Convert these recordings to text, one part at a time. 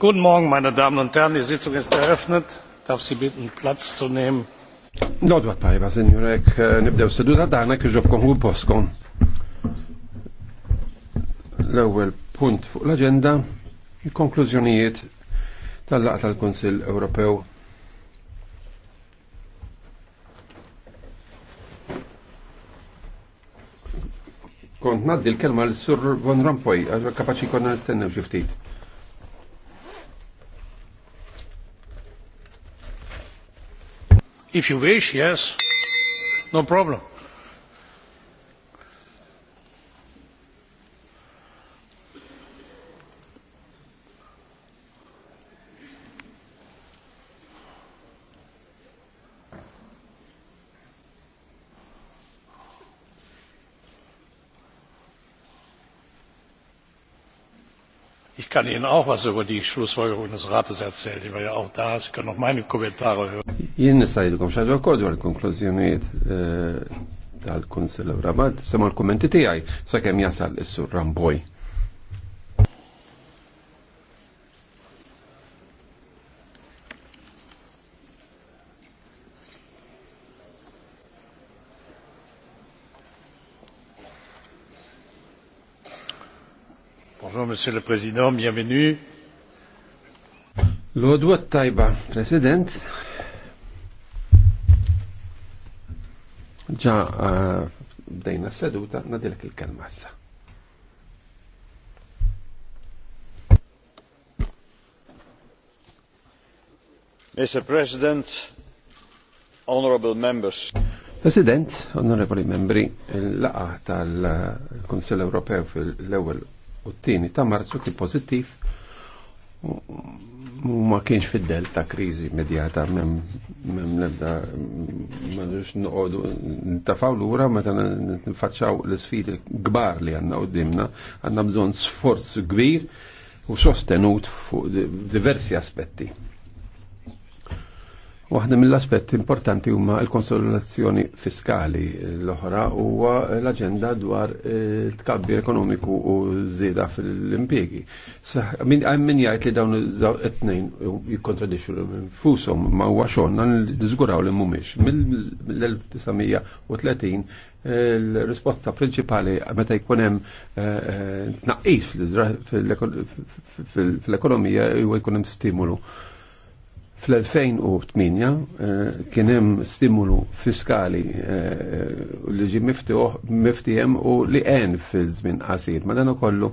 Guten Morgen, meine Damen und Herren. Die Sitzung ist eröffnet. Darf Sie bitten, Platz zu nehmen. Nodwa tajba, senjurek, e, nibdew seduta dana kħiġobkom u poskom. L-ewel punt fuq l-agenda, konklużjonijiet tal-laqta tal-Konsil Ewropew Kont naddi l-kelma l-sur Von Rampoy, għax kapaċi konna nistennew xiftit. If you wish, yes. No problem. kann Ihnen auch was über die Schlussfolgerung des Rates erzählen. Ich war ja auch da, Sie können auch meine Kommentare hören. Jien nisajdilkom xaġa akkordu għal-konklużjonijiet eh, tal-Kunsel Rabat, sema l-kommenti tiegħi sakemm jasal is-sur Ramboj. Monsieur le Président, bienvenue. L'Odwa Taiba, Président. President. Ġa, eh, bdejna seduta, nadilek il-kelma Mr. President, Honorable Members. President, Honorable Membri, l-laqa tal konsil Ewropew fil-ewel u t-tini ta' marzu kien pozittiv u ma kienx fiddel ta' krizi medjata mem nebda madux noqodu ntafaw l-ura meta nfaċċaw l-sfidi gbar li għanna u dimna għanna bżon sforz gbir u sostenut fuq diversi aspetti. Waħda mill-aspetti importanti huma l-konsolidazzjoni fiskali l-oħra huwa l-aġenda dwar il-tkabbir ekonomiku u żieda fil-impjegi. Hemm min jgħid li dawn it-tnejn jikkontradixxu infushom ma huwa xogħolna niżguraw li mhumiex. Mill-1930 l-risposta prinċipali meta jkun hemm tnaqqis fil-ekonomija huwa jkun hemm stimulu Fl-2008 eh, kien hemm stimulu fiskali eh, li ġi miftijem u li għen fil-żmien qasir. Ma dan kollu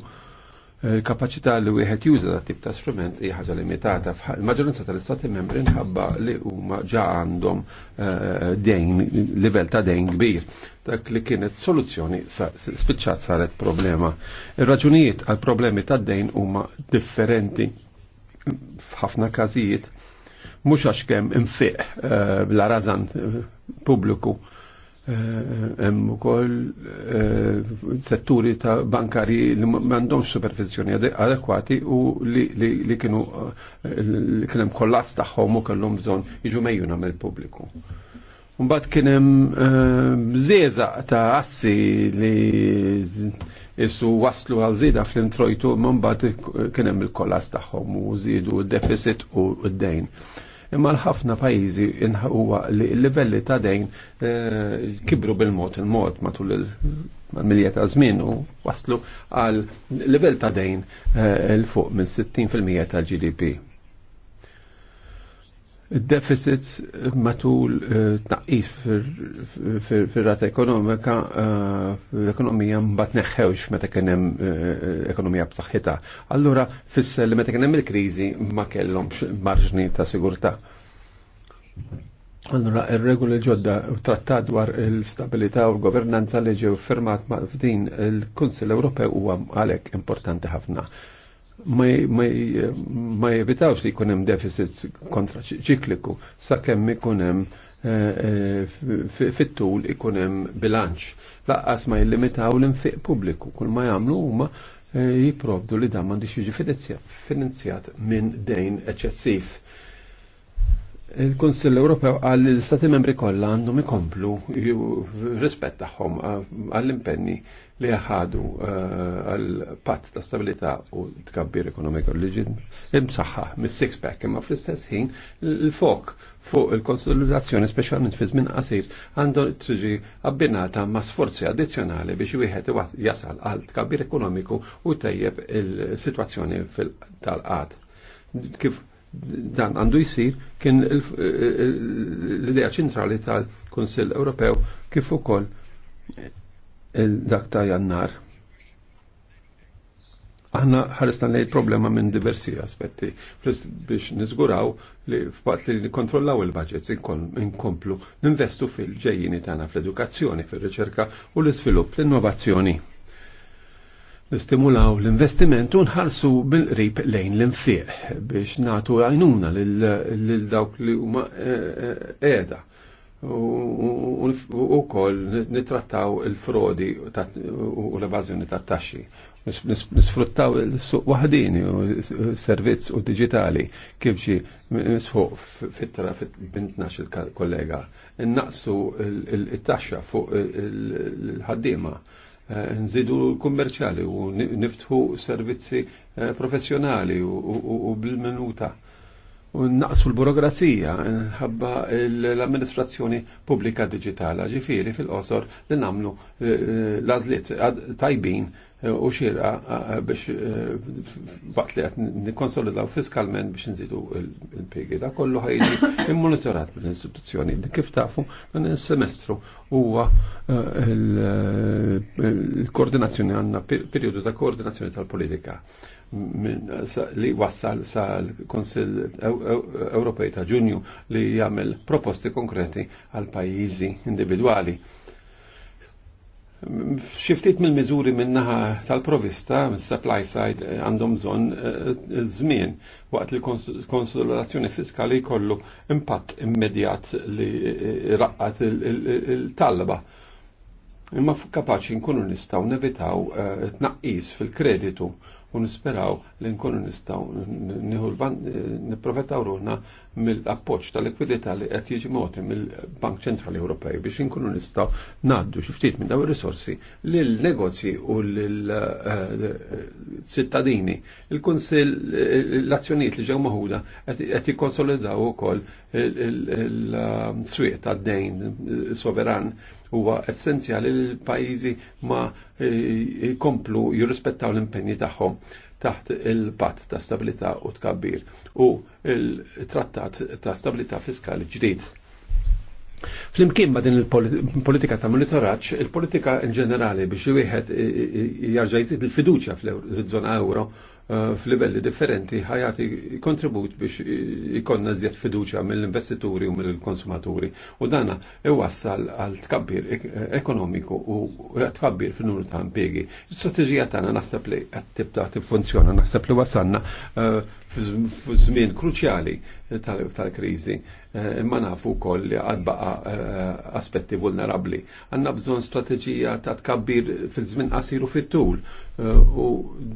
eh, il li wieħed juża dat tip ta' strument hija ħaġa limitata. Il-maġġoranza tal-istati membri nħabba li huma ġa għandhom dejn, livell ta' dejn kbir. Dak li kienet soluzzjoni spiċċat saret problema. Ir-raġunijiet għal problemi ta' dejn huma differenti f'ħafna każijiet mux għax kem infiq eh, bla razan eh, publiku eh, hemm ukoll setturi ta' bankari li m'għandhomx supervizjoni adekwati u li kienu li kien hemm kollass tagħhom u kellhom bżonn jiġu mejjuna mill-pubbliku. Mbagħad kien hemm bżieża ta' assi li issu waslu għal zida fl-introjtu, mbagħad kien hemm il-kolas tagħhom u zidu d deficit u d-dejn imma l-ħafna pajjiżi inħuwa li l-livelli ta' dejn eh, kibru bil-mod il-mod matul il-milja ta' żmien u waslu għal livell ta' dejn eh, il fuq minn 60% tal-GDP. Deficits matul eh, tnaqqis fir-rata ekonomika eh, l-ekonomija mbagħad neħħewx meta kien hemm eh, ekonomija b'saħħitha. Allura fisser li meta kien hemm il-kriżi ma kellhomx marġni ta' sigurtà. Allora, il-regoli ġodda u trattat dwar il-stabilità u l-governanza li ġew firmat ma' f'din il-Kunsill Ewropew huwa għalhekk importanti ħafna ma jevitawx li jkun hemm deficit kontra ċikliku sakemm ikun hemm eh, eh, fit-tul ikun hemm bilanċ. Laqqas ma jillimitaw l-infiq pubbliku, kull ma jagħmlu huma eh, jiprovdu li dan m'għandix jiġi finanzjat minn dejn eċċessiv. Il-Konsill Ewropew għal l-Stati membri kollha għandhom ikomplu rispett tagħhom għall-impenni li ħadu eh, għal-patt ta' stabilità u tkabbir ekonomiku li imsaħħa mis-six pack imma fl-istess ħin l-fok fuq il-konsolidazzjoni speċjalment fi żmien qasir għandu triġi abbinata ma' sforzi addizzjonali biex wieħed jasal għal tkabbir ekonomiku u tajjeb il-sitwazzjoni tal-qad. Kif dan għandu jisir kien l-idea ċentrali tal-Kunsill Ewropew kif ukoll il-dak ta' jannar. Aħna ħaristan li problema minn diversi aspetti biex nizguraw li f'waqt li nikkontrollaw il-budgets inkomplu ninvestu fil-ġejjini tagħna fl-edukazzjoni, fir-riċerka u l isvilupp l-innovazzjoni. Nistimulaw l-investiment u nħarsu bil-qrib lejn l-infiq biex natu għajnuna lil dawk li huma eh, eh, eh, qiegħda u koll nitrattaw il-frodi u l-evazjoni ta' taxxi. Nisfruttaw il-suq wahdini u servizz u digitali kif ġi nisfuq fitra fit-bintnax il-kollega. Innaqsu il-taxxa fuq il-ħaddima eh, nżidu l-kummerċali u niftħu servizzi eh, professjonali u bil-minuta u naqsu l-burokrazija ħabba l-amministrazzjoni pubblika digitala ġifiri fil-qosor li namlu eh, eh, lażliet tajbin eh, u xirqa biex waqt li għat nikkonsolidaw fiskalment biex nżidu il pigi Da kollu ħajġi immonitorat mill-istituzzjoni. Kif tafu dan is-semestru huwa l-koordinazzjoni għandna perjodu ta' koordinazzjoni tal-politika li wassal sa l konsil Ewropej ta' Ġunju li jagħmel proposti konkreti għal pajjiżi individwali. Xiftit mill-miżuri minnaħa tal-provista, supply side, għandhom bżonn eh, żmien waqt li konsolidazzjoni fiskali jkollu impatt immedjat li eh, raqqat il-talba. Imma kapaċi nkunu nistaw nevitaw eh, tnaqqis fil-kreditu u nisperaw li nkunu nistaw nieħu ruħna mill-appoġġ tal-likwidità li qed jiġi moti mill-Bank Ċentrali Ewropej biex inkunu nistaw ngħaddu xi ftit minn daw ir-risorsi lil negozji u lill sittadini eh, Il-Kunsill l-azzjonijiet li ġew maħuda qed jikkonsolidaw ukoll il-swieq eh, tad-dejn soveran huwa essenzjali li l-pajjiżi ma eh, jkomplu jirrispettaw l-impenni tagħhom taħt il-patt ta' stabilità u tkabbir u il-trattat ta' stabilità fiskali ġdid. Flimkien ma' din il-politika ta' monitoraċ, il-politika in ġenerali biex wieħed eh, eh, jarġa' jżid il-fiduċja fl-żona euro Eh, f'livelli differenti ħajati kontribut biex ikonna zjed fiduċa mill-investituri u mill-konsumaturi. U dana iwassal għal tkabbir ekonomiku u tkabbir f'nur ta' impiegi. Il-strategija tagħna naħseb li qed tibda tiffunzjona, naħseb li wasanna eh, f'żmien kruċjali tal-krizi. Eh, imma nafu wkoll li għadbaqa eh, aspetti vulnerabli. Għandna bżonn strateġija ta' tkabbir fil żmin qasir u fit-tul eh, u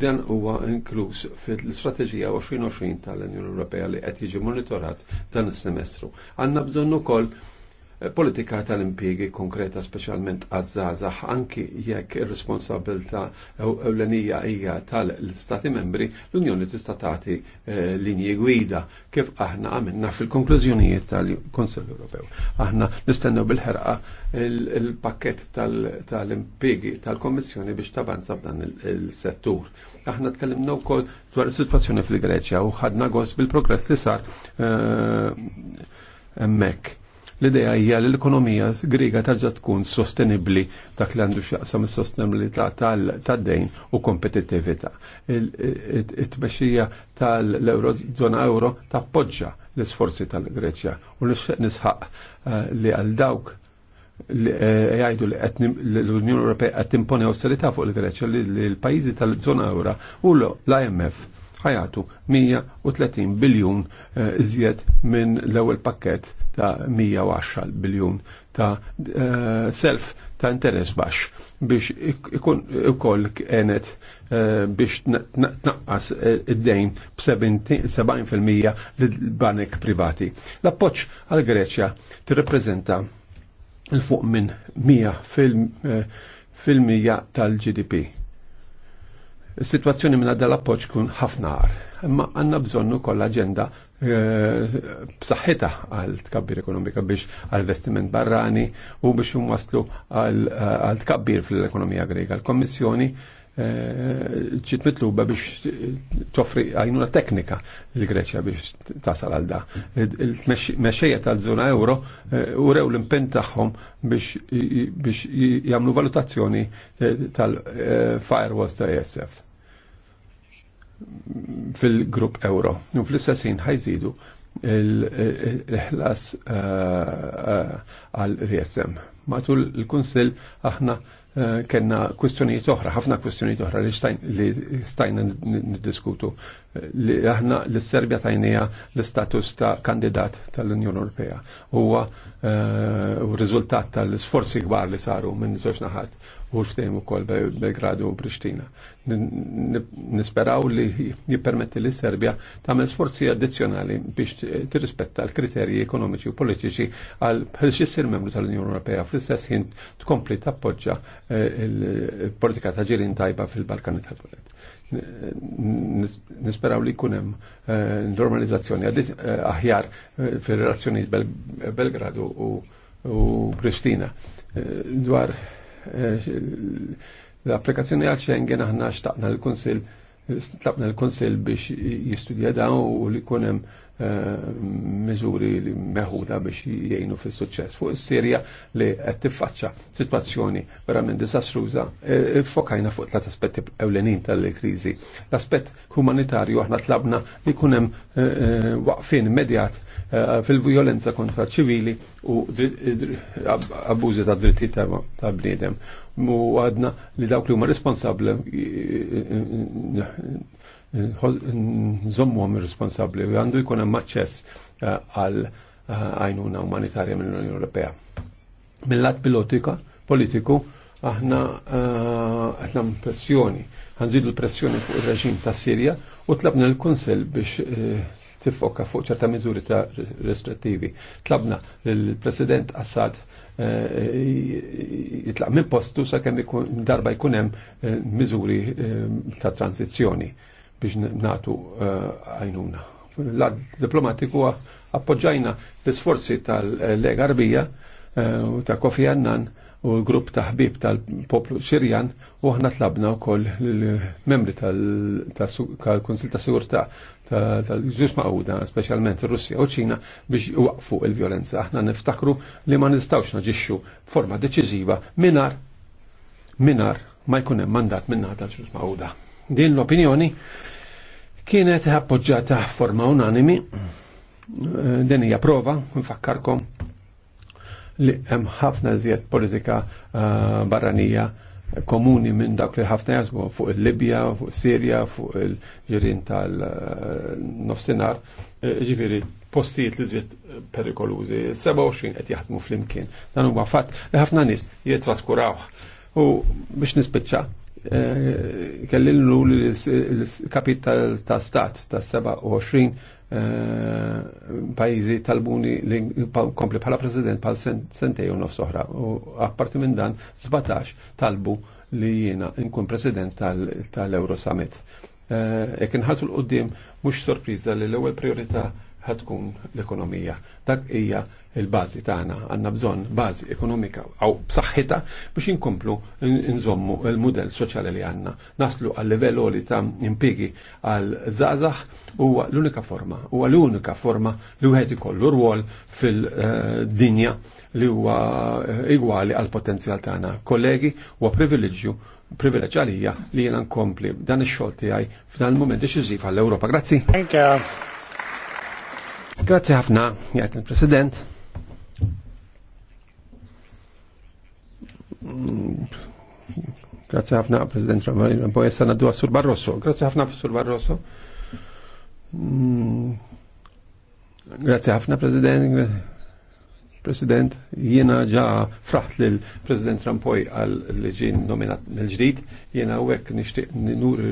dan huwa inkluż fil-strateġija 2020 tal-Unjoni Ewropea li qed jiġi monitorat dan is-semestru. Għandna bżonn ukoll politika tal impiegi konkreta speċjalment għazzazax anki jekk ir-responsabilta ewlenija hija tal-Stati membri l-Unjoni tista' tagħti eh, linji gwida kif aħna għamilna fil-konklużjonijiet tal-Konsell Ewropew. Aħna nistennew bil-ħerqa il-pakket tal impiegi tal-Kommissjoni biex tavanza f'dan il-settur. Aħna tkellimna wkoll dwar is-sitwazzjoni fil-Greċja u ħadna gost bil-progress li sar eh, hemmhekk L-ideja hija li l-ekonomija griega tarġa' tkun sostenibbli dak li għandu x'jaqsam is-sostenibilità tad-dejn u kompetittività. It-tmexxija tal-Eurozona euro tappoġġa l-isforzi tal-Greċja u nisħaq eh, li għal dawk li eh, jgħidu li l-Unjoni Ewropea qed timponi awsterità fuq il-Greċja li l-pajjiżi tal-żona ewra u l-IMF ħajatu 130 biljun eh, iżjed minn l-ewwel pakket ta' 110 biljun ta' eh, self ta' interess baxx biex ikun ukoll kienet eh, biex tnaqqas id-dejn b'70% lill-banek privati. L-appoġġ għal Greċja tirrepreżenta l fuq minn 100 fil-mija tal-GDP Situazzjoni minna dal-appoċ kun ħafnar, imma għanna bżonnu koll agenda eh, b'saħħitha għal tkabbir ekonomika biex għal vestiment barrani u biex waslu eh, għal tkabbir fl-ekonomija grega. L-Kommissjoni ċit eh, mitluba biex toffri għajnuna teknika l-Greċja biex tasal għal da. Il-mexxejja tal-żona euro u rew l-impen tagħhom biex jagħmlu valutazzjoni tal-firewalls ta' ESF fil-grupp euro. U fl-istessin ħajżidu l ħlas eh, eh, għal-RSM. Matul il-Kunsil aħna eh, kena kwistjonijiet oħra, ħafna kwistjonijiet oħra li stajna niddiskutu li aħna l-Serbja tajnija l-status ta' kandidat tal-Unjoni Ewropea. Huwa u riżultat tal-sforzi kbar li saru minn żewġ naħat u l-ftejm u kol Belgradu u Pristina. Nisperaw li jippermetti li Serbia tamel sforzi addizjonali biex tirrispetta l-kriterji ekonomiċi u politiċi għal bħalx jissir membru tal-Unjoni Ewropea fl-istess jien tkompli tappoġġa eh, il-politika ta' ġirin tajba fil-Balkani ta' polet Nisperaw li kunem eh, normalizzazzjoni eh, aħjar fil-relazzjoni Belgradu u Pristina dwar Eh, l-applikazzjoni għal Schengen aħna xtaqna l konsil tlabna l-Konsil biex jistudja dawn u li kunem eh, miżuri li meħuda biex jgħinu fis suċċess fuq is-Sirja li qed tiffaċċa sitwazzjoni verament disastruża. Eh, fokajna fuq tliet aspetti ewlenin tal-kriżi. L-aspett humanitarju aħna tlabna li kunem waqfin immedjat Eh, fil-violenza kontra ċivili u abbużi ta' dritti ta' bniedem. U għadna li dawk li huma responsabli nżommu għam responsabli u għandu jkun hemm aċċess eh, għal eh, għajnuna umanitarja mill-Unjoni Ewropea. Mill-lat pilotika, politiku, aħna għetna pressjoni, għanżidu pressjoni fuq ir reġim ta' Sirja u tlabna l-Kunsel biex Tifokka fuq ċerta miżuri ta' restrittivi. Tlabna l-President Assad eh, eh, jitlaq minn postu sa' kemm darba jkun hemm eh, miżuri ta' tranzizzjoni biex natu għajnuna. L-għad diplomatiku appoġġajna l-sforzi tal-Lega Arbija u ta' Kofi Annan u l-grupp ta' ħbib tal-poplu Sirjan u ħna tlabna wkoll l-membri tal-Kunsil ta' Sigurtà tal-ġus maqda, specialment Russja u ċina, biex waqfu il-violenza. Aħna niftakru li ma nistawx naġixxu forma deċiżiva minar minar ma jkun hemm mandat minna tal-ġus maqda. Din l-opinjoni kienet appoġġata forma unanimi din hija prova, nfakkarkom li hemm ħafna iżjed politika eh, barranija komuni minn dak li ħafna jasbu fuq il-Libja, fuq Sirja, fuq il-ġirin tal-nofsinar, eh, ġifiri postijiet li zviet eh, perikoluzi, 27 għet jaħdmu fl-imkien. Dan huwa fatt li ħafna nis jitraskuraw. U biex nispicċa, eh, kellin l-kapit ta' stat ta' 27 Eh, pajizi talbuni li kompli bħala president bħal sentej u nofs U apparti minn dan, 17 talbu li jiena nkun president tal-Euro Summit. Eh, Ekin ħasul qoddim mux sorpriza li l-ewel priorità ħatkun l-ekonomija. Dak hija il-bażi tagħna, għandna bżonn bażi ekonomika aw b'saħħita biex inkomplu nżommu l-mudell soċjali li għandna. Naslu għal livell li ta' impigi għal żgħażagħ huwa l-unika forma, huwa l-unika forma li wieħed ikollu rwol fil-dinja li huwa igwali għal potenzjal tagħna. Kollegi, huwa privileġġju privileġġalija li jiena nkompli dan ix-xogħol tiegħi f'dan il-moment deċiżiv għall-Ewropa. Grazzi. Grazie ħafna, jgħat il-President. Grazie ħafna, President Ramalina. Poi essa naddu Sur Barroso. Grazie ħafna, Sur Barroso. Mm. Grazie ħafna, President. President, jiena ġa fraħt lil President Rampoj għal li ġin nominat mel ġdid jiena u għek nishtiq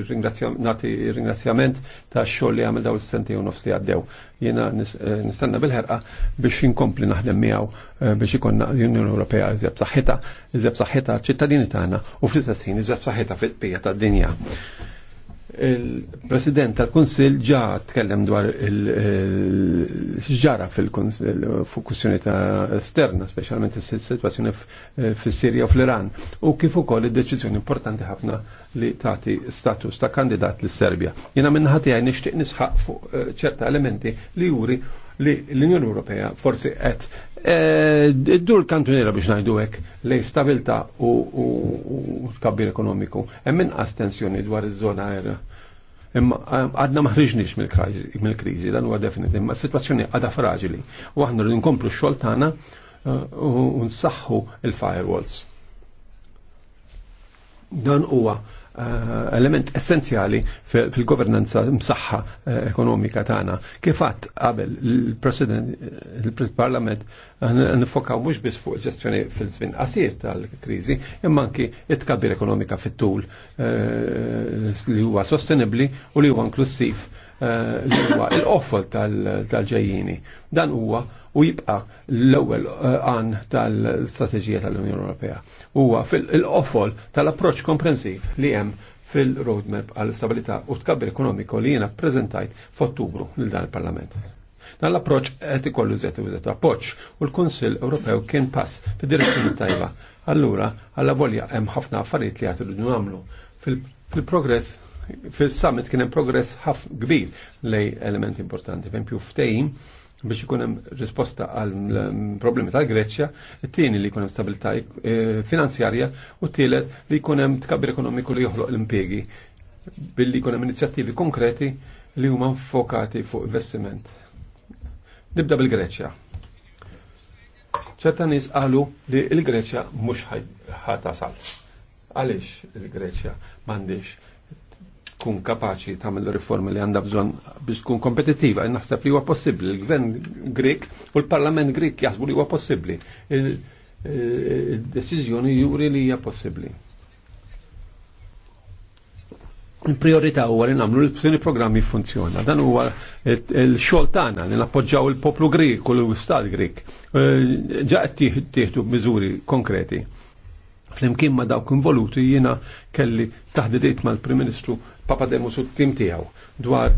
ringrazzjament ta' xoll li għamil daw s-senti u nofsi għaddew. Jiena eh, nistanna bil-ħerqa biex inkompli naħdem miegħu eh, biex ikonna l-Unjoni Ewropea iżjab saħħita, iżjab saħħita ċittadini tagħna u fl-istess ħin iżjab saħħita fil pija tad-dinja il-President tal konsil ġa tkellem dwar il-ġara fil-kussjoni ta' esterna, specialment il-situazzjoni fil-Sirja u fl-Iran, u kif ukoll id-deċiżjoni importanti ħafna li tagħti status ta' kandidat lis serbja Jiena ħati għaj nixtieq nisħaq fuq eh, ċerta elementi li juri li l-Unjoni Ewropea forsi qed Id-dur eh, kantunera biex najdu hekk lejn stabilta u t-kabbir ekonomiku. Hemm inqas tensjoni dwar iż-żona era. Imma eh, għadna maħriġniex mill-kriżi, dan huwa definit, imma s-sitwazzjoni għadha fraġili. U aħna rridu nkomplu x-xogħol tagħna eh, u nsaħħu il-firewalls. Dan huwa Eh, element essenzjali fil-governanza msaħħa eh, ekonomika tagħna. Kif qatt qabel il-President il-Parlament nifokaw mhux biss fuq ġestjoni fil-żmien qasir tal-kriżi, imma anki it-tkabbir ekonomika fit-tul eh, li huwa sostenibbli u li huwa inklusiv Eh, l-offol tal-ġejjini. Dan huwa u jibqa l-ewwel eh, għan tal-strateġija tal-Unjoni Ewropea. Huwa fil-offol tal-approċċ komprensiv li hemm fil-roadmap għal stabilità u tkabbir ekonomiku li jiena prezentajt f'Ottubru lil dan il-Parlament. Dan l-approċ qed ikollu żed u żed approċ u l-Kunsill Ewropew kien pass fid-direzzjoni tajba. Allura, għalla volja hemm ħafna affarijiet li għad nagħmlu. Fil-progress fil-summit kien hemm progress ħaf kbir lej elementi importanti. Fempju ftejn biex ikun hemm risposta għal problemi tal-Greċja, it-tieni li jkun hemm stabilità eh, finanzjarja u t-tielet li jkun hemm tkabbir ekonomiku li joħloq l-impjegi billi jkun hemm inizjattivi konkreti li huma fokati fuq investiment. Nibda bil-Greċja. ċerta nies qalu li l-Greċja mhux ħatasal. Għaliex il-Greċja m'għandix tkun kapaċi tagħmel riformi li għandha bżonn biex tkun kompetittiva. Naħseb li huwa possibbli. Il-Gvern Grek u l-Parlament Grek jaħsbu li huwa possibbli. Il-deċiżjoni juri li hija possibbli. Il-priorità huwa li nagħmlu l programmi jiffunzjona. Dan huwa l-xogħol tagħna li nappoġġaw il-poplu Grek u l-Istat Grek. Eh, ġa qed tieħdu miżuri konkreti. Flimkien ma dawk involuti jiena kelli taħdidiet mal-Prim Ministru Papademos u t-tim tiegħu dwar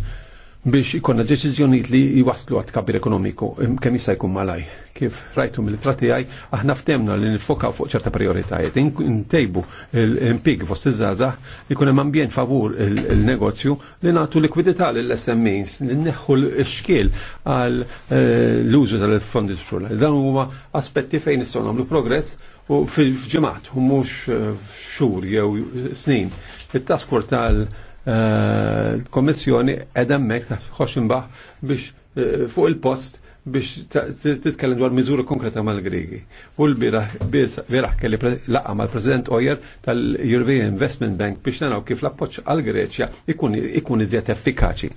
biex ikonna deċiżjonijiet li jwaslu għat kabir ekonomiku, kemm jista' jkun malaj. Kif rajtu mill-trati għaj, aħna ftemna li nifokaw fuq ċerta prioritajiet. Intejbu l-impig fost iż-żazah, ikun hemm ambjent favur il-negozju li nagħtu likwidità lill-SMEs, li neħħu l-xkiel għal eh, l-użu tal-fondi strula. Dan huwa aspetti fejn nistgħu nagħmlu progress u fil-ġemat, u mux eh, xur jew snin. Il-taskur tal-Komissjoni eh, edemmek ta' Hoximbaħ biex eh, fuq il-post biex titkellem dwar miżuri konkreta mal griegi U l-biraħ kelli laqqa mal-President Oyer tal-European Investment Bank biex naraw kif l-appoċ għal-Greċja ikun iżjed effikaċi.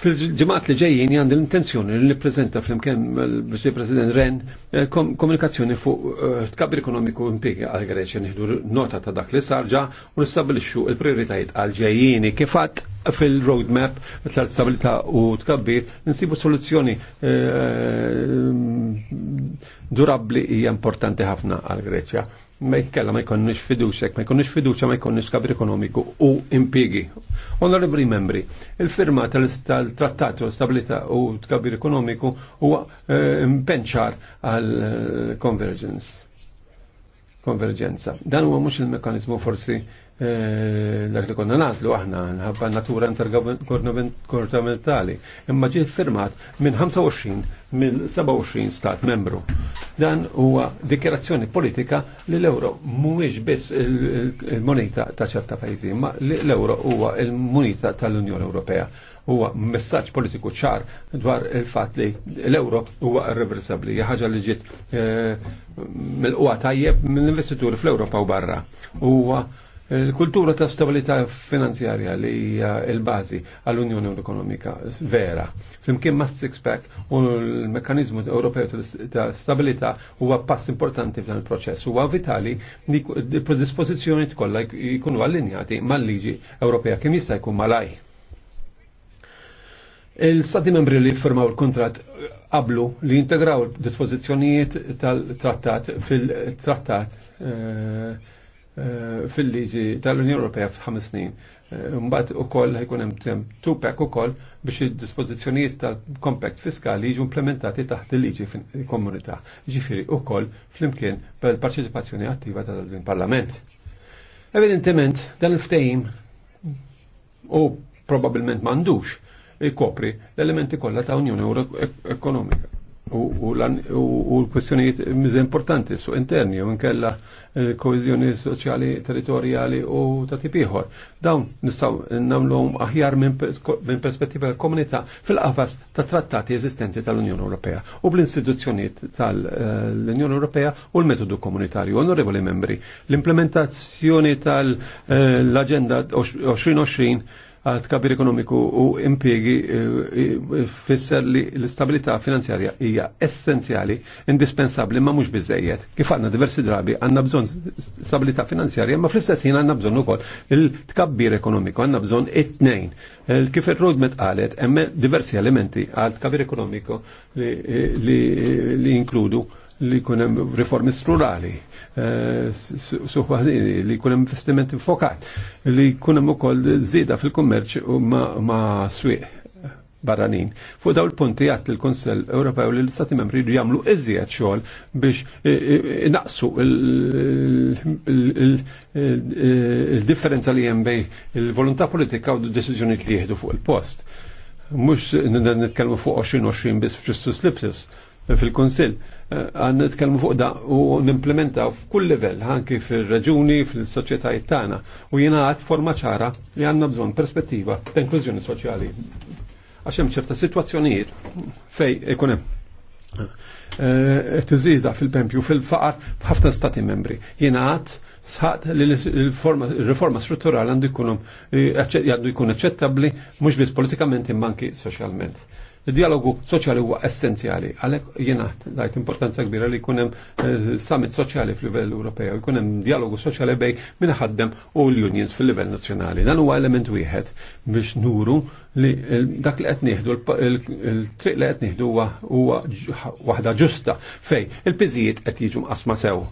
Fil-ġemat li ġejjien għandi l-intenzjoni li nippreżenta fl-imkien l president Ren eh, komunikazzjoni fuq eh, tkabbir ekonomiku impiegi għal Greċja nieħdu nota ta' dak li sarġa u nistabilixxu l-prijoritajiet għal ġejjini kifatt fil-roadmap tal-stabilità u tkabbir nsibu soluzzjoni eh, durabbli hija importanti ħafna għal Greċja ma jkella ma jkonniex fiduċek, ma jkonniex fiduċa, ma jkonniex kabri ekonomiku u impigi. Onorevoli membri, il-firma tal-trattat u stabilita u kabri ekonomiku huwa impenċar eh, għal-convergence. Eh, Dan huwa mhux il-mekanizmu forsi Eh, dak li konna nazlu aħna nħabba natura intergovernamentali imma ġie firmat minn 25 minn 27 stat membru. Dan huwa dikjerazzjoni politika li l-euro mhuwiex biss il-moneta ta' ċerta pajjiżi, imma l-euro huwa il-moneta tal-Unjoni Ewropea. Huwa messaġġ politiku ċar dwar il-fatt li l-euro huwa irreversibbli, ħaġa li ġiet eh, mill-qwa tajjeb mill-investituri fl-Ewropa u barra. Huwa Il-kultura ta' stabilità finanzjarja li hija l-bażi għall-Unjoni Ekonomika vera. Flimkien ma' six-pack u l-mekkanizmu Ewropew ta' stabilità huwa pass importanti f'dan il-proċess. Huwa vitali li dispożizzjoni tkollha jkunu allinjati mal-liġi Ewropea kemm jista' jkun malaj. Il-stati membri li firmaw il-kontrat qablu li integraw il dispożizzjonijiet tal-trattat fil-trattat eh, Eh, fil-liġi tal-Unjoni Ewropea f'ħames snin. Eh, mbagħad ukoll ħajkun hemm tupek ukoll biex id-dispożizzjonijiet tal kompact fiskali jiġu implementati taħt il-liġi komunità. Ġifieri ukoll flimkien bil-parċipazzjoni attiva tal-Parlament. Evidentement dan il-ftehim u probabbilment m'għandux ikopri l-elementi kollha ta' Unjoni e- Ekonomika u l-kwestjonijiet miż importanti su interni u nkella eh, koezjoni soċjali, territorjali u ta' tipiħor. Dawn nistaw namlhom aħjar minn perspettiva komunità fil-qafas ta' trattati eżistenti tal-Unjoni Ewropea u bl-istituzzjonijiet tal-Unjoni eh, Ewropea u l-metodu komunitarju. Onorevoli membri, l-implementazzjoni tal-Agenda eh, 2020 għal tkabir ekonomiku u impiegi eh, eh, fisser li l-istabilità finanzjarja hija essenzjali, indispensabli ma mhux biżejjed. Kif għandna diversi drabi għandna bżonn stabilità finanzjarja, ma fl-istess ħin għandna bżonn ukoll il-tkabbir ekonomiku, għandna bżonn it-tnejn. Eh, kif ir-roadmap qalet hemm diversi elementi għal tkabbir ekonomiku li, li, li inkludu li kunem riformi strurali, eh, suħwaħdini, li kunem investimenti fokat, li kunem u koll zida fil-kommerċ ma swieq barranin. Fuq daw il-punti għat il-Konsell Ewropew li l-Stati membri jridu jagħmlu iżjed xogħol biex eh, eh, naqsu il-differenza li hemm bejn il-volontà politika u d-deċiżjonijiet li jieħdu fuq il-post. Mhux nitkellmu fuq 20-20 biss f'ġustus libsis fil-Konsil. Għan nitkellmu fuq da u nimplementaw f'kull livell, anki fil-raġuni, fil-soċjetajiet tagħna. U jiena għad forma ċara li għandna bżonn perspettiva ta' inklużjoni soċjali. Għax hemm ċerta sitwazzjonijiet fej ikun hemm tiżida eh, fil-pempju fil-faqar b'ħafna stati membri. Jiena għad sħat li l-riforma strutturali għandu jkun eh, għandu jkun aċċettabbli mhux biss politikament imma anki soċjalment Il-dialogu soċjali huwa essenzjali, għalhekk jiena dajt importanza kbira li jkun hemm eh, summit soċjali fil-livell Ewropew, jkun hemm dialogu soċjali bej minn ħaddem u l-unions fil-livell nazzjonali. Dan huwa element wieħed biex nuru li dak li qed nieħdu l triq li qed nieħdu huwa waħda ġusta fej il-piżijiet qed jiġu mqasma sew.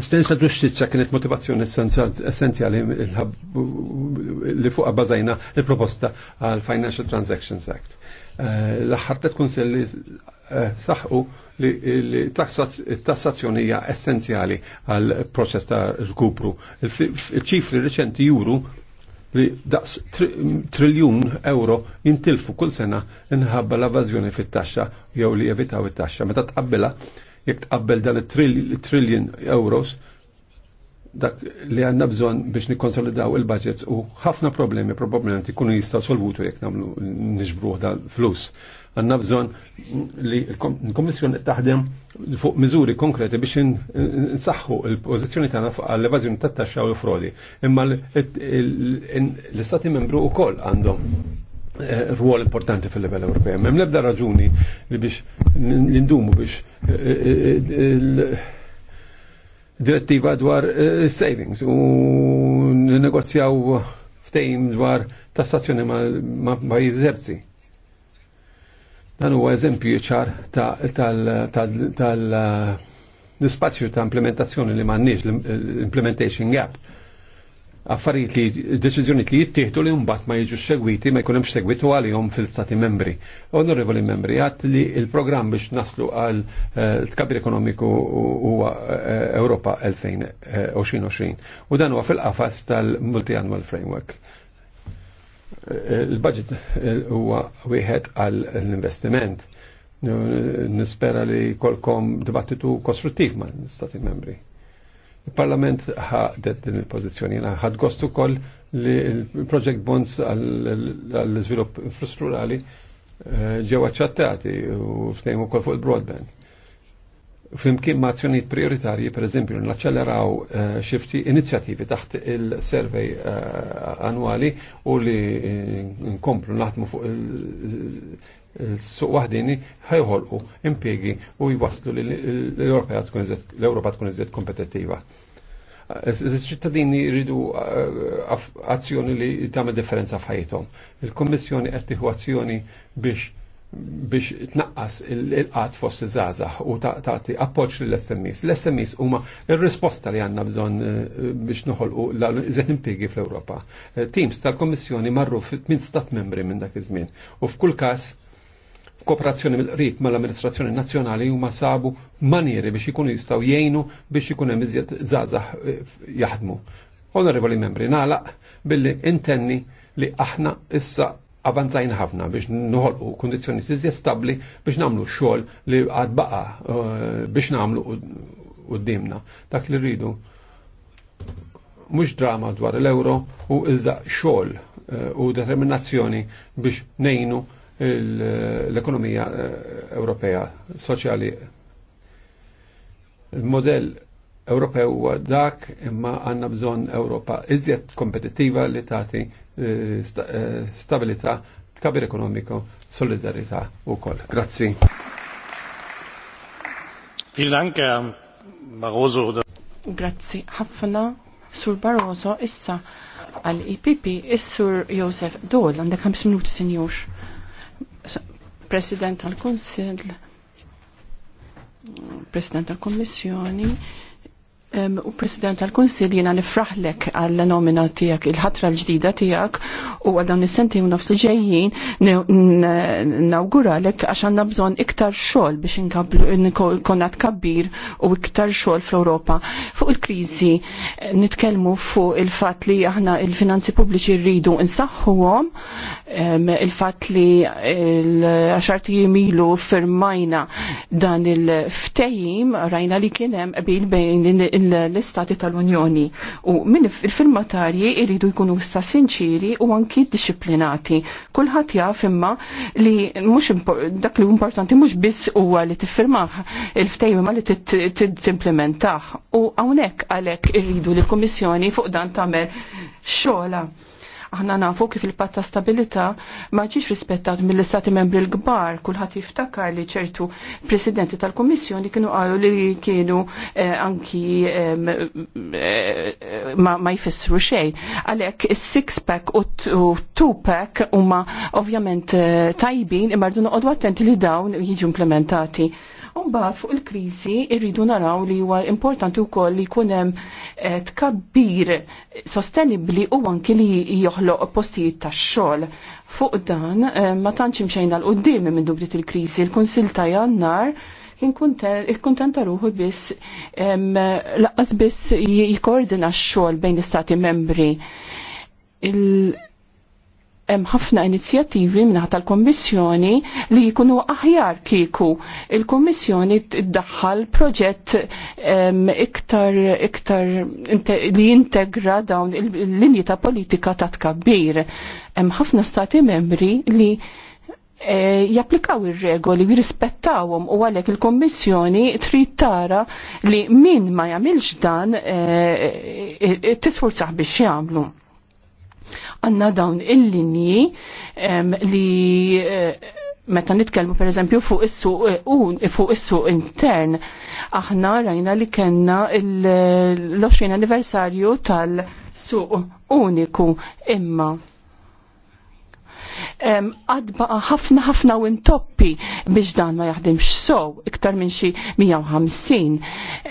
Stensa dux sitxa kienet motivazzjoni essenzjali li fuqa bazajna il-proposta għal Financial Transactions Act. Eh, l-aħħar tkun kunsel eh, li saħu li tassazzjoni hija essenzjali għal proċess ta' rkupru. Il-ċifri reċenti juru li daqs triljun euro jintilfu kull sena inħabba l avazjoni fit-taxxa jew li jevitaw it-taxxa. Meta tqabbilha jekk tqabbel dan il trillion euros dak li għanna bżon biex nikkonsolidaw il-budgets u ħafna problemi probabbilment ikunu jistaw solvutu jekk namlu nixbruħ dal-flus. Għanna bżon li l-Komissjoni taħdem fuq miżuri konkreti biex nsaħħu il-pożizzjoni tagħna għall-evażjoni tat-taxxa u l-frodi. Imma l-Istati membru wkoll għandhom Eh, ruol importanti fil-level Ewropea. Mem nebda raġuni li biex l-indumu biex eh, eh, direttiva dwar savings u negozjaw ftejm dwar tassazzjoni ma' pajjiżi terzi. Dan huwa eżempju ċar tal-spazju ta' implementazzjoni li m'għandniex l-implementation gap affarijiet li deċiżjonijiet li jittieħdu li mbagħad ma jiġux segwiti ma jkun hemmx segwitu għalihom fil-Stati membri. Onorevoli membri, għat li il-programm biex naslu għal eh, tkabir ekonomiku huwa Ewropa eh, 2020 eh, u dan huwa fil-qafas tal-Multiannual Framework. Il-budget huwa wieħed għal l-investiment. Nispera li kolkom dibattitu kostruttiv ma' l-Stati membri. Il-Parlament ħadet din il-pozizjoni, ħad gostu kol li il-Project Bonds għall-izvilupp infrastrukturali eh, ġewa ċattati u ftejmu kol fuq il-broadband. Flimkien ma' azzjoniet prioritarji, per eżempju, naċċelleraw eh, xifti inizjativi taħt il-survey eh, annwali u li nkomplu naħdmu fuq suq waħdini ħajħolqu impiegi u jwaslu li l-Europa tkun iżjed kompetittiva. Iż-ċittadini jridu eh, azzjoni li tagħmel differenza f'ħajthom. Il-Kommissjoni qed tieħu azzjoni biex biex tnaqqas il-qat fost iż-żgħażagħ u tagħti appoġġ lill-SMEs. L-SMEs huma r-risposta li għandna bżonn eh, biex noħolqu iżet impjiegi fl-Ewropa. Eh, teams tal-Kommissjoni marru fit-tmien stat membri minn dak iż-żmien u f'kull każ kooperazzjoni mill-qrib mal-amministrazzjoni nazzjonali huma sabu manieri biex ikunu jistgħu jgħinu biex ikun hemm iżjed żgħażagħ eh, jaħdmu. Onorevoli membri, nagħlaq billi intenni li aħna issa avanzajna ħafna biex noħolqu kundizzjoni iżjed stabbli biex nagħmlu xogħol li għad baqa eh, biex nagħmlu qudiemna. Dak li rridu mhux drama dwar l-euro u iżda xogħol eh, u determinazzjoni biex nejnu l-ekonomija eh, Ewropea soċjali. Il-modell Ewropew huwa dak imma għandna bżonn Ewropa iżjed kompetittiva li tagħti eh, eh, stabilità, tkabir ekonomiku, solidarità wkoll. Grazzi. Vielen Dank, Barroso. Grazzi ħafna sur Barroso issa għal IPP is-sur Josef Dol għandek 5 minuti sinjur. President tal-Konsil, President tal-Kommissjoni, U President tal-Konsil jena nifraħlek għall nomina tijak, il-ħatra l-ġdida tijak u għal dawn is-senti u nofs li ġejjin nawguralek għax għandna bżonn iktar xogħol biex konna tkabbir u iktar xogħol fl-Ewropa. Fuq il-kriżi nitkellmu fuq il-fatt li aħna il-finanzi pubbliċi rridu nsaħħuhom, il-fatt li l-għaxarti jimilu firmajna dan il-ftejim rajna li kien hemm qbil bejn l-istati tal-Unjoni u minn il-firmatarji iridu jkunu sta sinċiri u anki disciplinati. Kulħadd jaf imma li mux dak li importanti mhux biss huwa li tiffirmah il ftejma ma li t-implementaħ. U hawnhekk għalhekk irridu li komissjoni kummissjoni fuq dan tagħmel xola. Aħna nafu kif il-patt ta' stabilità ma ġiex rispettat mill-istati membri l-kbar, kulħadd jiftakar li ċertu presidenti tal-Kummissjoni kienu qalu li kienu eh, anki eh, ma, ma jfissru xejn. Għalhekk is-six-pack u two-pack huma ovvjament eh, tajbin imma rdu noqogħdu attenti li dawn jiġu implementati. Umbagħad fuq il-kriżi irridu naraw li huwa importanti wkoll li jkun hemm eh, tkabbir sostenibbli u anki li joħloq postijiet tax-xogħol. Fuq dan eh, ma tantx imxejna l qudiem minn dubrit il-kriżi, il-Kunsil ta' Jannar eh, ta' ruħu biss laqqas biss jikkoordina x-xogħol bejn l-istati membri hemm ħafna inizjattivi minnaħ tal-Kommissjoni li jkunu aħjar kieku. Il-Kommissjoni iddaħħal proġett iktar iktar li jintegra dawn il-linji ta' politika ta' tkabbir. Hemm ħafna stati membri li e, japplikaw ir-regoli, jirrispettawhom u għalhekk il-Kommissjoni trid tara li min ma jagħmilx dan e, e, tisforzaħ biex jagħmlu. Għanna dawn il-linji li eh, meta nitkellmu per eżempju fuq is-suq eh, fuq is-suq intern, aħna rajna li kellna l-20 anniversarju tal-suq uniku imma għadba ħafna ħafna u intoppi biex dan ma jaħdimx sow iktar minn xi 150.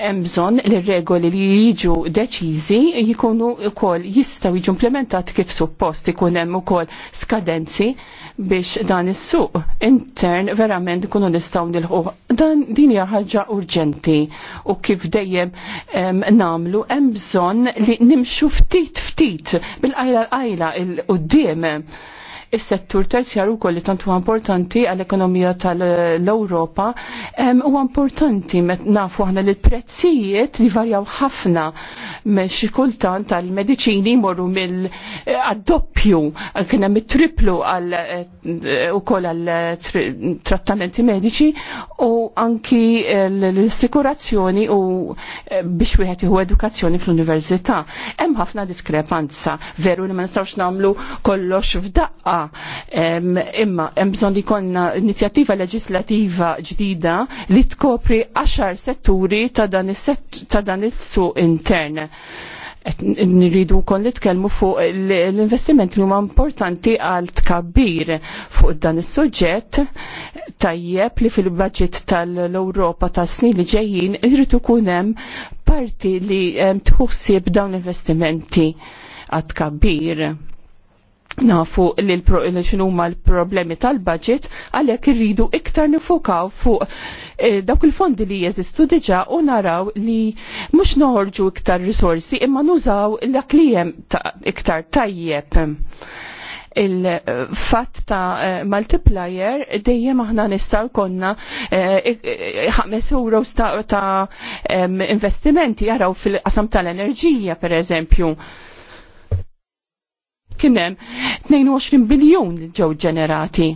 Hemm bżonn li regoli li jiġu deċiżi jkunu wkoll jistgħu jiġu implementat kif suppost ikun hemm ukoll skadenzi biex dan is-suq intern verament kunu nistgħu nilħu. Dan din hija ħaġa urġenti u kif dejjem namlu hemm bżonn li nimxu ftit ftit bil-qajla l-qajla il-qudiem Is-settur terzjar ukoll li tant huwa importanti għall-ekonomija tal-Ewropa huwa importanti met nafu aħna li l-prezzijiet jivarjaw ħafna xi kultant tal-mediċini jmorru mill doppju kien hemm triplu għal eh, ukoll għal eh, trattamenti mediċi u anki l-assikurazzjoni u eh, biex wieħed iħu edukazzjoni fl-università. Hemm ħafna diskrepanza, veru li ma nistgħux nagħmlu kollox f'daqqa imma hemm bżonn li jkollna inizjattiva leġislativa ġdida li tkopri għaxar setturi ta' dan is-suq intern nridu kon li tkellmu fuq l-investimenti li huma importanti għal tkabbir fuq dan is-suġġett tajjeb li fil-budget tal-Ewropa tas snin li ġejjin irrid ikun hemm parti li tħussib dawn l-investimenti għat tkabbir nafu li xinuma l-problemi tal-budget għalek irridu iktar nifokaw fuq eh, dawk il-fondi li jeżistu diġa u naraw li mux noħorġu iktar risorsi imma nużaw dak li iktar tajjeb il-fat ta' eh, multiplier dejjem aħna nistaw konna 5 eh, euro ta' investimenti jaraw fil-qasam tal-enerġija per eżempju kienem 22 biljon ġew ġenerati.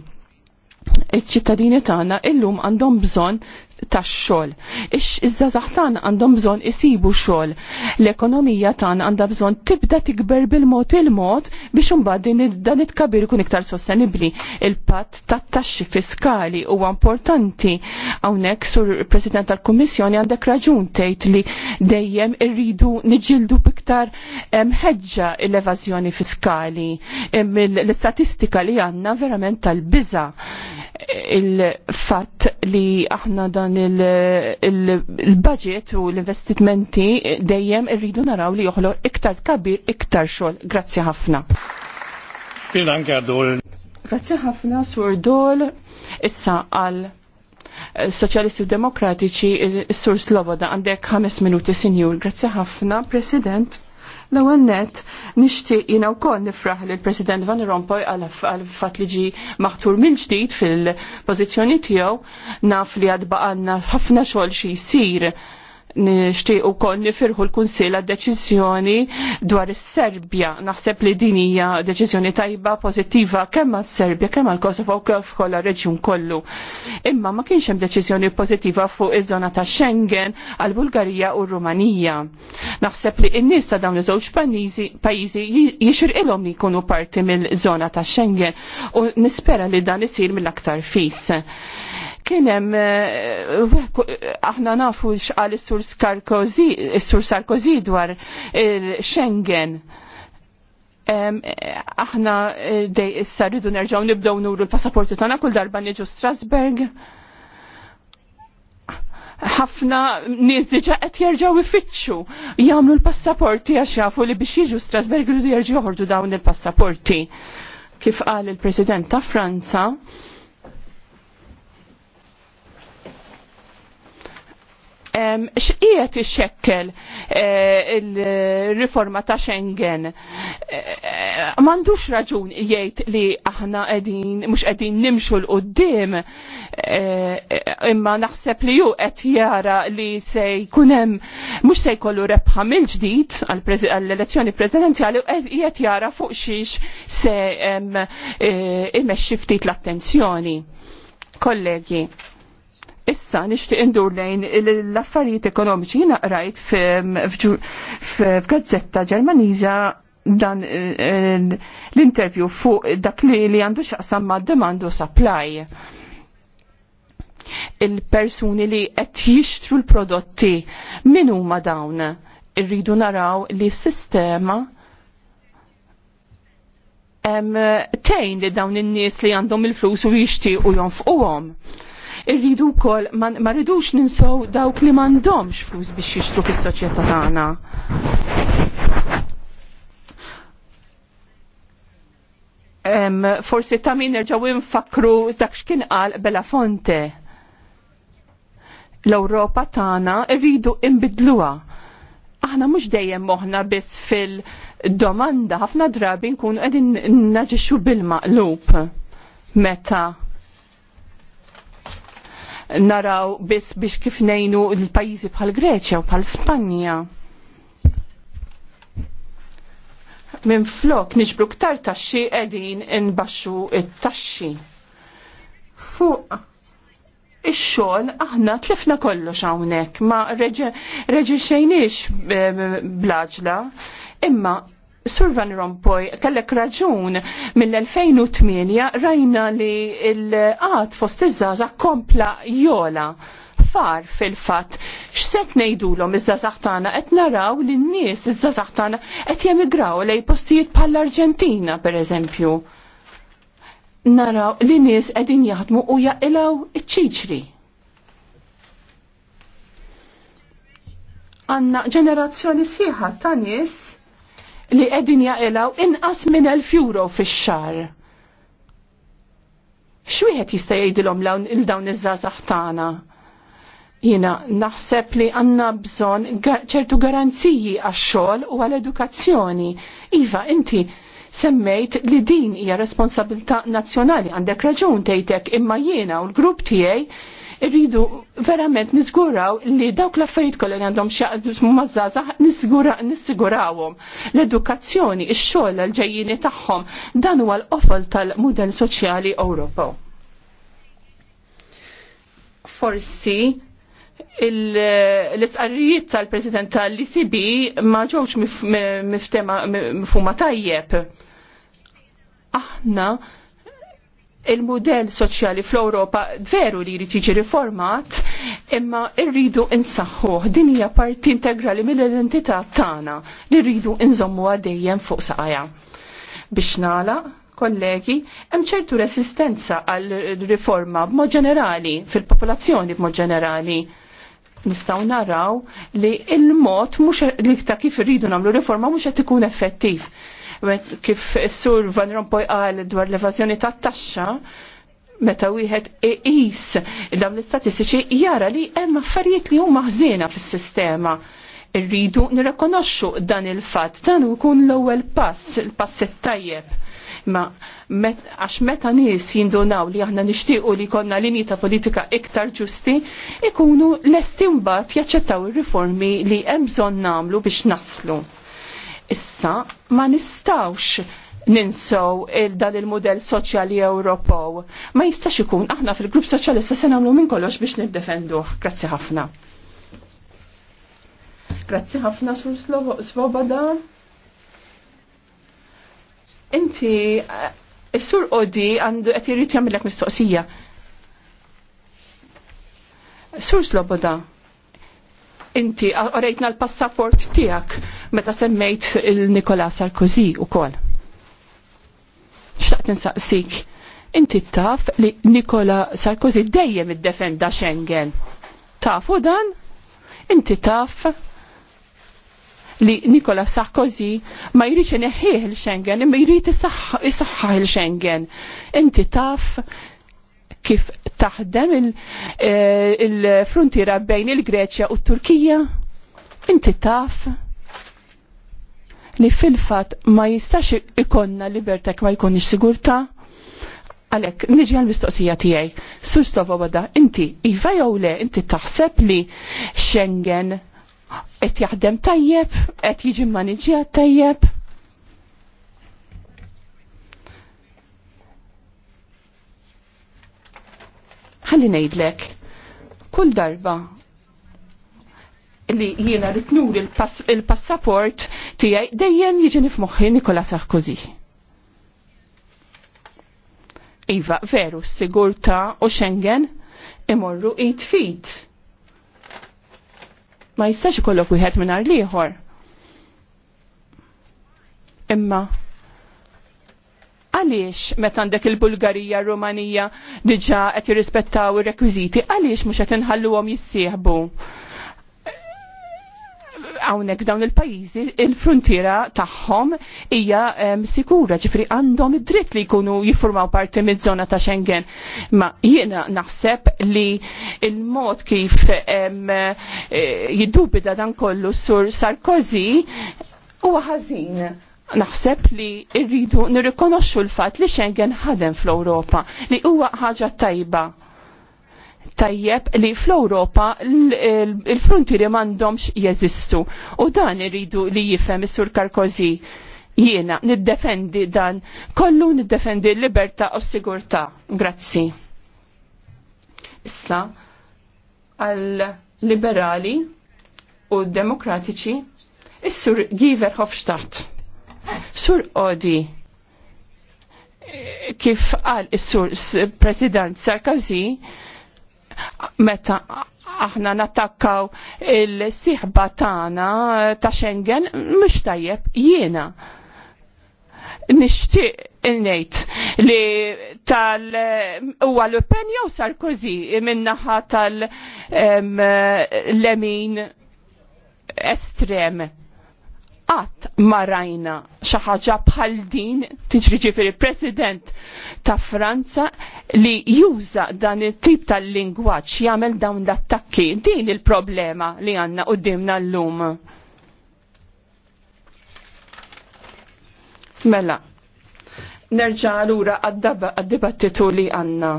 Iċ-ċittadini tagħna illum għandhom bżonn tax-xogħol. Ix-żazax tagħna għandhom bżonn isibu xogħol. L-ekonomija tan għandha bżonn tibda tikber bil-mod il-mod biex imbagħad dan it-kabir ikun iktar sostenibbli. Il-patt tat-taxxi fiskali huwa importanti. Hawnhekk sur President tal-Kummissjoni għandek raġun tgħid li dejjem irridu niġildu biktar ħeġġa l-evażjoni fiskali. L-istatistika li għandna verament tal-biża il-fatt li aħna dan dan il-budget u l-investimenti dejjem irridu naraw li joħloq iktar kabir, iktar xogħol. Grazzi ħafna. Grazzi ħafna, Sur Dol. Issa għal eh, Soċjalisti u Demokratiċi, Sur Sloboda, għandek ħames minuti, Sinjur. Grazzi ħafna, President. L-ewwel nett nixtieq jiena wkoll nifraħ lil President Van Rompuy għal fatt li ġi maħtur mill-ġdid fil-pożizzjoni tiegħu naf li għad baqanna ħafna xogħol xi jsir nishtiq u kon nifirħu l-Kunsila deċizjoni dwar is-Serbja. Naħseb li din hija deċizjoni tajba, pozittiva kemm għas-Serbja, kemm għal-Kosovo u kif kollha reġjun kollu. Imma ma kienx hemm deċiżjoni pożittiva fuq iż-żona ta' Schengen għal Bulgarija u r Rumanija. Naħseb li n-nies ta' dawn iż-żewġ pajjiżi jixirqilhom jkunu parti mill-żona ta' Schengen u nispera li dan isir mill-aktar fis kienem eh, aħna nafu xqal is-sur Sarkozy, dwar il-Schengen. Eh, aħna eh, dej issa rridu nerġgħu nibdew nuru l-passaporti tagħna kull darba niġu Strasberg. Ħafna nies diġà qed jerġgħu ifittxu jagħmlu l-passaporti għax jafu li biex jiġu Strasberg rridu jerġgħu joħorġu dawn il-passaporti. Kif qal il-President ta' Franza, xqiet ixekkel eh, il-riforma ta' Schengen. Eh, eh, m'għandux raġun jgħid li aħna qegħdin mhux qegħdin nimxu l qudiem imma naħseb li ju qed jara li se jkun hemm mhux se jkollu rebħa mill-ġdid għall-elezzjoni preżidenzjali u qed jara fuq xiex se imexxi ftit l-attenzjoni. Kollegi, Issa nixtieq indur lejn l-affarijiet ekonomiċi jiena qrajt f'gazzetta Ġermaniża dan eh, eh, l-intervju fuq dak li li għandu xaqsam ma' demand u supply il-persuni li qed jixtru l-prodotti min huma dawn irridu naraw li s-sistema tejn li dawn in-nies li għandhom il-flus u jixtiequ jonfquhom irridu wkoll ma rridux ninsaw dawk li m'għandhomx flus biex jixtru fis-soċjetà tagħna. Um, forsi ta' min nerġaw infakru dak x'kien qal Bela Fonte. L-Ewropa tagħna rridu imbidluha aħna mhux dejjem moħna biss fil-domanda, ħafna drabi nkunu qegħdin naġixxu bil-maqlub meta naraw biss biex kif nejnu l-pajjiżi bħal Greċja u bħal Spanja. Minn flok niġbru ktar taxxi qegħdin inbaxxu it-taxxi. Fuq ix-xogħol aħna tlifna kollox hawnhekk ma reġixxejniex eh, blaġla imma Sur Van Rompuy, kellek raġun mill-2008 rajna li l-qat fost iż-żaza kompla jola far fil-fat x'set ngħidulhom iż-żazax tagħna qed naraw li n-nies iż-żazax tagħna qed jemigraw lejn postijiet bħall-Arġentina pereżempju. Naraw li n nies qegħdin jaħdmu u jaqilgħu iċ-ċiċri. Għanna ġenerazzjoni sieħa ta' nies li qegħdin jaqilgħu inqas minn elf euro fix-xar. X'wieħed jista' jgħidilhom il dawn iż-żgħażagħ tagħna? Jiena naħseb li għandna bżonn ċertu garanziji għax-xogħol u għall-edukazzjoni. Iva, inti semmejt li din hija responsabilità nazzjonali għandek raġun tgħidek imma jiena u l-grupp tiegħi Irridu verament niżguraw li dawk l-affarijiet kollha li għandhom xi mażaża nissigurawhom L-edukazzjoni, ix-xogħol l-ġejjini tagħhom dan huwa l-qofol tal-mudell soċjali Ewropew. Forsi l-isqarrijiet tal-President tal-ICB ma ġewx miftema mifuma tajjeb. Aħna ah, il-modell soċjali fl-Ewropa veru li jrid jiġi riformat, imma rridu insaħħu din hija parti integrali mill-identità tagħna li rridu nżommu għaddejjem fuq saqajja. Biex nagħlaq, kollegi, hemm ċertu resistenza għal riforma b'mod ġenerali, fil-popolazzjoni b'mod ġenerali. Nistgħu naraw li il-mod mhux li ta' kif irridu nagħmlu riforma mhux qed ikun effettiv kif sur Van Rompuy għal dwar l-evażjoni tat-taxxa, meta wieħed iqis dawn l-istatistiċi jara li hemm affarijiet li huma ħżiena fis-sistema. Irridu nirrekonoxxu dan il-fatt, dan ikun l-ewwel pass, il-pass it-tajjeb ma għax meta nies jindunaw li aħna nixtiequ li konna linji ta' politika iktar ġusti, ikunu l-estimbat jaċċettaw ir-riformi li hemm bżonn nagħmlu biex naslu. Issa ma nistawx ninsow il-dan il model soċjali Ewropew. Ma jistax ikun aħna fil-grupp soċjalista se nagħmlu minn kollox biex niddefenduh. Grazzi ħafna. Grazzi ħafna sur Svoboda. Inti is-sur eh, Qodi għandu qed jrid jagħmilek mistoqsija. Sur Sloboda, inti orejtna l-passaport tiegħek meta semmejt il-Nikola Sarkozy u kol. Xtaqt insaqsik, inti taf li Nikola Sarkozy dejjem id-defenda Schengen. Tafu dan? Inti taf li Nikola Sarkozy ma jirriċ neħħieħ il-Schengen, imma jrid isaħħaħ il-Schengen. Inti taf kif taħdem eh, il-frontiera il bejn il-Greċja u t-Turkija? Inti taf? li fil-fat ma jistax ikonna libertek ma jkunix sigurta? Għalek, nġi għal-mistoqsija tijaj. Sur Slovoboda, inti, iva jew le, inti taħseb li Schengen qed jaħdem tajjeb, qed jiġi maniġija tajjeb? Ħalli ngħidlek, kull darba li jiena ritnur il-passaport tiegħi dejjem jiġi f'moħħi Nikola Sarkozy. Iva, veru, s-sigurta u Schengen imorru it fit. Ma jistax ikollok wieħed minn liħor. Imma għaliex meta għandek il-Bulgarija, Rumanija diġa qed jirrispettaw ir-rekwiżiti, għaliex mhux qed inħalluhom jissieħbu? hawnhekk dawn il-pajjiżi il-frontiera tagħhom hija sikura, ġifri għandhom id-dritt li jkunu jiffurmaw parti miż-żona ta' Schengen. Ma jiena naħseb li il-mod kif e, jiddubida dan kollu sur Sarkozy huwa ħażin naħseb li rridu nirrikonoxxu l-fatt li Schengen ħadem fl-Ewropa li huwa ħaġa tajba tajjeb li fl-Ewropa il frontiri m'għandhomx jeżistu. U dan irridu li jifhem is-Sur Karkozi jiena niddefendi dan kollu niddefendi l-libertà u s-sigurtà. Grazzi. Issa għal-liberali u demokratiċi is-Sur Giver Hofstadt. Sur Odi, kif qal is-sur President Sarkozy, meta aħna nattakkaw il-sihba tagħna ta' Schengen mhux tajjeb jiena. Nixtieq ngħid li tal huwa l Pen jew Sarkozy min-naħa tal-lemin estrem qatt ma rajna xi ħaġa bħal din tiġri ġifieri President ta' Franza li juża dan it-tip tal-lingwaġġ jagħmel dawn l-attakki. Din il-problema li għandna qudiemna llum. Mela, nerġa' lura għad-dibattitu li għandna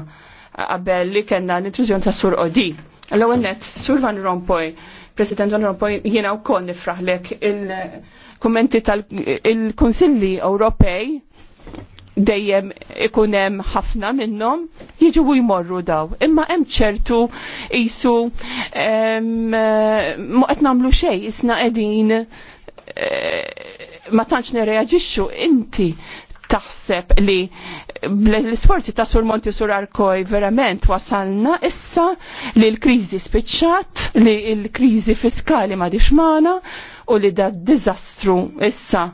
qabel li kellna l-intrużjon ta' Sur Odi. L-ewwel Sur Van Rompuy President Onorpoj, jiena u koll nifraħlek il-kommenti tal-Konsilli Ewropej dejjem ikunem ħafna minnom jiġu u jmorru daw. Imma hemm ċertu jisu ma qed nagħmlu xejn, isna qegħdin eh, ma tantx nereaġixxu inti taħseb li l-sforzi ta' Sur Monti Sur Arkoj verament wasalna issa li l-krizi spiċċat, li l-krizi fiskali ma diċmana u li da' dizastru issa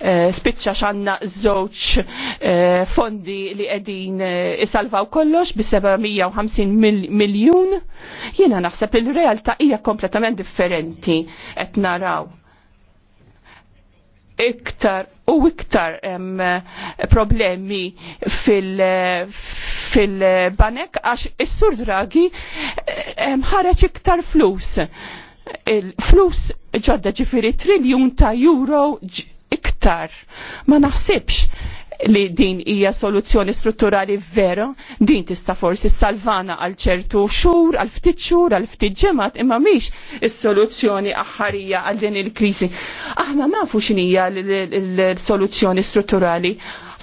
eh, spiċċa xanna zoċ eh, fondi li edin eh, isalvaw kollox bi 750 miljon, jena naħseb il-realtà hija kompletament differenti qed naraw iktar u iktar em, problemi fil-banek għax is-sur dragi ħareġ iktar flus. Il-flus ġodda ġifiri triljun ta' euro iktar. Ma naħsibx li din hija soluzzjoni strutturali vera, din tista' forsi salvana għal ċertu xhur, għal ftit xhur, għal ftit ġemat, imma mhix is-soluzzjoni aħħarija għal din il-kriżi. Aħna nafu x'inhija l-soluzzjoni strutturali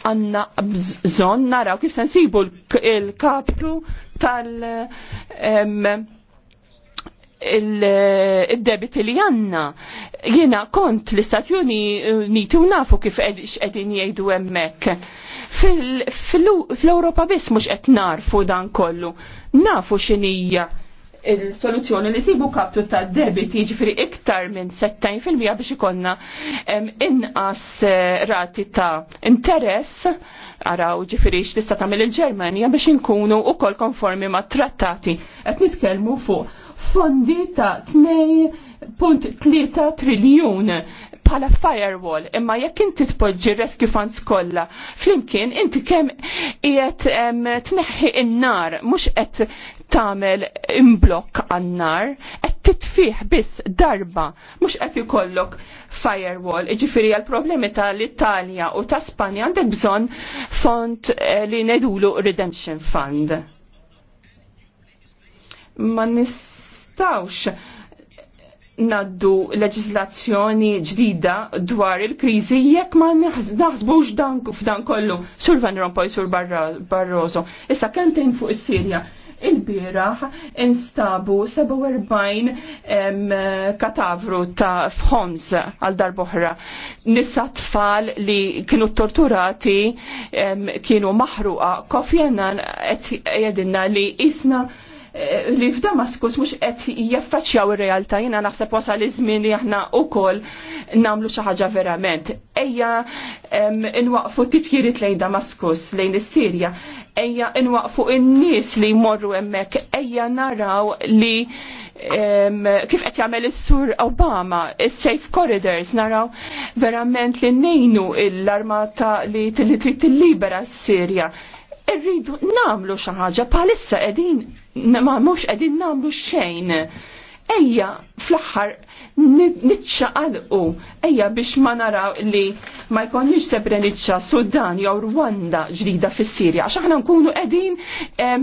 għanna bżon naraw kif sensibu l-kaptu tal- il-debiti li għanna. Jena kont l-Istati Uniti u nafu kif x'qegħdin jgħidu hemmhekk. Fl-Ewropa biss mhux qed narfu dan kollu. Nafu x'inhija il-soluzzjoni li sibu kaptu ta' debiti ġifri iktar minn 70% biex ikonna inqas eh, rati ta' interess għaraw ġifiri x'tista' tagħmel il-Ġermanja biex inkunu kol konformi ma' trattati. Qed nitkellmu fuq fondi ta' 2.3 triljun bħala firewall, imma jekk inti tpoġġi rescue funds kollha, flimkien inti kemm qiegħed tneħħi n-nar, mhux qed tagħmel imblok għan-nar, qed titfih biss darba, mhux qed ikollok firewall. Ġifieri għall-problemi tal-Italja u ta' Spanja għandek bżonn font eh, li nedulu Redemption Fund. Ma nis nistawx naddu leġislazzjoni ġdida dwar il-krizi jekk ma naħsbux dan f'dan kollu. Sur Van Rompuy, Sur Barroso. Issa tejn fuq is-Sirja. Il-biraħ instabu 47 em, katavru ta' f'ħoms għal darboħra. Nisa tfal li kienu torturati em, kienu maħruqa kofjenan għedinna li isna li f'Damaskus mhux qed jaffaċċjaw ir-realtà jiena naħseb wasal iż-żmien li aħna wkoll nagħmlu xi ħaġa verament. Ejja inwaqfu titjiriet lejn Damaskus lejn is-Sirja, ejja inwaqfu in-nies li jmorru hemmhekk, ejja naraw li Um, kif qed jagħmel is-sur Obama, is-safe corridors naraw verament li nejnu l-armata li trid tillibera s-Sirja irridu namlu xi ħaġa bħalissa qegħdin ma mhux qegħdin namlu xejn. Ejja fl-aħħar nitċaqalqu, ejja biex ma naraw li ma jkollniex Srebrenica, Sudan jew Rwanda ġdida fis-Sirja, għax aħna nkunu qegħdin eh,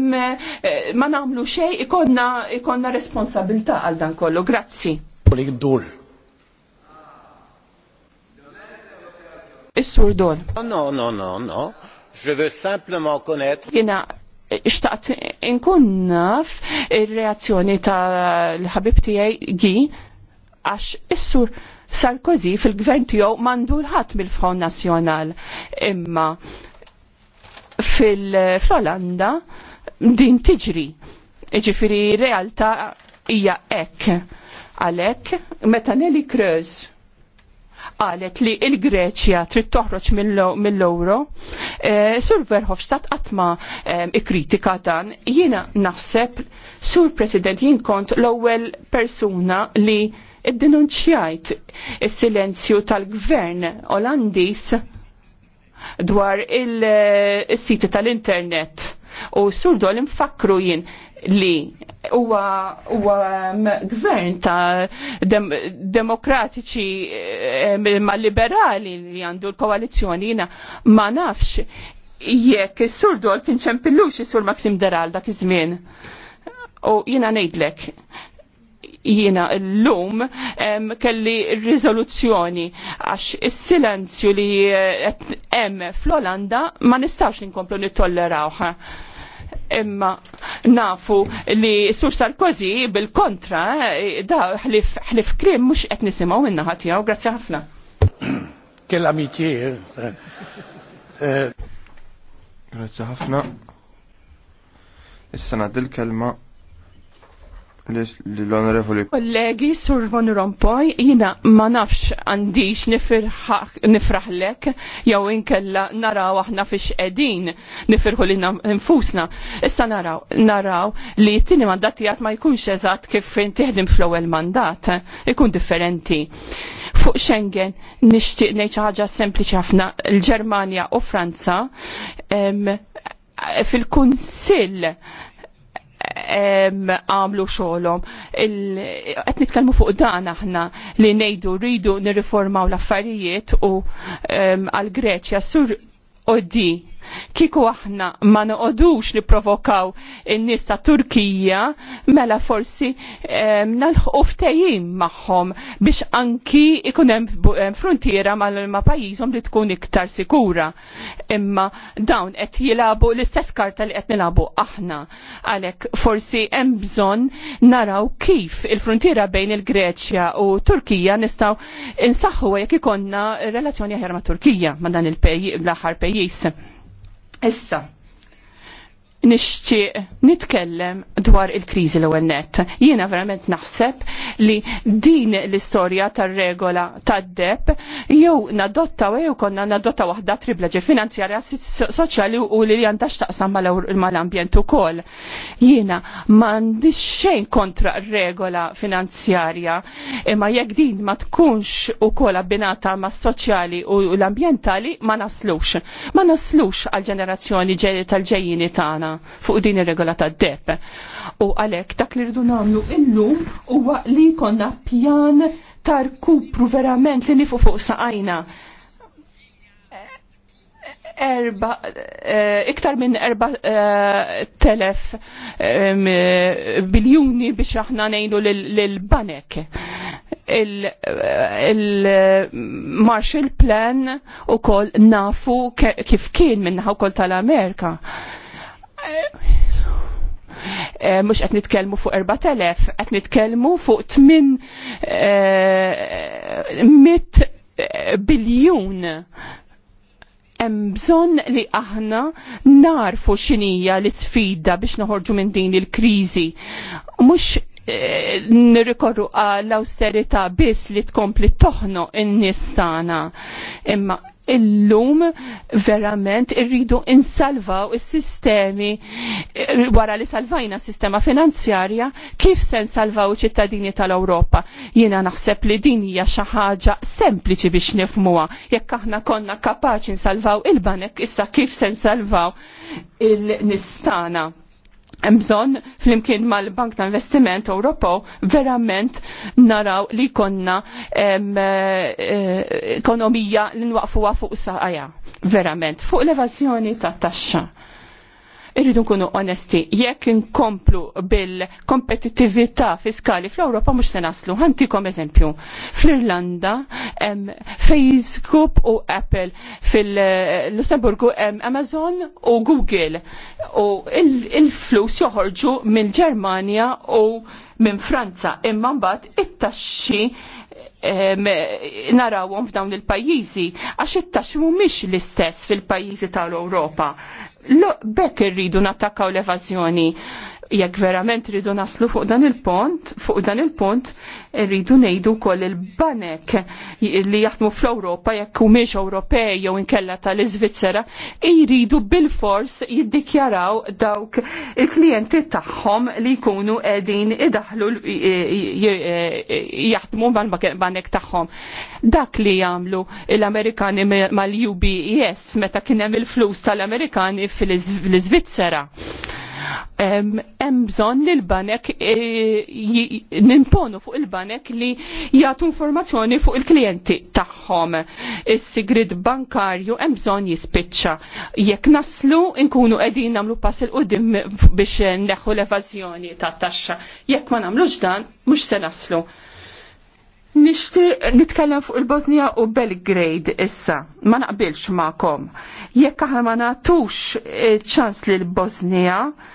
ma nagħmlu xejn ikonna ikonna responsabilità għal dan kollu. Grazzi. Is-sur dol. No, no, no, no. Je veux simplement connaître. Jena, xtaqt inkun naf il-reazzjoni tal-ħabib tiegħi gi għax issur Sarkozy fil-gvern tiegħu mandu l-ħadd mill-Front Nazzjonal. Imma fil-Olanda din tiġri. Ġifiri realtà hija hekk. Għalhekk meta Nelly Creuse qalet li il-Greċja trid toħroġ mill-euro, eh, Sur Verhofstadt għatma eh, ikritika dan, jiena naħseb, Sur President, jien kont l-ewwel persuna li id-denunċjajt il-silenzju tal-gvern Olandis dwar il-siti eh, tal-internet. U sur dol infakru jien li huwa huwa gvern ta' dem, demokratiċi eh, ma' liberali li għandu l koalizjoni jina ma' nafx jekk is-sur dol kien ċempillux is-sur Maxim Deral dak iż-żmien. U jina ngħidlek jina l-lum kelli rizoluzzjoni għax is-silenzju li eh, hemm fl-Olanda ma nistax inkomplu nittolleraw imma nafu li Sur Sarkozy bil-kontra da ħlif krim mux qed nisimgħu minnaħa tiegħu. Grazzi ħafna. Kell amitier. Eh. Eh. Grazzi ħafna. Issa nadil kelma l-onorevoli. Kollegi, Sur Von Rompuy, jina ma nafx għandix nifraħlek, jew inkella naraw aħna fix edin nifirħu li nfusna. Issa naraw, naraw li t-tini mandat jgħat ma jkunx eżat kif tiħdim fl-ewwel mandat, ikun differenti. Fuq Schengen, nishtiq neċaħġa ħaġa sempliċi ħafna, l-Ġermanja u Franza, fil-Kunsill għamlu xolom. Għet nitkellmu fuq dan aħna li ngħidu rridu nirriformaw l-affarijiet u għal Greċja sur Odi Kiku aħna ma noqodux li provokaw in-nies ta' Turkija, mela forsi eh, nalħu ftejim magħhom biex anki ikun hemm frontiera ma' pajjiżhom li tkun iktar sikura. Imma dawn qed jilabu l-istess karta li qed nilabu aħna. Għalhekk forsi hemm bżonn naraw kif il-frontiera bejn il-Greċja u Turkija nistgħu insaħħu jekk ikonna relazzjoni ma' Turkija ma' dan il-aħħar pejjiż. Issa, nixtieq nitkellem dwar il-kriżi l ewwel nett. Jiena verament naħseb li din l-istorja tar-regola tad-deb jew nadotta jew konna nadotta waħda tribleġi finanzjarja soċjali u li li għandha x'taqsam mal-ambjent ukoll. Jiena m'għandix xejn kontra regola finanzjarja imma jekk din ma tkunx ukoll abbinata mas-soċjali u l-ambjentali ma naslux. Ma naslux għal ġenerazzjoni tal-ġejjini tagħna fuq din ir-regola tad-deb. U għalhekk dak li rridu nagħmlu illum huwa li jkollna pjan tar-kupru verament li nifu fuq saqajna. Erba, eh, iktar minn erba' eh, telef eh, biljuni biex aħna nejnu l-banek il-Marshall Plan u kol nafu kif kien minna kol tal-Amerika. Eh, mux qed nitkellmu fuq 4000, qed nitkellmu fuq 800 eh, eh, biljun hemm bżonn li aħna narfu x'inija l-isfida biex naħorġu minn din il-kriżi. Mhux nirrikorru għal-austerita biss li tkompli toħno in nistana Imma illum verament irridu insalvaw is-sistemi eh, wara li salvajna s-sistema finanzjarja kif se nsalvaw ċittadini tal-Ewropa. Jiena naħseb li din hija xi ħaġa sempliċi biex nifmuha. Jekk aħna konna kapaċi nsalvaw il-banek issa kif se nsalvaw il-nistana bżonn flimkien mal-Bank ta' Investiment Ewropew verament naraw li konna eh, eh, ekonomija li nwaqfuha fuq saqajja verament fuq l-evażjoni ta' taxxa. Irridu nkunu onesti, jekk inkomplu bil-kompetittività fiskali fl-Ewropa mhux se naslu. Ħantikom eżempju. Fl-Irlanda hemm Facebook u Apple, fil-Lussemburgu hemm Amazon u Google. U il-flus joħorġu mill-Ġermanja u minn Franza imma mbagħad it-taxxi narawhom f'dawn il-pajjiżi għax it-tax mhumiex l-istess fil-pajjiżi tal-Ewropa. Bekk irridu nattakkaw l-evażjoni jekk verament rridu naslu fuq dan il-pont, fuq dan il-pont rridu nejdu kol il-banek li jaħdmu fl-Europa jekk miex Ewropej jew inkella tal-Iżvizzera jridu bil-fors jiddikjaraw dawk il-klijenti tagħhom li jkunu qegħdin idaħlu jaħdmu mal-banek tagħhom. Dak li jagħmlu l-Amerikani mal-UBS e meta kien hemm il-flus tal-Amerikani fil-Iżvizzera hemm bżonn li l-banek eh, nimponu fuq il-banek li jagħtu informazzjoni fuq il-klijenti tagħhom. Is-sigrid bankarju hemm bżonn jispiċċa. Jekk naslu nkunu qegħdin nagħmlu pass il qudiem biex neħu l-evażjoni tat-taxxa. Jekk ma nagħmlux dan, mhux se naslu. Nishtiq nitkellem fuq il-Bosnija u Belgrade issa, ma naqbilx ma'kom. Jekk aħna ma nagħtux eh, ċans lill Bosnija,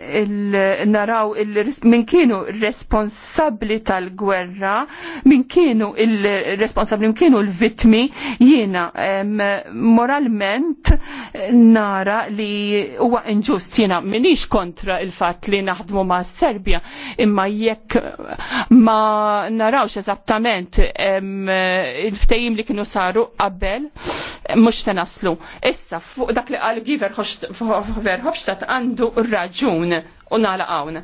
il naraw il min kienu responsabli tal-gwerra, min kienu il-responsabli, min kienu l-vitmi, jiena moralment nara li huwa inġust jiena minix kontra il-fat li naħdmu ma' Serbia, imma jekk ma narawx eżattament il-ftejim li kienu saru qabel, mux tenaslu. Issa, fuq dak li għal-giver Verhofstadt għandu raġun hawn u nagħlaq hawn.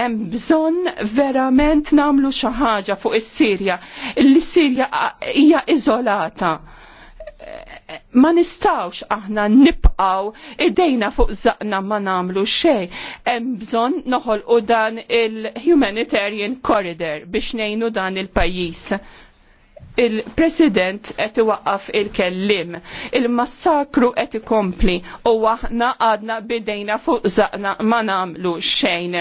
Hemm bżonn verament nagħmlu xi ħaġa fuq is-Sirja. il sirja hija iżolata ma nistawx aħna nibqaw idejna fuq zaqna ma namlu xej. Hemm bżonn noħolqu dan il-humanitarian corridor biex ngħinu dan il-pajjiż il-president qed iwaqqaf il-kellim. Il-massakru qed ikompli u aħna għadna bidejna fuq zaqna ma nagħmlu xejn.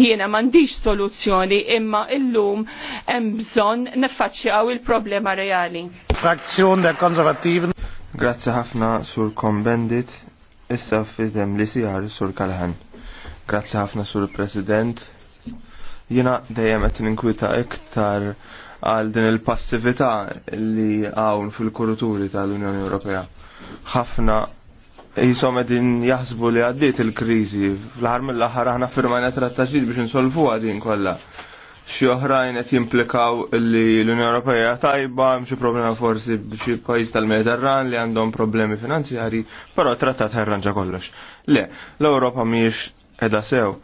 Jiena m'għandix soluzzjoni imma illum hemm bżonn niffaċċjaw il-problema reali. Frazzjon der Konservativen. Grazzi ħafna sur Kombendit, issa fidem li sijar sur Kalħan. Grazzi ħafna sur President. Jiena dejjem qed ninkwita iktar għal din il-passività li hawn fil-kuruturi tal-Unjoni Ewropea. Ħafna jisom din jaħsbu li għaddiet il-kriżi. Fl-ħar mill-aħħar aħna firmajna trattaġid biex insolvu din kollha. Xi oħrajn qed jimplikaw li l-Unjoni Ewropea tajba, hemm xi problema forsi b'xi pajjiż tal-Mediterran li għandhom problemi finanzjarji, però trattat ħarranġa kollox. Le, l-Ewropa mhijiex edha sew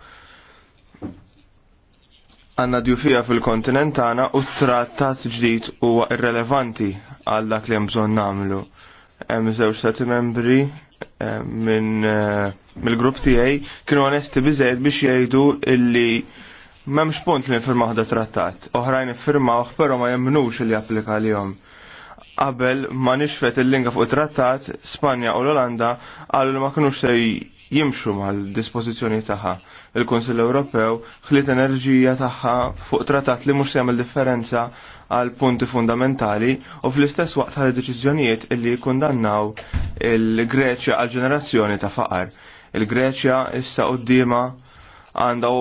għanna djufija fil-kontinent għana u trattat ġdijt u irrelevanti għal dak li mżon namlu. Hemm żewġ stati membri eh, minn eh, mill-grupp tiegħi kienu onesti biżejjed biex jgħidu illi m'hemmx punt li nfirmaw ħda trattat. Oħrajn iffirmawh però ma jemmnux li applika lihom. Qabel ma nixfet il-linga fuq trattat, Spanja u l-Olanda għallu ma kinux se jimxu mal-dispożizzjoni tagħha. Il-Kunsill Ewropew ħliet enerġija tagħha fuq trattat li mhux jagħmel differenza għal punti fundamentali u fl-istess waqt ħad deċiżjonijiet illi kundannaw il-Greċja għal ġenerazzjoni ta' faqar. Il-Greċja issa qudiema għandha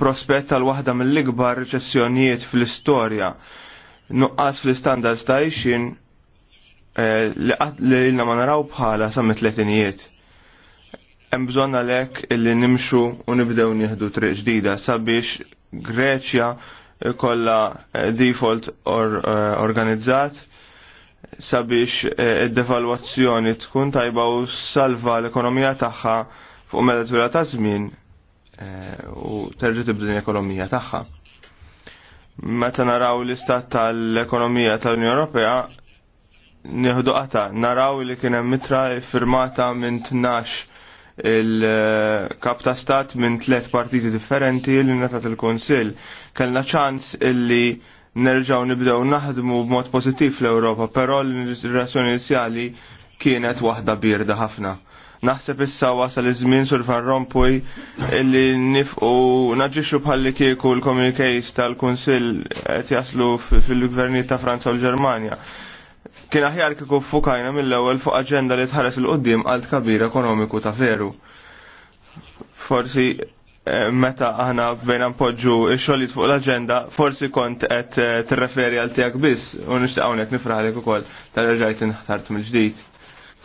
prospett tal waħda mill-ikbar reċessjonijiet fl-istorja. Nuqqas fl-istandards ta' ixin eh, li għadli ma naraw bħala sa' mitletinijiet Hemm bżonn għalhekk illi nimxu u nibdew nieħdu triq ġdida sabiex Greċja kollha eh, default or, eh, organizzat sabiex eh, id-devalwazzjoni tkun tajba u salva l-ekonomija tagħha fuq meta tura ta' żmien u terġa' tibdu l-ekonomija tagħha. Meta naraw l-istat tal-ekonomija tal-Unjoni Ewropea nieħdu qata naraw li kien hemm mitra firmata minn tnax il-kap ta' stat minn tliet partiti differenti li natat il-Konsil. Kellna ċans illi nerġaw nibdew naħdmu b'mod pozittiv l-Ewropa, però l reazzjoni inizjali kienet waħda birda ħafna. Naħseb issa wasal iż-żmien sur Van Rompuy illi nifqu naġġixxu bħalli kieku l-communiqués tal-Kunsill qed jaslu fil-gvernijiet ta' Franza u l-Ġermanja Kien aħjar kiku fukajna mill-ewwel fuq aġenda li tħares il-qoddim għal kabir ekonomiku ta' veru. Forsi eh, meta aħna bejna npoġġu x-xogħlijiet fuq l-aġenda, forsi kont qed eh, tirreferi għal tiegħek biss u nixtieq hawnhekk u ukoll tal-reġajt inħtart mill-ġdid.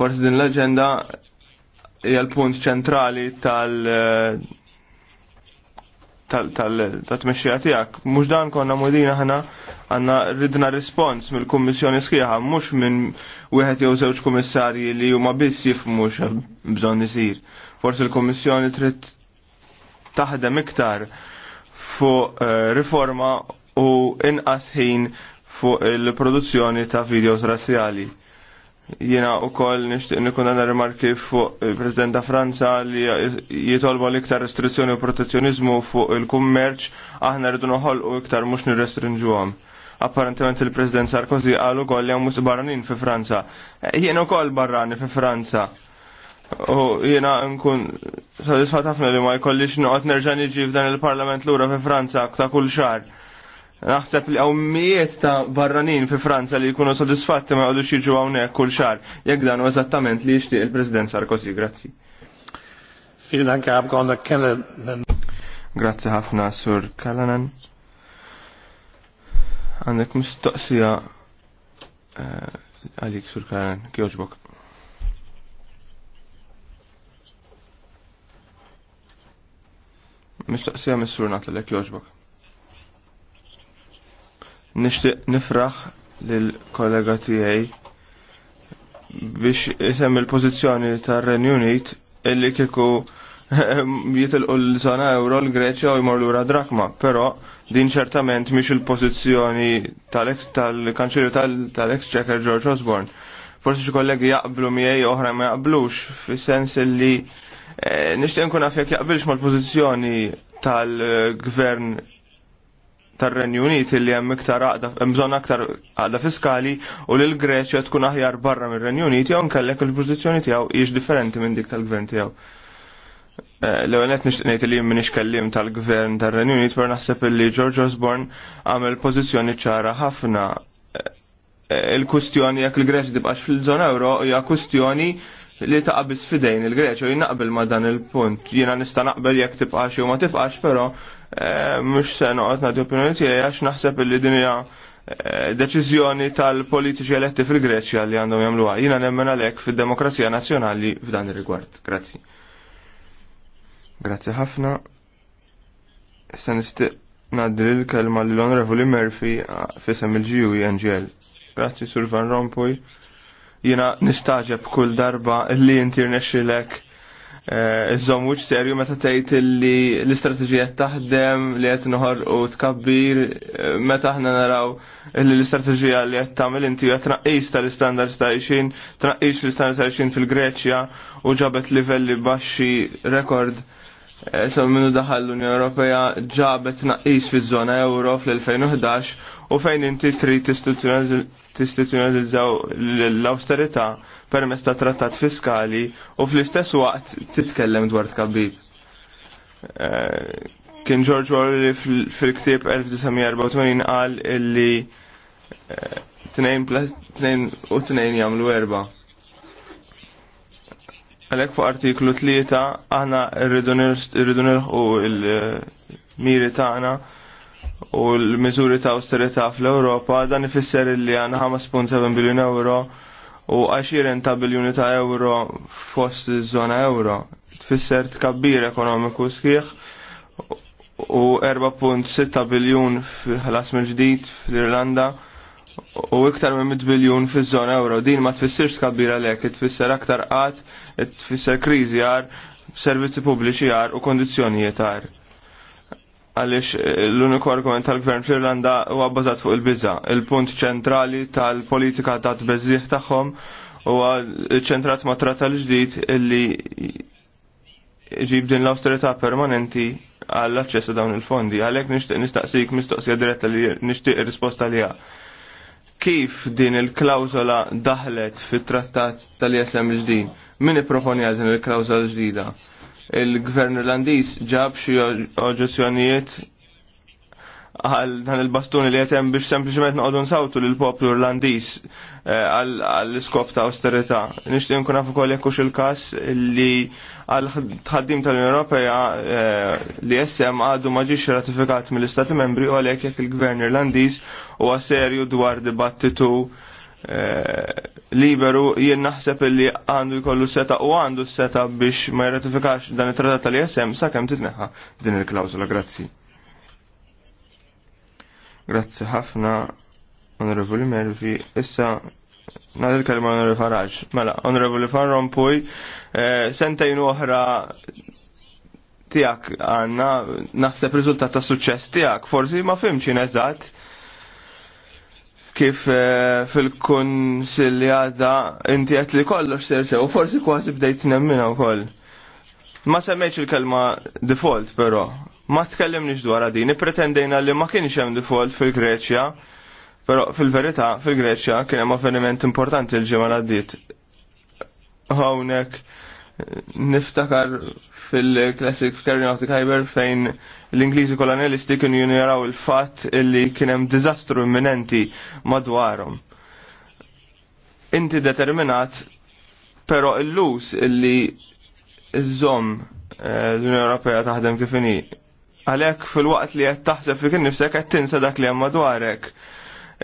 Forsi din l-aġenda hija l-punt ċentrali tal- eh, tal-tmexxija tiegħek. Mhux dan konna mudina ħana għandna ridna rispons mill-Kummissjoni sħiħa mhux minn wieħed jew żewġ kummissarji li huma biss jifhmu bżonn isir. Forsi l-Kummissjoni trid taħdem iktar fuq eh, riforma u inqas ħin fuq il-produzzjoni ta' videos razzjali jina u koll nishtiq nikun għana remarki fuq il-President ta' Franza li jitolbu l-iktar restrizzjoni u protezzjonizmu fuq il-kummerċ, aħna rridu noħol u iktar mux għam. Apparentement il-President Sarkozy għal ukoll li għamus barranin fi Franza. Jina u koll barrani fi Franza. U jina nkun sodisfat ħafna li ma jkollix noqgħod nerġa' niġi f'dan il-Parlament lura fi Franza kta' kull xar Naħseb li għaw mijiet ta' barranin fi Franza li jkunu sodisfatti ma jgħodux jiġu hawnhekk kull xahar. Jekk dan u eżattament li jixtieq il-President Sarkozy, grazzi. Fidan kħab għonda kellen. Grazzi ħafna, Sur Kellenen. Għandek mistoqsija eh, għalik, Sur Kellenen, kjoġbok. Mistoqsija mis-sur natlek kjoġbok. Nishtiq nifraħ lill-kollega tiegħi biex jisem il-pożizzjoni tar-Renju Unit illi kieku jitilqu l-zona euro l-Greċja u jmorlu ra drakma, però din ċertament miex il-pożizzjoni tal-kanċilju ex ċeker George Osborne. Forsi xi kollegi jaqblu miegħi oħra ma jaqblux, fis-sens illi eh, nixtieq nkun għafek jaqbilx mal-pożizzjoni tal-gvern tar-Renju li hemm iktar għaqda bżonn aktar għaqda fiskali u lil Greċja tkun aħjar barra mir-Renju jew nkellek il-pożizzjoni tiegħu hijiex differenti minn dik tal-gvern tiegħu. Eh, l-ewwel qed nixtieq ngħid li m'iniex kellim tal-gvern tar-Renju per naħseb li George Osborne għamel pożizzjoni ċara ħafna eh, il-kustjoni jekk il-Greċja tibqax fil-żona euro hija kustjoni li taqbis fidejn il-Greċja u jnaqbel ma dan il-punt. Jiena nista' naqbel jekk tibqax jew ma tibqax, però Eh, mux se noqgħod nadi opinjoni tiegħi għax naħseb li din hija eh, deċiżjoni tal-politiċi eletti fil-Greċja li għandhom jagħmluha. Jiena nemmen għalhekk fid-demokrazija nazzjonali f'dan ir-rigward. Grazzi. Grazzi ħafna. Issa nistiq nadri l-kelma ah, e l Onorevoli Murphy fisem il-GU NGL. Grazzi Sur Van Rompuy. Jiena nistaġeb kull darba li inti Eh, iżżomm wiċ serju meta tgħid li l-istrateġija taħdem li qed nħor u tkabbir eh, meta aħna naraw li l-istrateġija li qed tagħmel inti għet tnaqqis tal-istandards ta' ixin, tnaqqis l istandards ta' ixin fil-Greċja u ġabet livelli baxxi rekord. Eh, Sa minnu daħal l-Unjoni Ewropea ġabet naqis fi żona euro fl-2011 u fejn inti trid tistituzzjonalizzaw l-austerità permess ta' trattat fiskali u fl-istess waqt titkellem dwar tkabib. Eh, kien George Orwell fil-ktieb 1984 qal illi eh, tnejn u tnejn jagħmlu erba' għalek fuq artiklu 3 aħna rridu nilħu il-miri tagħna u l-miżuri ta' austerita fl-Ewropa dan ifisser li għandna 5.7 biljun euro u 20 ta' biljuni ta' euro fost iż-żona euro. Tfisser tkabbir ekonomiku sħiħ u 4.6 biljun fil-ħlas mill-ġdid fl-Irlanda u iktar minn 100 biljun fiż-żona euro. Din ma tfissirx tkabbir għalhekk, tfisser aktar qatt, tfisser kriżi għar, servizzi pubbliċi għar u kondizzjonijiet għar għaliex eh, l-uniku argument tal-gvern fl-Irlanda huwa bbażat fuq il-biża. Il-punt ċentrali tal-politika ta' tbeżżieħ tagħhom huwa ċentrat matra tal-ġdid illi ġib din l austerita permanenti għall accessa dawn il-fondi. Għalhekk nixtieq nistaqsik mistoqsija diretta li nixtieq risposta li Kif din il klawzola daħlet fit-trattat tal-ISM l-ġdid? Min ipproponi din il klawzola l-ġdida? il-gvern irlandiż ġab xi oġġezzjonijiet għal dan il-bastuni li jatem biex sempliciment noqogħdu nsawtu lil poplu irlandiż eh, għall iskop ta' austerità. Nixtieq nkun naf ukoll jekk il-każ li għal tħaddim tal-Unjoni Ewropea eh, li jessem għadu ma ġiex ratifikat mill-Istati Membri u għalhekk jekk il-Gvern Irlandiż huwa serju dwar dibattitu Eh, liberu jien naħseb li għandu jkollu seta u għandu seta biex ma jirratifikax dan it-tratat tal-ISM sakemm titneħħa din il-klawsola. Grazzi. Grazzi ħafna, Onorevoli Mervi. Issa Nadil kelma onorevoli Faraj. Mela, onorevoli Farron puj, eh, sentajn oħra tijak għanna, naħseb rizultat ta' suċċess tijak, forsi ma fimxin eżatt kif eh, fil-konsiljada inti għet li kollox sersew, forsi kważi bdejt nemmina u koll. Ma semmeċ il-kelma default, pero. Ma tkellimniex dwar din, pretendejna li ma kienx hemm default fil-Greċja, pero fil-verità fil-Greċja kien hemm avveniment importanti l-ġimgħa għaddit. Hawnhekk niftakar fil-Classic Carrying Out the Kyber fejn l-Ingliżi kolonialisti kienu juniraw il-fatt li kien hemm diżastru imminenti madwarhom. Inti determinat però illus illi żomm eh, l-Unjoni Ewropea taħdem kif inhi. Għalhekk fil-waqt li qed taħseb fi kien nifsek qed tinsa dak li hemm madwarek.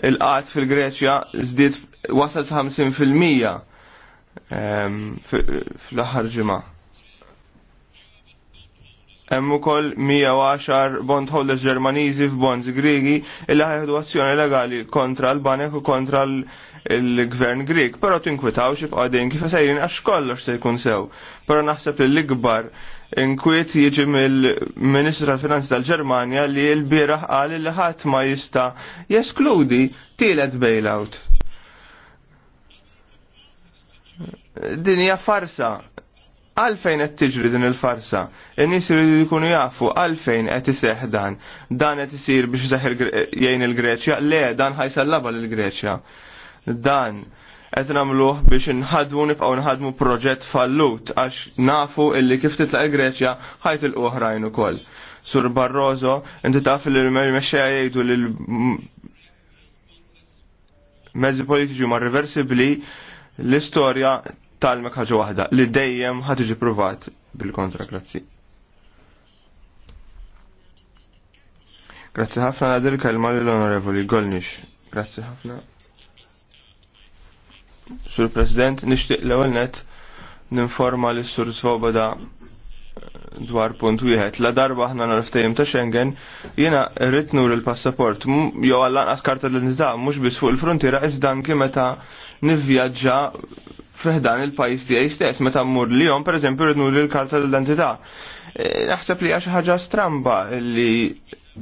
Il-qat fil-Greċja zdiet wasal sa 50 fil-mija ehm, fl-aħħar ġimgħa Hemm ukoll 110 holders Ġermaniżi f'bonds Griegi illi ħajħdu azzjoni legali kontra l-banek u kontra l-gvern Grieg, però tinkwitaw xi bqadin kif sejrin għax kollox se jkun sew. Però naħseb li l-ikbar inkwiet jiġi mill-Ministru tal-Finanzi tal-Ġermanja li l-bieraħ qal li ħadd ma jista' jeskludi tielet bailout. Din hija farsa. Għalfejn qed tiġri din il-farsa? in-nies li jkunu jafu għalfejn qed iseħħ dan. Dan qed isir biex jgħin il-Greċja, le dan ħajsal laba lill-Greċja. Dan qed nagħmluh biex inħadmu nibqgħu nħadmu proġett fallut għax nafu illi kif titlaq il-Greċja ħajt il-oħrajn ukoll. Sur Barroso, inti taf li l-mexxejja jgħidu lil mezzi politiċi ma reversibli l-istorja tal-mek ħaġa waħda li dejjem ħatiġi provat bil-kontra, grazzi. Grazzi ħafna għadir kalma l-onorevoli Golnix. Grazzi ħafna. Sur President, nishtiq l-ewel net ninforma li sur Svoboda dwar punt wieħed. La darba aħna narftajim ta' Schengen, jiena rritnu nur il-passaport, jew għallan karta l-nizda, mhux biss fuq il-frontiera, iżda kimeta meta nivvjaġġa fiħdan il-pajis tiegħi stess, meta mmur li jom, pereżempju, rrit nur karta l-identità. E, naħseb li għax ħaġa stramba li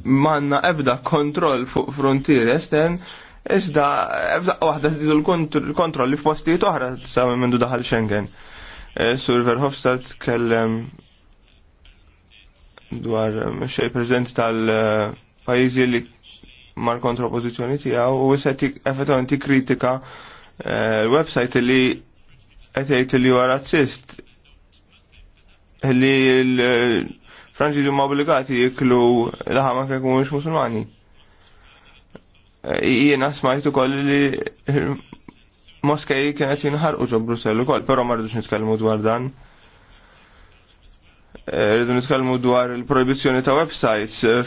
manna ebda kontroll fuq frontier estern, iżda ebda waħda zidu l-kontroll li f'postijiet oħra sa' mendu daħal Schengen. Eh, Sur Verhofstadt kellem dwar eh, xej prezident tal-pajizi li mar kontra oppozizjoni tiegħu u se effettament kritika eh, l-website li qed li huwa razzist li Franċiżi huma obbligati jiklu l-ħama kek mhumiex Musulmani. Jiena smajt ukoll li moskej kienet jinħarqu ġo Brussell ukoll, però ma rridux nitkellmu dwar dan. Eh, rridu nitkellmu dwar il-proibizzjoni ta' websites eh,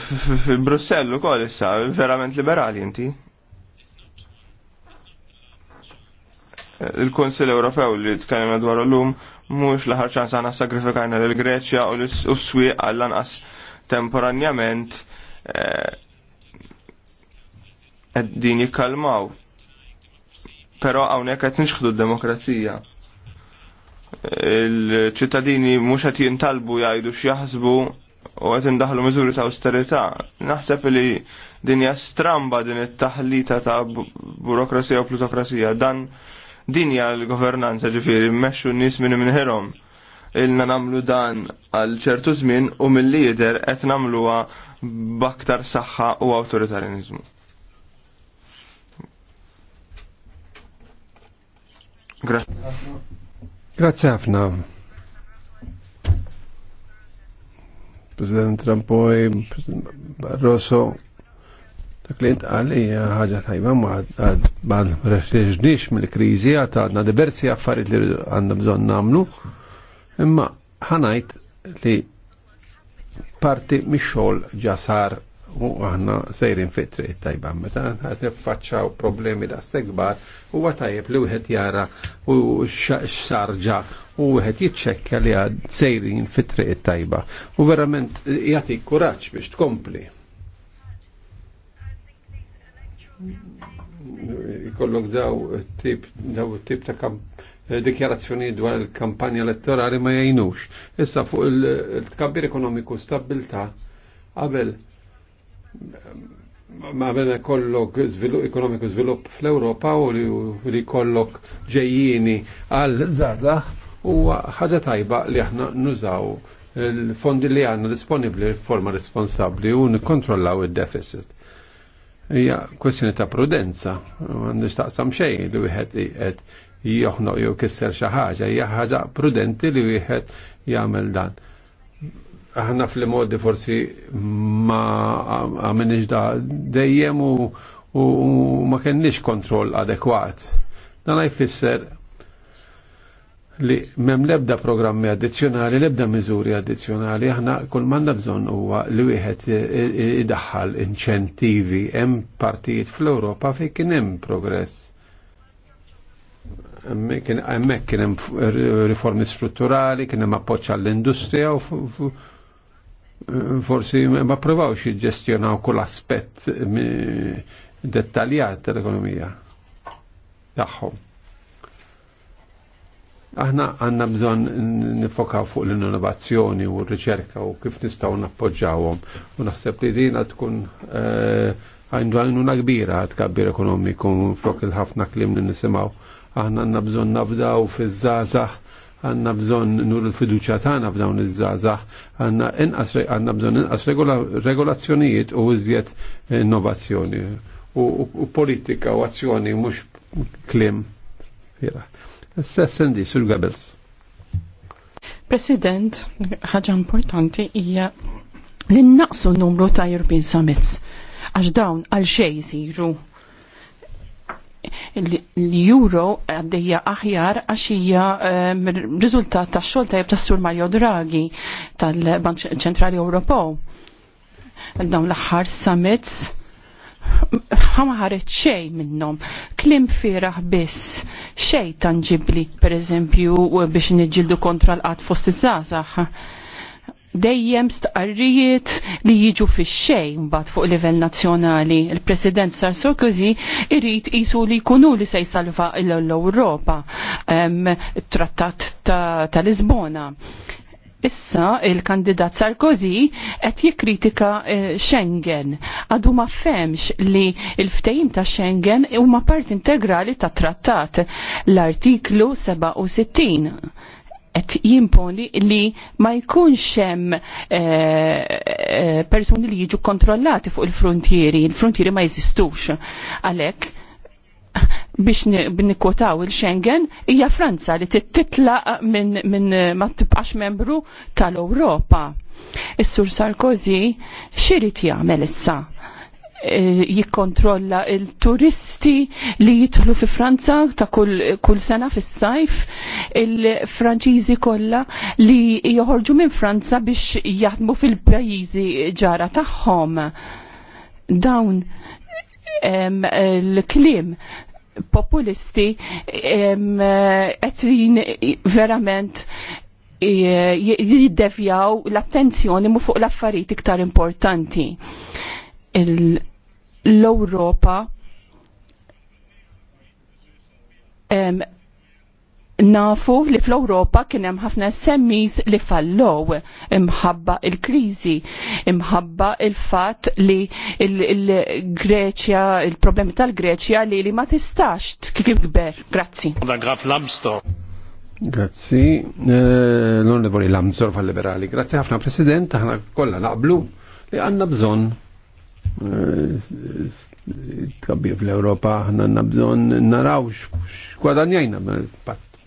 f'Brussell ukoll issa, verament liberali inti. Eh, il kunsill Ewropew li tkellem dwar l-lum mhux l-aħħar ċans għana sagrifikajna l Greċja u l swieq għal lanqas temporanjament eh, din jikkalmaw. Però hawnhekk qed nixħdu d-demokrazija. Il-ċittadini mhux qed jintalbu jgħidu x'jaħsbu u għet indaħlu miżuri ta' austerita. Naħseb li din hija stramba din it-taħlita ta' burokrasija u plutokrasija. Dan Dinja l-governanza ġifiri mmexxu n-nies minn minnhirhom. Ilna namlu dan għal ċertu żmien u mill-lider qed namluha b'aktar saħħa u awtoritarjanizmu. Grazie. Grazie ħafna. President Rampoj, President Barroso, Dak li intqal hija ħaġa tajba ma reħxiex mill-kriżi għadna diversi affarijiet li għandna bżonn nagħmlu, imma ħanajt li parti mix-xogħol ġa sar u aħna sejrin fit triq tajba. Meta għad niffaċċaw problemi da s-segbar u għatajib li wieħed jara u xarġa u wieħed jitċekka li għad sejrin fit triq tajba. U verament jagħti kuraġġ biex tkompli jkollok daw tip daw tip ta' dikjarazzjoni dwar il-kampanja elettorali ma jgħinux. Issa fuq il-tkabbir ekonomiku stabilta qabel ma għabel kollok ekonomiku svilupp fl-Europa u li kollok ġejjini għal zada u ħaġa tajba li aħna nużaw il-fondi li għanna disponibli forma responsabli u nikontrollaw il-deficit hija kwestjoni ta' prudenza, m'għandux taqsam xejn li wieħed qed joħnoq jew kisser xi ħaġa, hija ħaġa prudenti li wieħed jagħmel dan. Aħna fl-modi forsi ma għamilniex da dejjem u ma kenniex kontroll adekwat. Dan jfisser li mem lebda programmi addizjonali, lebda miżuri addizjonali, aħna kull manna bżon huwa li wieħed idaħħal inċentivi hemm partijiet fl-Ewropa fejn kien hemm progress. Hemmhekk kien hemm riformi strutturali, kien hemm appoġġ għall-industrija u eh, forsi ma provawx jiġġestjonaw kull aspett dettaljat tal-ekonomija tagħhom Aħna għanna bżon nifokaw fuq l-innovazzjoni u r-riċerka u kif nistaw nappoġġawhom. U naħseb li dina tkun eh, għandu na kbira kabbir ekonomiku flok il-ħafna klim li nisimaw. Aħna għanna bżon nabdaw fiż-żazax, għanna bżon nur il-fiduċa tagħna f'dawn iż-żazax, għanna inqas għanna bżon inqas regolazzjonijiet u iżjed innovazzjoni u politika u azzjoni mhux klim. Fira. Sessendi, Sur Gabels. President, ħaġa importanti hija li naqsu n-numru ta' European Summits għax dawn għal xej jisiru l-euro għaddeja aħjar għax hija ehm, riżultat ta' xogħol tajjeb tas-Sur Mario Draghi tal-Bank Ċentrali Ewropew. Dawn l-aħħar summits ħama ħaret xejn minnhom, klim fieraħ biss xej tangibli, per eżempju, biex nġildu kontra l-qat fost iż-żazax. Dejjem stqarrijiet li jiġu fix xej mbagħad fuq livell nazzjonali. Il-President Sar Sarkozy irid qisu li jkunu li se jsalva l-Ewropa, trattat ta' Lisbona Issa il-kandidat Sarkozy qed jikkritika eh, Schengen. Għadu ma femx li il-ftehim ta' Schengen huma part integrali ta' trattat l-artiklu 67 qed jimponi li ma jkunx hemm eh, eh, persuni li jiġu kontrollati fuq il-frontieri, il-frontieri ma jeżistux. Għalhekk biex nikkotaw il-Schengen hija Franza li titla minn min, ma tibqax membru tal-Ewropa. Is-Sur Sarkozy xirit jagħmel issa e, jikkontrolla il-turisti li jitħlu fi Franza ta' kull, kull sena fis sajf il-Franċiżi kollha li joħorġu minn Franza biex jaħdmu fil-pajjiżi ġara tagħhom. Dawn l-klim populisti qed verament jiddevjaw l-attenzjoni mu fuq l-affarijiet iktar importanti. L-Europa nafu li fl-Europa kien hemm ħafna semmis li fallow imħabba il-kriżi, imħabba il-fatt li il-Greċja, il il-problemi greċja il problemi tal greċja li li ma tistax kif kber. Grazzi. Graf Lambstor. Grazzi, eh, l-Onorevoli Lambstor fal-Liberali. Grazzi ħafna President, ħana kollha naqblu li għandna bżon. Eh, Tkabbi fl-Europa ħna għanna bżon narawx, kwadanjajna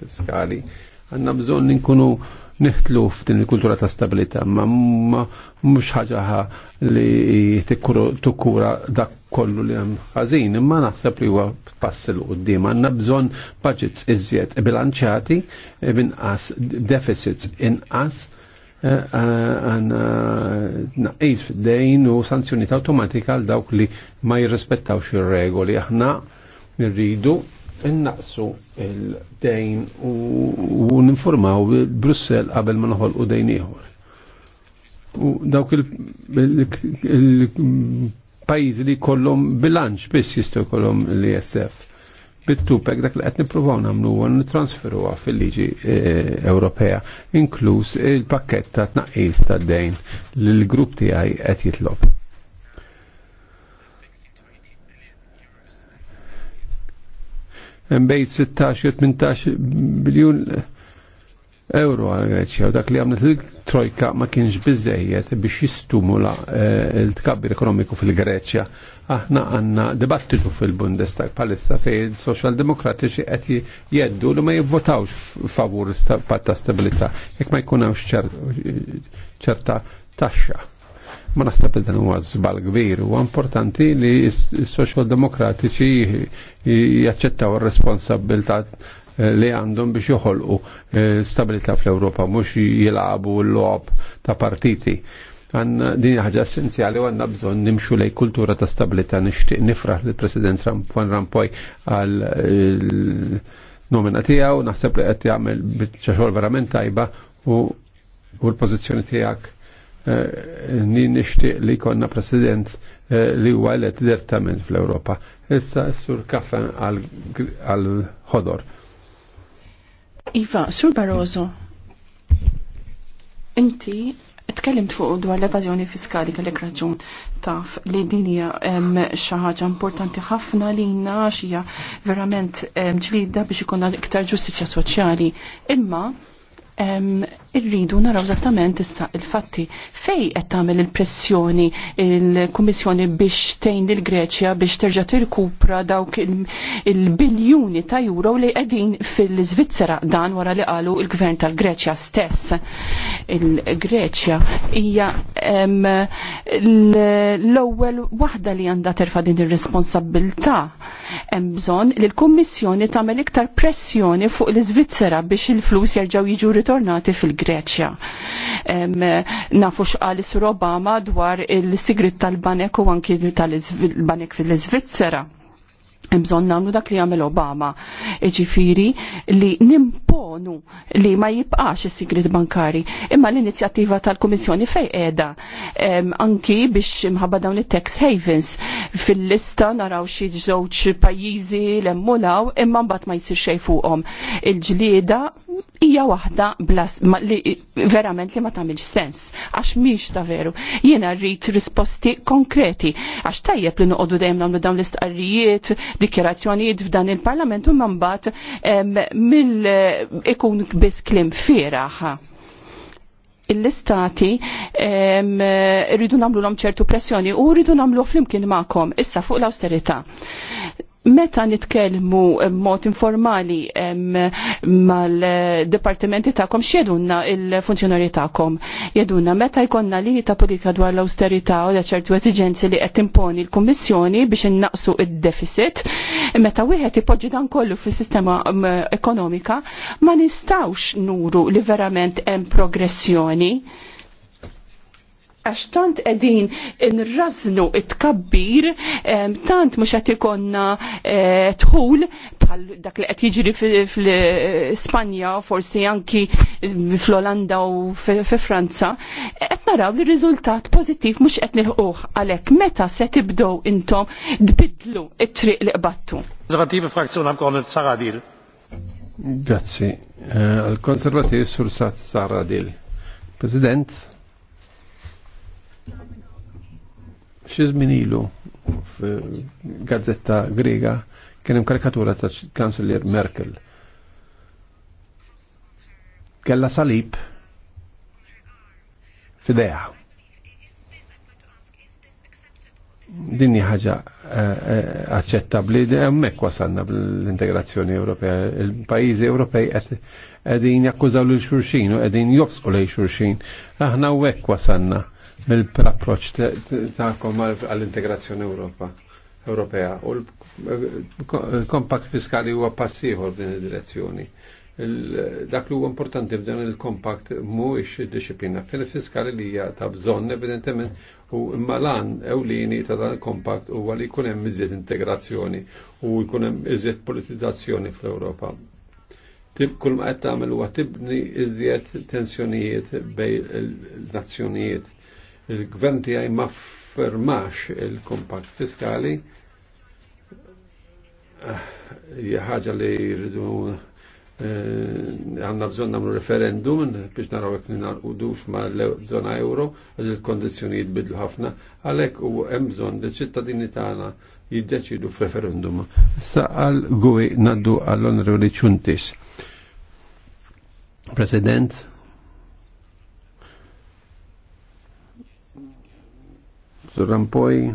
fiskali għanna bżon ninkunu niħtlu f'din il-kultura ta' stabilità, ma mhux ħaġa li t-kura dak kollu li hemm ħażin, imma naħseb li huwa pass il qudiem Għandna bżonn budgets iżjed bilanċjati inqas deficits inqas eh, eh, għanna naqis f'dejn u sanzjoniet automatika għal dawk li ma jirrispettawx ir-regoli. Aħna nirridu innaqsu il-dejn u ninformaw Brussel qabel ma noħolqu dejn ieħor. U dawk il-pajjiżi li kollhom bilanċ biss jistgħu jkollhom l-ISF bit-tupek dak li qed nippruvaw nagħmlu huwa nitransferuha fil-liġi e, Ewropea, inkluż il-pakkett ta' tnaqqis tad-dejn lill l-grupp tiegħi qed jitlob. mbejt 16-18 biljun euro għal Greċja u dak li għamlet il-trojka ma kienx bizzejiet biex jistumula eh, il-tkabbir ekonomiku fil-Greċja. Aħna għanna dibattitu fil-Bundestag palissa fej il-Social Demokratiċi qed jeddu li ma jivvotawx favur patta stabilità jekk ma jkun ċerta taxxa. Ma naħseb li dan huwa żbal kbir huwa importanti li s social Demokratiċi jaċċettaw ir-responsabilità eh, li għandhom biex joħolqu eh, stabilità fl-Ewropa mhux jilagħbu l logħob ta' partiti. Għanna din ħaġa essenzjali u għanna bżon nimxu lej kultura ta' stabilità nixtieq nifraħ li President Van Rampoj għal eh, nomina tiegħu naħseb li qed jagħmel biċċa xogħol verament tajba u l-pożizzjoni tiegħek Eh, ni nishtiq li konna president eh, li huwa elet direttament fl-Ewropa. Issa sur kaffa għal-ħodor. Iva, sur Barroso, inti tkellimt fuq dwar l-evażjoni fiskali kellek raġun taf li din hija xi ħaġa importanti ħafna li hija verament ġlida biex ikun iktar ġustizzja soċjali. Imma irridu naraw zattament issa il-fatti fej qed tagħmel il-pressjoni il-Kummissjoni biex tgħin lill Greċja biex terġa' tirkupra dawk il-biljuni ta' euro li qegħdin fil-Svizzera dan wara li qalu il-Gvern tal-Greċja stess. Il-Greċja hija l-ewwel waħda li għandha terfa' din ir-responsabilità. Hemm bżonn li l-Kummissjoni tagħmel iktar pressjoni fuq l-Iżvizzera biex il-flus jerġgħu jiġu ritornati fil greċja Nafu xqal Sir Obama dwar il-sigrit tal-banek u anki tal-banek fil-Svizzera. Mżon namlu dak li għamil Obama, ġifiri li nimponu li ma jibqax il-sigrit bankari, imma l-inizjattiva tal-Komissjoni fej edha, anki biex mħabba dawn il-tax havens fil-lista naraw xie żewġ pajjiżi l-emmulaw, imma mbagħad ma jsir xejn fuqhom. Il-ġlieda hija waħda blas li verament li ma tagħmilx sens għax miex ta' veru. Jiena rrid risposti konkreti għax tajjeb li noqogħdu dejjem nagħmlu dawn l-istqarrijiet, dikjerazzjonijiet f'dan il-Parlament u mbagħad mill ikun biss klim fieraħ l-istati rridu namlu l-om ċertu pressjoni u rridu namlu flimkien ma'kom issa fuq l-austerita meta nitkellmu eh, mod informali mal-departimenti ta'kom x'jedunna il-funzjonarji ta'kom? Jedunna meta jkollna linji ta' politika dwar l-austerità u ċertu eżigenzi li qed timponi l-Kummissjoni biex innaqsu id-deficit, meta wieħed ipoġġi dan kollu fis-sistema ekonomika, ma nistawx nuru li verament hemm progressjoni għax tant edin nraznu it-kabbir, tant mux għat ikonna e, tħul bħal dak li għat jiġri fl-Spanja, forsi anki fl-Olanda u fl-Franza, għat naraw li rizultat pozittiv mux għat nilħuħ għalek meta se tibdow intom dbidlu it-triq li qbattu. Konservative għam għamkonet Saradil. Grazzi. Eh, al konservativ sur Saradil. President, xi ilu f f'gazzetta grega, kien hemm karikatura ta' kanzelier Merkel. Kella salib f'idea. Din hija ħaġa eh, eh, aċċettabbli hemmhekk wasalna bl-integrazzjoni Ewropea. Il-pajjiżi Ewropej qegħdin jakkużaw lil xurxin u qegħdin jobsqu lej xurxin. Aħna hekk wasalna mill-approċ ta'kom għall-integrazzjoni Ewropa. Ewropea u l-kompakt fiskali huwa passiħor din id-direzzjoni. Dak li huwa importanti f'dan il-kompakt mhuwiex id-disciplina fiskali li hija ta' bżonn evidentement u imma lan ewlieni ta' dan il-kompakt huwa li jkun hemm iżjed integrazzjoni u jkun hemm iżjed politizzazzjoni fl-Ewropa. Tib kull ma qed tagħmel huwa tibni iżjed tensjonijiet bejn il-nazzjonijiet Il-gvern tiegħi ma fermax il-kompakt fiskali ah, ħaġa li jridu eh, għanna bżon namlu referendum biex naraw jek ninarqu dux ma l-zona euro għal il-kondizjoni jitbidlu ħafna għalek u hemm li ċittadini tagħna jiddeċidu f'referendum. Saqal gwi naddu għall-onorevoli Ċuntis. President, Sur Rampoj,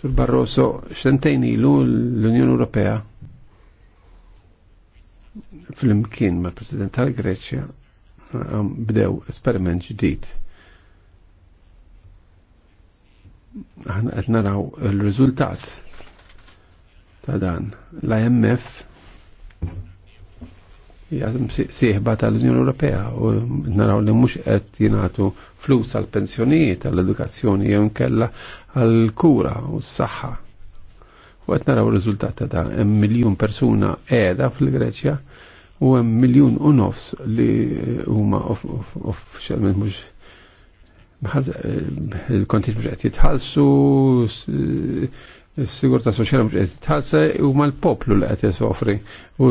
Sur Barroso, xentejn ilu l-Unjoni Ewropea fl-imkien ma' President tal-Greċja bdew esperiment ġdid. Aħna qed naraw il-riżultat ta' dan. L-IMF siħba tal-Unjoni Ewropea u naraw li mhux qed jingħatu flus għal pensjonijiet għall-edukazzjoni jew nkella għall-kura u s-saħħa. U qed naraw riżultat ta' hemm miljun persuna qiegħda fil-Greċja u hemm miljun u nofs li huma uffiċjalment mhux eh, il-kontiġ mhux qed jitħallsu s-sigurta soċjali mhux qed tħallsa huma l-poplu li qed jisofri u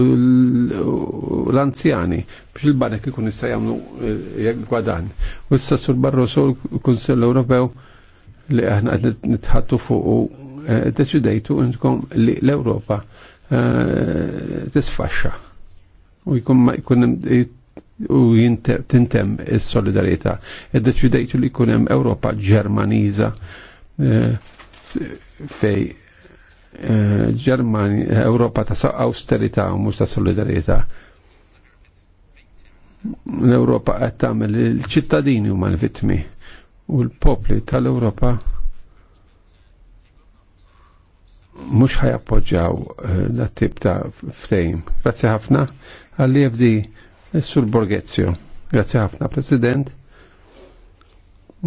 l-anzjani biex il-banek ikun issa eh, jagħmlu gwadan. U issa sur Barroso l-Kunsell Ewropew li aħna qed nitħattu fuq u eh, deċidejtu intkom li l-Ewropa eh, tisfaxxa u jkun ma jkun u tintem is-solidarjetà. Id-deċidejtu li jkun hemm Ewropa Ġermaniża fej Ġermani, eh, Europa ta' austerita u mhux ta' solidarietà. L-Europa qed tagħmel il-ċittadini huma l-vittmi u l-popli tal-Europa mhux ħajappoġġjaw eh, dat-tip ta' ftejm. Grazzi ħafna għal FD Sur Borgezio. Grazzi ħafna President.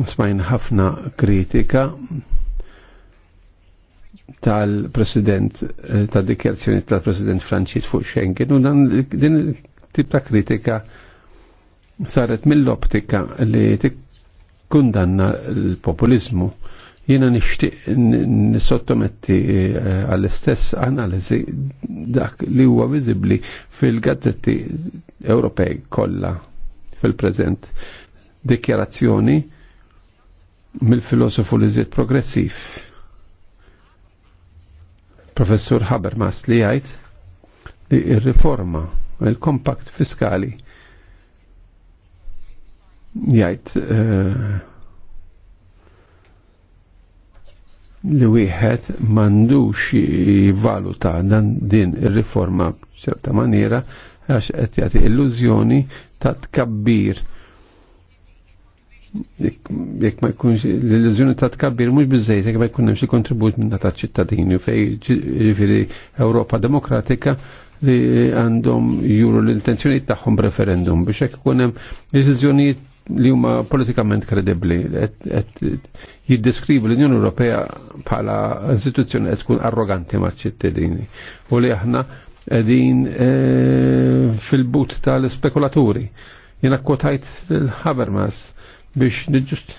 Smajn ħafna kritika tal-President, eh, tal dikjazzjoni tal-President Franċis fuq Schengen u dan din tip ta' kritika saret mill-optika li tikkundanna l-populizmu. Jiena nishtiq nisottometti eh, għall-istess analizi dak li huwa viżibbli fil-gazzetti Ewropej kollha fil-preżent dikjarazzjoni mill-filosofu li progressiv professur Habermas li jgħid li ir-riforma il-kompakt fiskali jgħid uh, li wieħed m'għandux jivaluta dan din ir-riforma b'ċerta maniera għax qed jagħti illużjoni ta' tkabbir jekk ma jkunx l-illużjoni ta' tkabbir mhux biżejjed jekk ma jkun hemm xi kontribut minn ta' ċittadini fej jiġifieri Ewropa Demokratika li għandhom juru l-intenzjonijiet tagħhom referendum biex hekk ikun hemm deċiżjonijiet li huma politikament kredibbli qed jiddeskrivu l-Unjoni Ewropea bħala istituzzjoni qed tkun arroganti maċ-ċittadini u li aħna qegħdin e, fil-but tal-spekulaturi. Jiena kwotajt Habermas biex nġust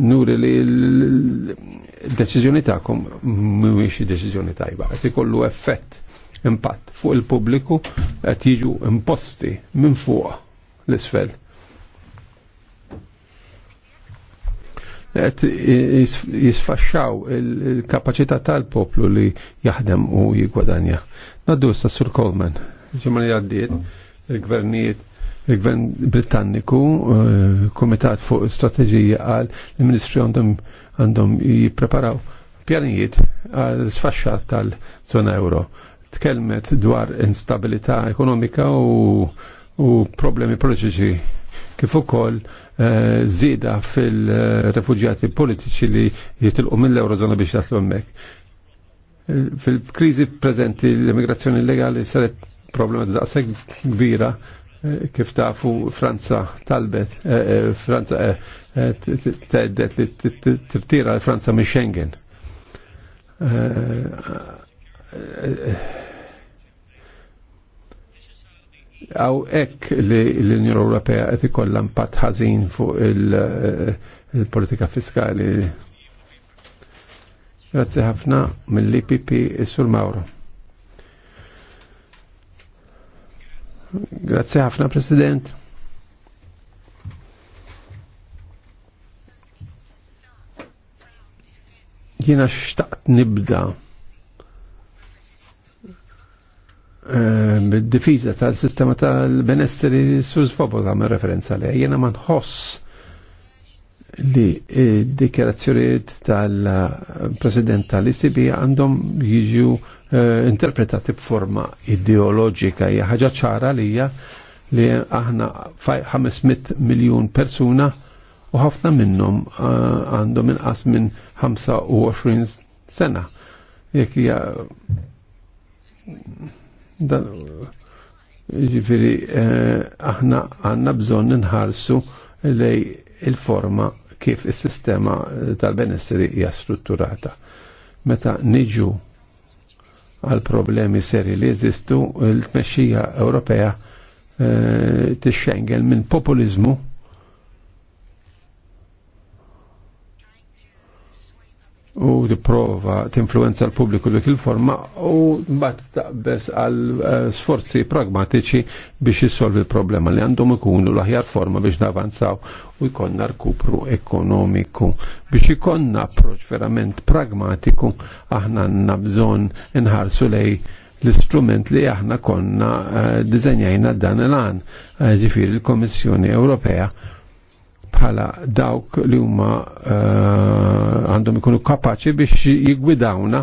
nuri li l-deċizjoni ta'kom mhuwiex deċizjoni tajba, qed ikollu effett impatt fuq il-pubbliku qed jiġu imposti minn fuq l-isfel. Qed jisfaxxaw il-kapaċità tal-poplu li jaħdem u jigwadanja. Naddu s Sur Coleman, ġimgħa għaddiet il-gvernijiet il-Gvern Britanniku, eh, Komitat fuq Strateġija għal il-Ministri għandhom għandhom jippreparaw pjanijiet għal sfaxxat tal-zona euro. Tkelmet dwar instabilità ekonomika u, u problemi politiċi kif ukoll uh, zida fil-refuġjati politiċi li jitilqu mill-Eurozona biex jaslu hemmhekk. Eh, fil-kriżi preżenti l-immigrazzjoni illegali saret problema daqshekk kbira kif tafu Franza talbet, Franza teddet li t-tira Franza mi Schengen. Għaw ek li l-Unjoni Ewropea qed ikollha impatt ħażin fuq il-politika fiskali. Grazzi ħafna mill-IPP Sur Mauro. Grazie ħafna, President. Jiena xtaqt nibda bid-difiża eh, tal-sistema tal-benesseri Sur Svoboda me referenza li jiena ma nħoss li eh, dikjerazzjoniet tal-President tal-ICB għandhom jiġu eh, interpretati b'forma ideologika. Hija ħaġa ċara li hija li aħna 500 miljun persuna u ħafna minnhom eh, għandhom inqas minn 25 sena. Jekk hija ġifieri aħna għandna bżonn inħarsu lej il-forma kif is-sistema tal-benessri hija strutturata. Meta niġu għal problemi seri li jeżistu, l-tmexxija Ewropea eh, tixxengel minn populizmu u tipprova tinfluenza l-pubbliku li kil-forma u mbagħad taqbes għal eh, sforzi pragmatiċi biex jissolvi l-problema li għandhom ikunu l-aħjar forma biex navanzaw u jkollna rkupru ekonomiku. Biex ikonna approċ verament pragmatiku aħna għandna bżonn nħarsu lej l-istrument li aħna konna uh, dizenjajna dan il-għan, eh, ġifiri uh, l-Komissjoni Ewropea bħala dawk li huma eh, għandhom ikunu kapaċi biex jigwidawna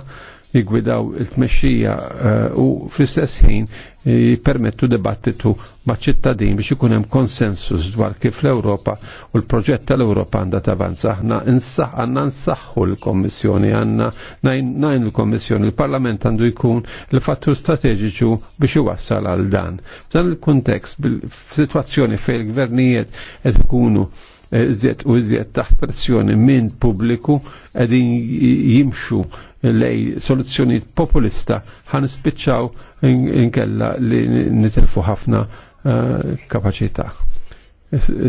jigwidaw il-tmexxija eh, u fl-istess ħin jipermettu dibattitu ma' ċittadin biex ikun hemm konsensus dwar kif l-Ewropa u l-proġett tal-Ewropa għandha tavanza. Aħna għandna nsaħħu l-Kommissjoni, għandna najn l-Kommissjoni, il-Parlament għandu jkun l-fattur strateġiċu biex iwassal għal dan. F'dan il-kuntekst, f'sitwazzjoni fejn il-gvernijiet qed ikunu Eh, zjed u zjed taħt pressjoni minn pubbliku qegħdin jimxu lej soluzzjoni populista ħan spiċċaw inkella li nitilfu ħafna eh, kapaċità.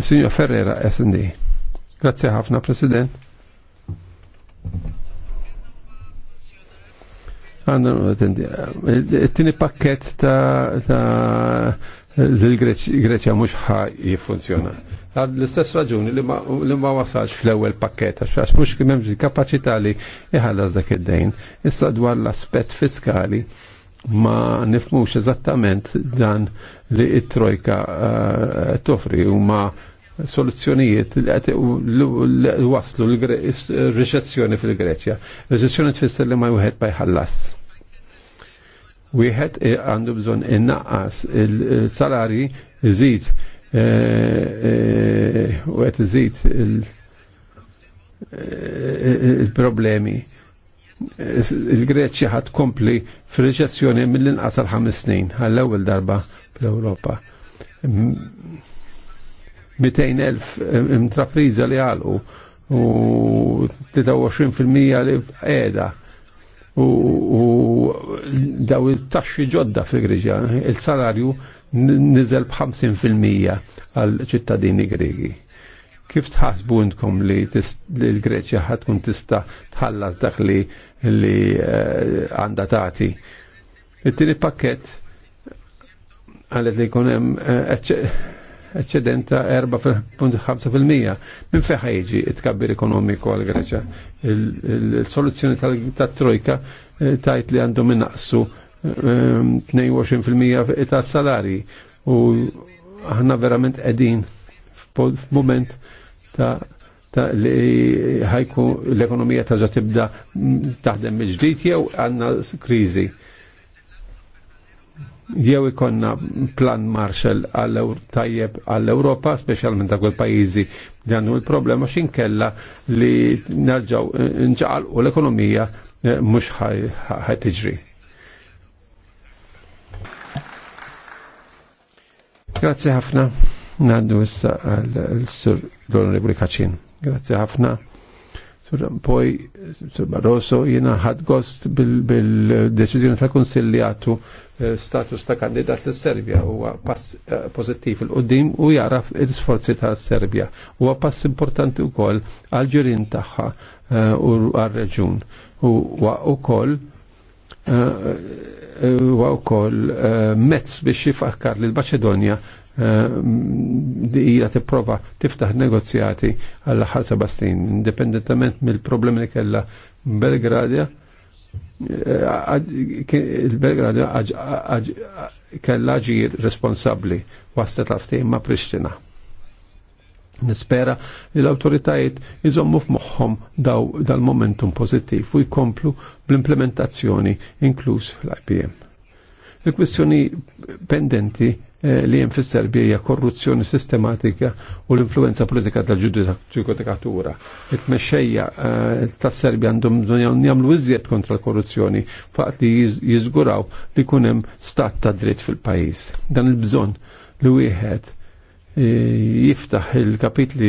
Signor Ferrera, SD. Grazie ħafna, President. Il-tini eh, pakket ta' l-Greċja mux ħaj jifunzjona l-istess raġuni li ma wasalx fl-ewwel pakket, għax għax mhux kemm hemm li iħallas dak id-dejn. Issa dwar l-aspett fiskali ma nifmux eżattament dan li it-trojka eh, tofri u ma soluzzjonijiet li waslu l-reċezzjoni fil-Greċja. Reċezzjoni tfisser li ma jwieħed ma jħallas. Wieħed għandu bżonn innaqqas il-salari iżid Eh, eh, u għet zid eh, il-problemi. Il-Greċja ħat kompli fil reġazzjoni mill-inqas għal ħames snin, għall-ewwel darba fl-Ewropa. 200.000 intrapriża li għalqu u 23% li qiegħda u daw il-taxxi ġodda fil greċi il-salarju nizel b'50% għal ċittadini Gregi. Kif tħasbu intkom li l-Greċja ħatkun tista tħallas dak li eh, għanda tati? It-tieni pakket għalet li jkun hemm eċċedenta 4.5% minn feħħa jiġi it-kabbir ekonomiku għal greċja Il-soluzzjoni tat-trojka eh, tajt li għandhom innaqsu 22% ehm, ta' salari u aħna verament edin f'moment ta' ta' li ħajku l-ekonomija ta' ġa' tibda taħdem mill-ġdid jew għanna krizi. Jew ikonna plan Marshall għall tajjeb għall-Europa, specialment ta' kull pajizi li għandu il-problema xinkella li nerġaw nċaqal u l-ekonomija eh, mux ħaj tiġri. Grazie ħafna. Naddu issa għal-sur l-onorevoli Kaċin. Grazie ħafna. Sur poi, sur Barroso, jina ħad gost bil-deċizjoni tal konsiljatu eh, status ta' kandidat l serbja u pass eh, pozittiv il-qoddim u jaraf il-sforzi ta' serbja u pass importanti eh, koll għal-ġirin taħħa u għal-reġun. U wkoll għaw wkoll eh, mezz biex jifakkar l Maċedonja li eh, hija tipprova tiftaħ negozjati għal aħħar seba' indipendentament mill-problemi li kellha Belgradja. Eh, Il-Belgradja kellha ġir responsabbli waslet għaftejn ma' Pristina. Nispera li l-autoritajiet jizommu f'moħħom daw dal-momentum pozittiv u jkomplu bl-implementazzjoni inkluż fl-IPM. Il-kwistjoni pendenti eh, li jem fis-Serbija hija korruzzjoni sistematika u l-influenza politika tal-ġudikatura. it tmexxejja eh, tas-Serbja għandhom jagħmlu iżjed kontra l-korruzzjoni faqt li jiżguraw li kun hemm stat ta' dritt fil-pajjiż. Dan il-bżonn li wieħed E, jiftaħ il-kapitli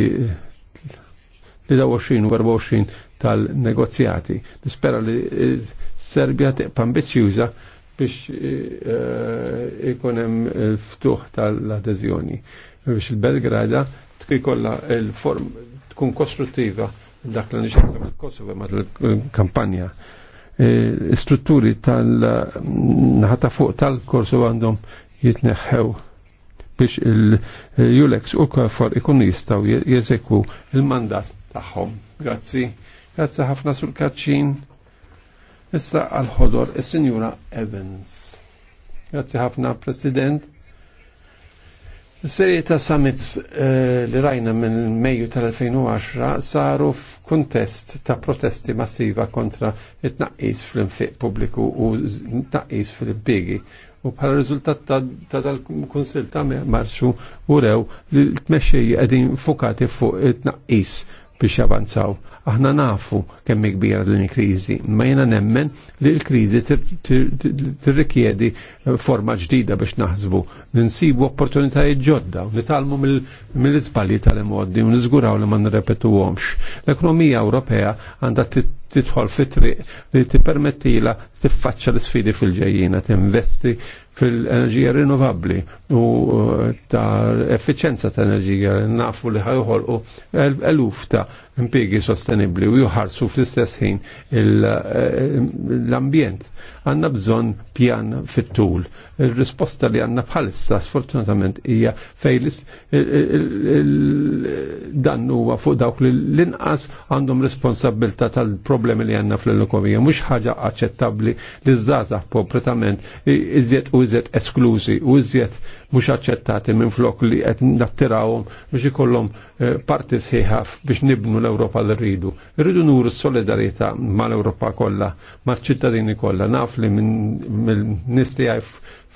23 u 24 tal-negozjati. Nispera li Serbia teqpa ambizjuża biex ikonem il-ftuħ tal-adezjoni. Biex il-Belgrada tkikolla il-form tkun kostruttiva dak li nixtaqsam il-Kosovo ma l-kampanja. Strutturi tal-ħata fuq tal-Kosovo għandhom jitneħħew biex il-Julex u Kafor ikun jistaw jeżekwu il-mandat tagħhom. Grazzi. Grazzi ħafna sul kaċċin. Issa għal-ħodor il sinjura Evans. Grazzi ħafna President Serje ta' summits eh, li rajna minn Mejju tal-2010 saru f'kuntest ta' protesti massiva kontra it naqis fl-infiq pubbliku u t naqis fil bigi U bħala riżultat ta', ta dal-kunsil ta' marxu urew li t tmexxej qegħdin fukati fuq it naqis biex javanzaw. Aħna nafu kemm kbira din il-kriżi, ma jiena nemmen li l-kriżi tirrikjedi eh, forma ġdida biex naħsbu. Ninsibu opportunitajiet ġodda u nitalmu mill-iżbalji tal-imoddi u niżguraw li ma għomx. L-ekonomija Ewropea għandha titħol fit-triq li tippermettila tiffaċċa l-sfidi fil-ġejjina, tinvesti fil-enerġija rinnovabli u eh, ta' effiċenza ta' enerġija nafu li ħajħolqu eluf ta' impiegi sostenibli u juħarsu fl-istess ħin l-ambjent. Għanna bżon pjan fit-tul. Il-risposta li għanna bħalissa sfortunatament hija fejlis dan huwa fuq dawk li l-inqas għandhom responsabilta tal-problemi li għanna fl-ekonomija. Mhux ħaġa aċċettabbli li żgħażagħ kompletament iżjed u iżjed esklużi u iżjed mhux aċċettati minn flok li qed nattirawhom biex ikollhom eh, parti sħiħa biex nibnu l-Ewropa li rridu. Irridu nuru s-solidarjetà mal-Ewropa kollha, mal ċittadini kollha. Naf li minn nies li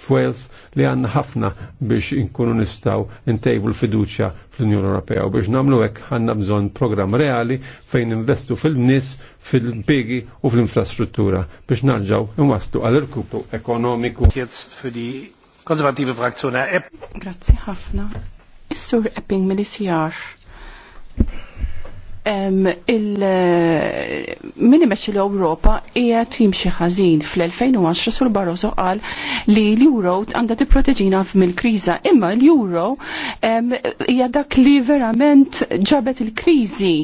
f'Wales li għandna ħafna biex inkunu nistgħu ntejbu l-fiduċja fl-Unjoni Ewropea u biex nagħmlu hekk għandna bżonn programm reali fejn investu fil-nies, fil-bigi u fl-infrastruttura biex narġaw inwastu għal-irkupu ekonomiku konservative Fraktion. Grazie ħafna. Is-sur Epping mill-ICR il-min eh, imexxi l-Ewropa hija tim xieħazin ħażin fl-2010 sur Barroso qal li l-Euro għandha tipproteġina mill-kriża, imma l-Euro hija dak li verament ġabet il-kriżi.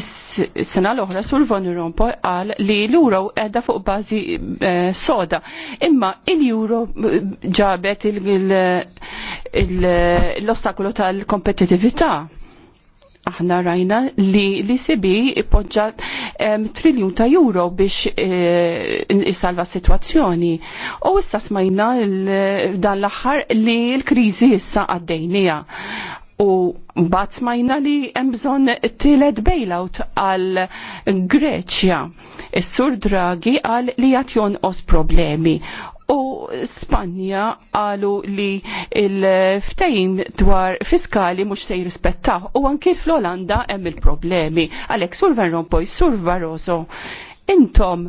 s sena l-oħra sur Von Rompuy qal li l-Euro qiegħda fuq bażi eh, soda, imma l-Euro eh, ġabet l-ostakolu tal kompetitivita aħna rajna li li sibi ipoġġa um, triljun ta' euro biex eh, isalva s situazzjoni. U issa smajna dan l-aħħar li l-kriżi issa għaddejnija. U mbagħad smajna li hemm bżonn tielet bailout għal Greċja. Is-Sur Draghi għal li qed jonqos problemi u Spanja għalu li il-ftajim dwar fiskali mux se jirrispettaw u anki fl-Olanda hemm il-problemi. Għalek, Sur Van Rompuy, Sur Barroso, intom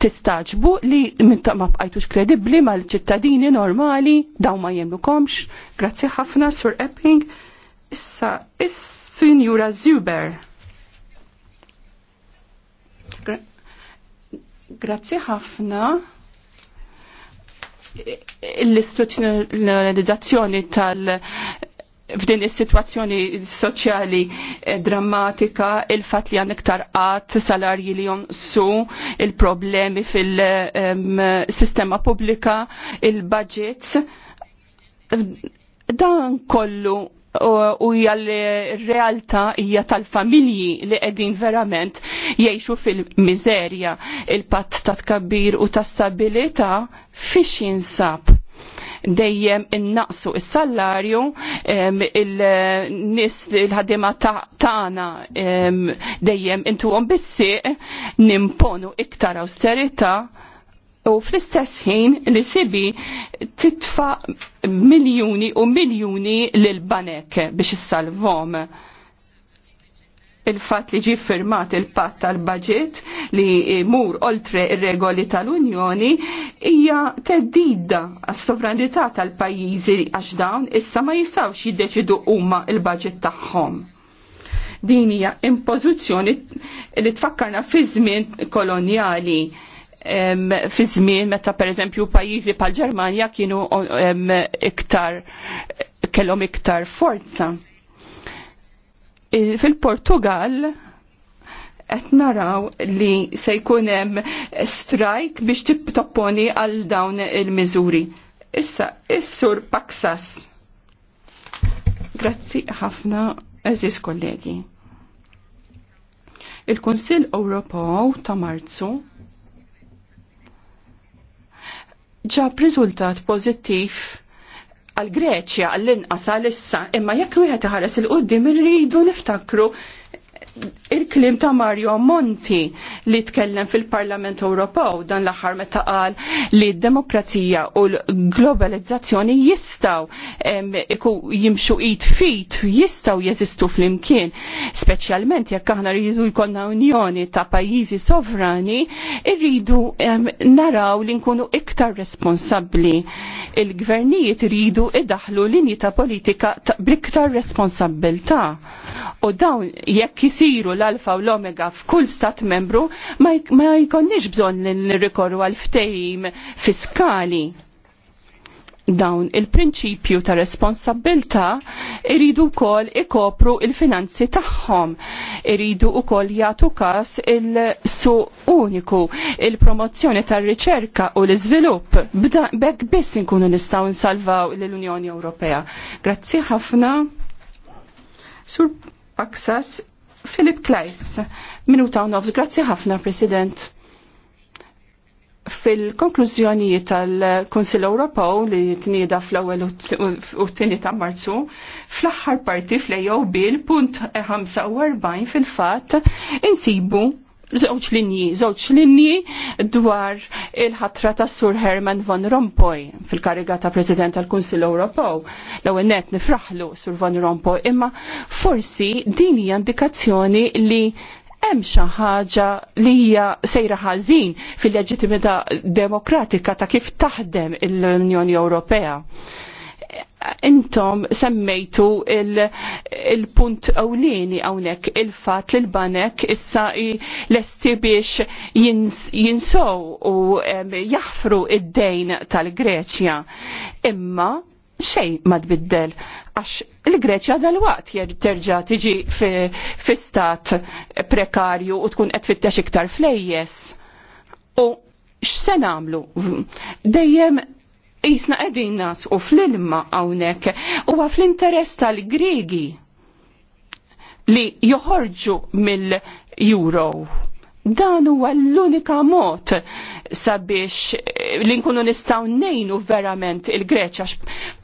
tistaġbu li minta ma bqajtux kredibli mal-ċittadini normali, daw ma komx. Grazzi ħafna, Sur Epping. Issa, is-Sinjura Zuber. Grazzi ħafna l istituzjonalizzazzjoni tal- f'din is-sitwazzjoni soċjali eh, drammatika, il-fatt li iktar għat, salarji li su, il-problemi fil-sistema ehm, pubblika, il-budgets, dan kollu u realtà hija tal-familji li qegħdin verament jgħixu fil-miżerja il-patt ta' tkabbir u ta' stabilità fiex jinsab dejjem innaqsu is-salarju il-nis il-ħadima tagħna dejjem intuhom bis nimponu iktar austerita' u fl-istess ħin li sibi titfa miljuni u miljuni lil banek biex issalvom il-fat li ġi firmat il-patt tal-budget li mur oltre ir-regoli tal-Unjoni hija teddida għas-sovranità tal-pajjiżi għax dawn issa ma jistgħux jiddeċidu huma il-budget tagħhom. Din hija impożizzjoni li tfakkarna fi żmien kolonjali fi żmien meta pereżempju pajjiżi pal Ġermanja kienu iktar kellhom iktar forza. Fil-Portugal qed naraw li se jkun hemm strajk biex tippopponi għal dawn il-miżuri. Issa, is-sur Paksas. Grazzi ħafna, eżis kollegi. Il-Kunsill Ewropew ta' Marzu ġab riżultat pożittiv għal Greċja għall-inqas għal issa, imma jekk wieħed iħares il-qudiem irridu niftakru il-klim ta' Mario Monti li tkellem fil-Parlament Ewropew dan l-aħħar meta qal li d-demokrazija u l-globalizzazzjoni jistaw jimxu id fit jistaw jeżistu fl-imkien, speċjalment jekk aħna rridu jkollna unjoni ta' pajjiżi sovrani, irridu naraw li nkunu iktar responsabbli. Il-gvernijiet iridu idaħlu linji ta' politika bl-iktar responsabilta' u dawn jekk jisir siru l-alfa u l-omega f'kull stat membru ma jkonniex bżonn li nirrikorru għal ftehim fiskali dawn il-prinċipju ta' responsabilta iridu kol ikopru il-finanzi tagħhom. Iridu u kol jagħtu kas il-su uniku, il-promozzjoni tar riċerka u l-iżvilupp. Bekk biss inkunu nistgħu nsalvaw l-Unjoni Ewropea. Grazzi ħafna. Sur Aksas Filip Kleis, minuta u nofs, grazzi ħafna, President. Fil-konklużjoni tal-Konsil Ewropew li tnieda fl-ewwel u t-tieni ta' Marzu, fl-aħħar parti fl-EOB il-punt 45 fil-fatt insibu żewġ linji, żewġ linji dwar il-ħatra ta' Sur Herman Van Rompuy fil-kariga ta' President tal-Kunsill Ewropew. L-ewwel nifraħlu Sur Van Rompuy, imma forsi din hija indikazzjoni li hemm xi ħaġa li hija sejra ħażin fil-leġitimità demokratika ta' kif taħdem l-Unjoni Ewropea intom semmejtu il-punt il ewlieni hawnhekk il-fatt li l-banek issa l-esti biex jins, jinsow u um, jaħfru id-dejn tal-Greċja. Imma xej ma tbiddel għax il-Greċja dal-waqt terġa tiġi fi stat prekarju u tkun qed fittex iktar flejjes. U x'se nagħmlu? Dejjem jisna qegħdin nasqu fl-ilma hawnhekk huwa fl-interess tal-Griegi li joħorġu mill-Euro. Dan huwa l-unika mod sabiex li nkunu nistgħu nejnu verament il-Greċja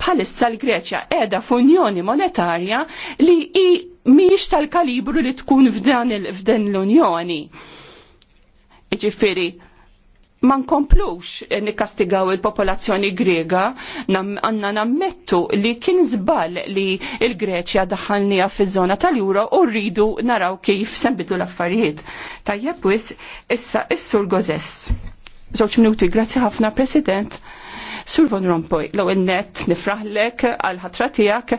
bħalissa l-Greċja qiegħda f'unjoni monetarja li i mhijiex tal-kalibru li tkun f'dan l-Unjoni. Ġifieri, ma nkomplux nikkastigaw il-popolazzjoni grega, għanna nammettu li kien zbal li il-Greċja daħalnija fi zona tal-Euro u rridu naraw kif sembidu l-affarijiet. Tajjeb wis, issa issur gozess. Zoċ minuti, grazzi ħafna, President. Sur Von Rompuy, law il-net nifraħlek għal-ħatra tijak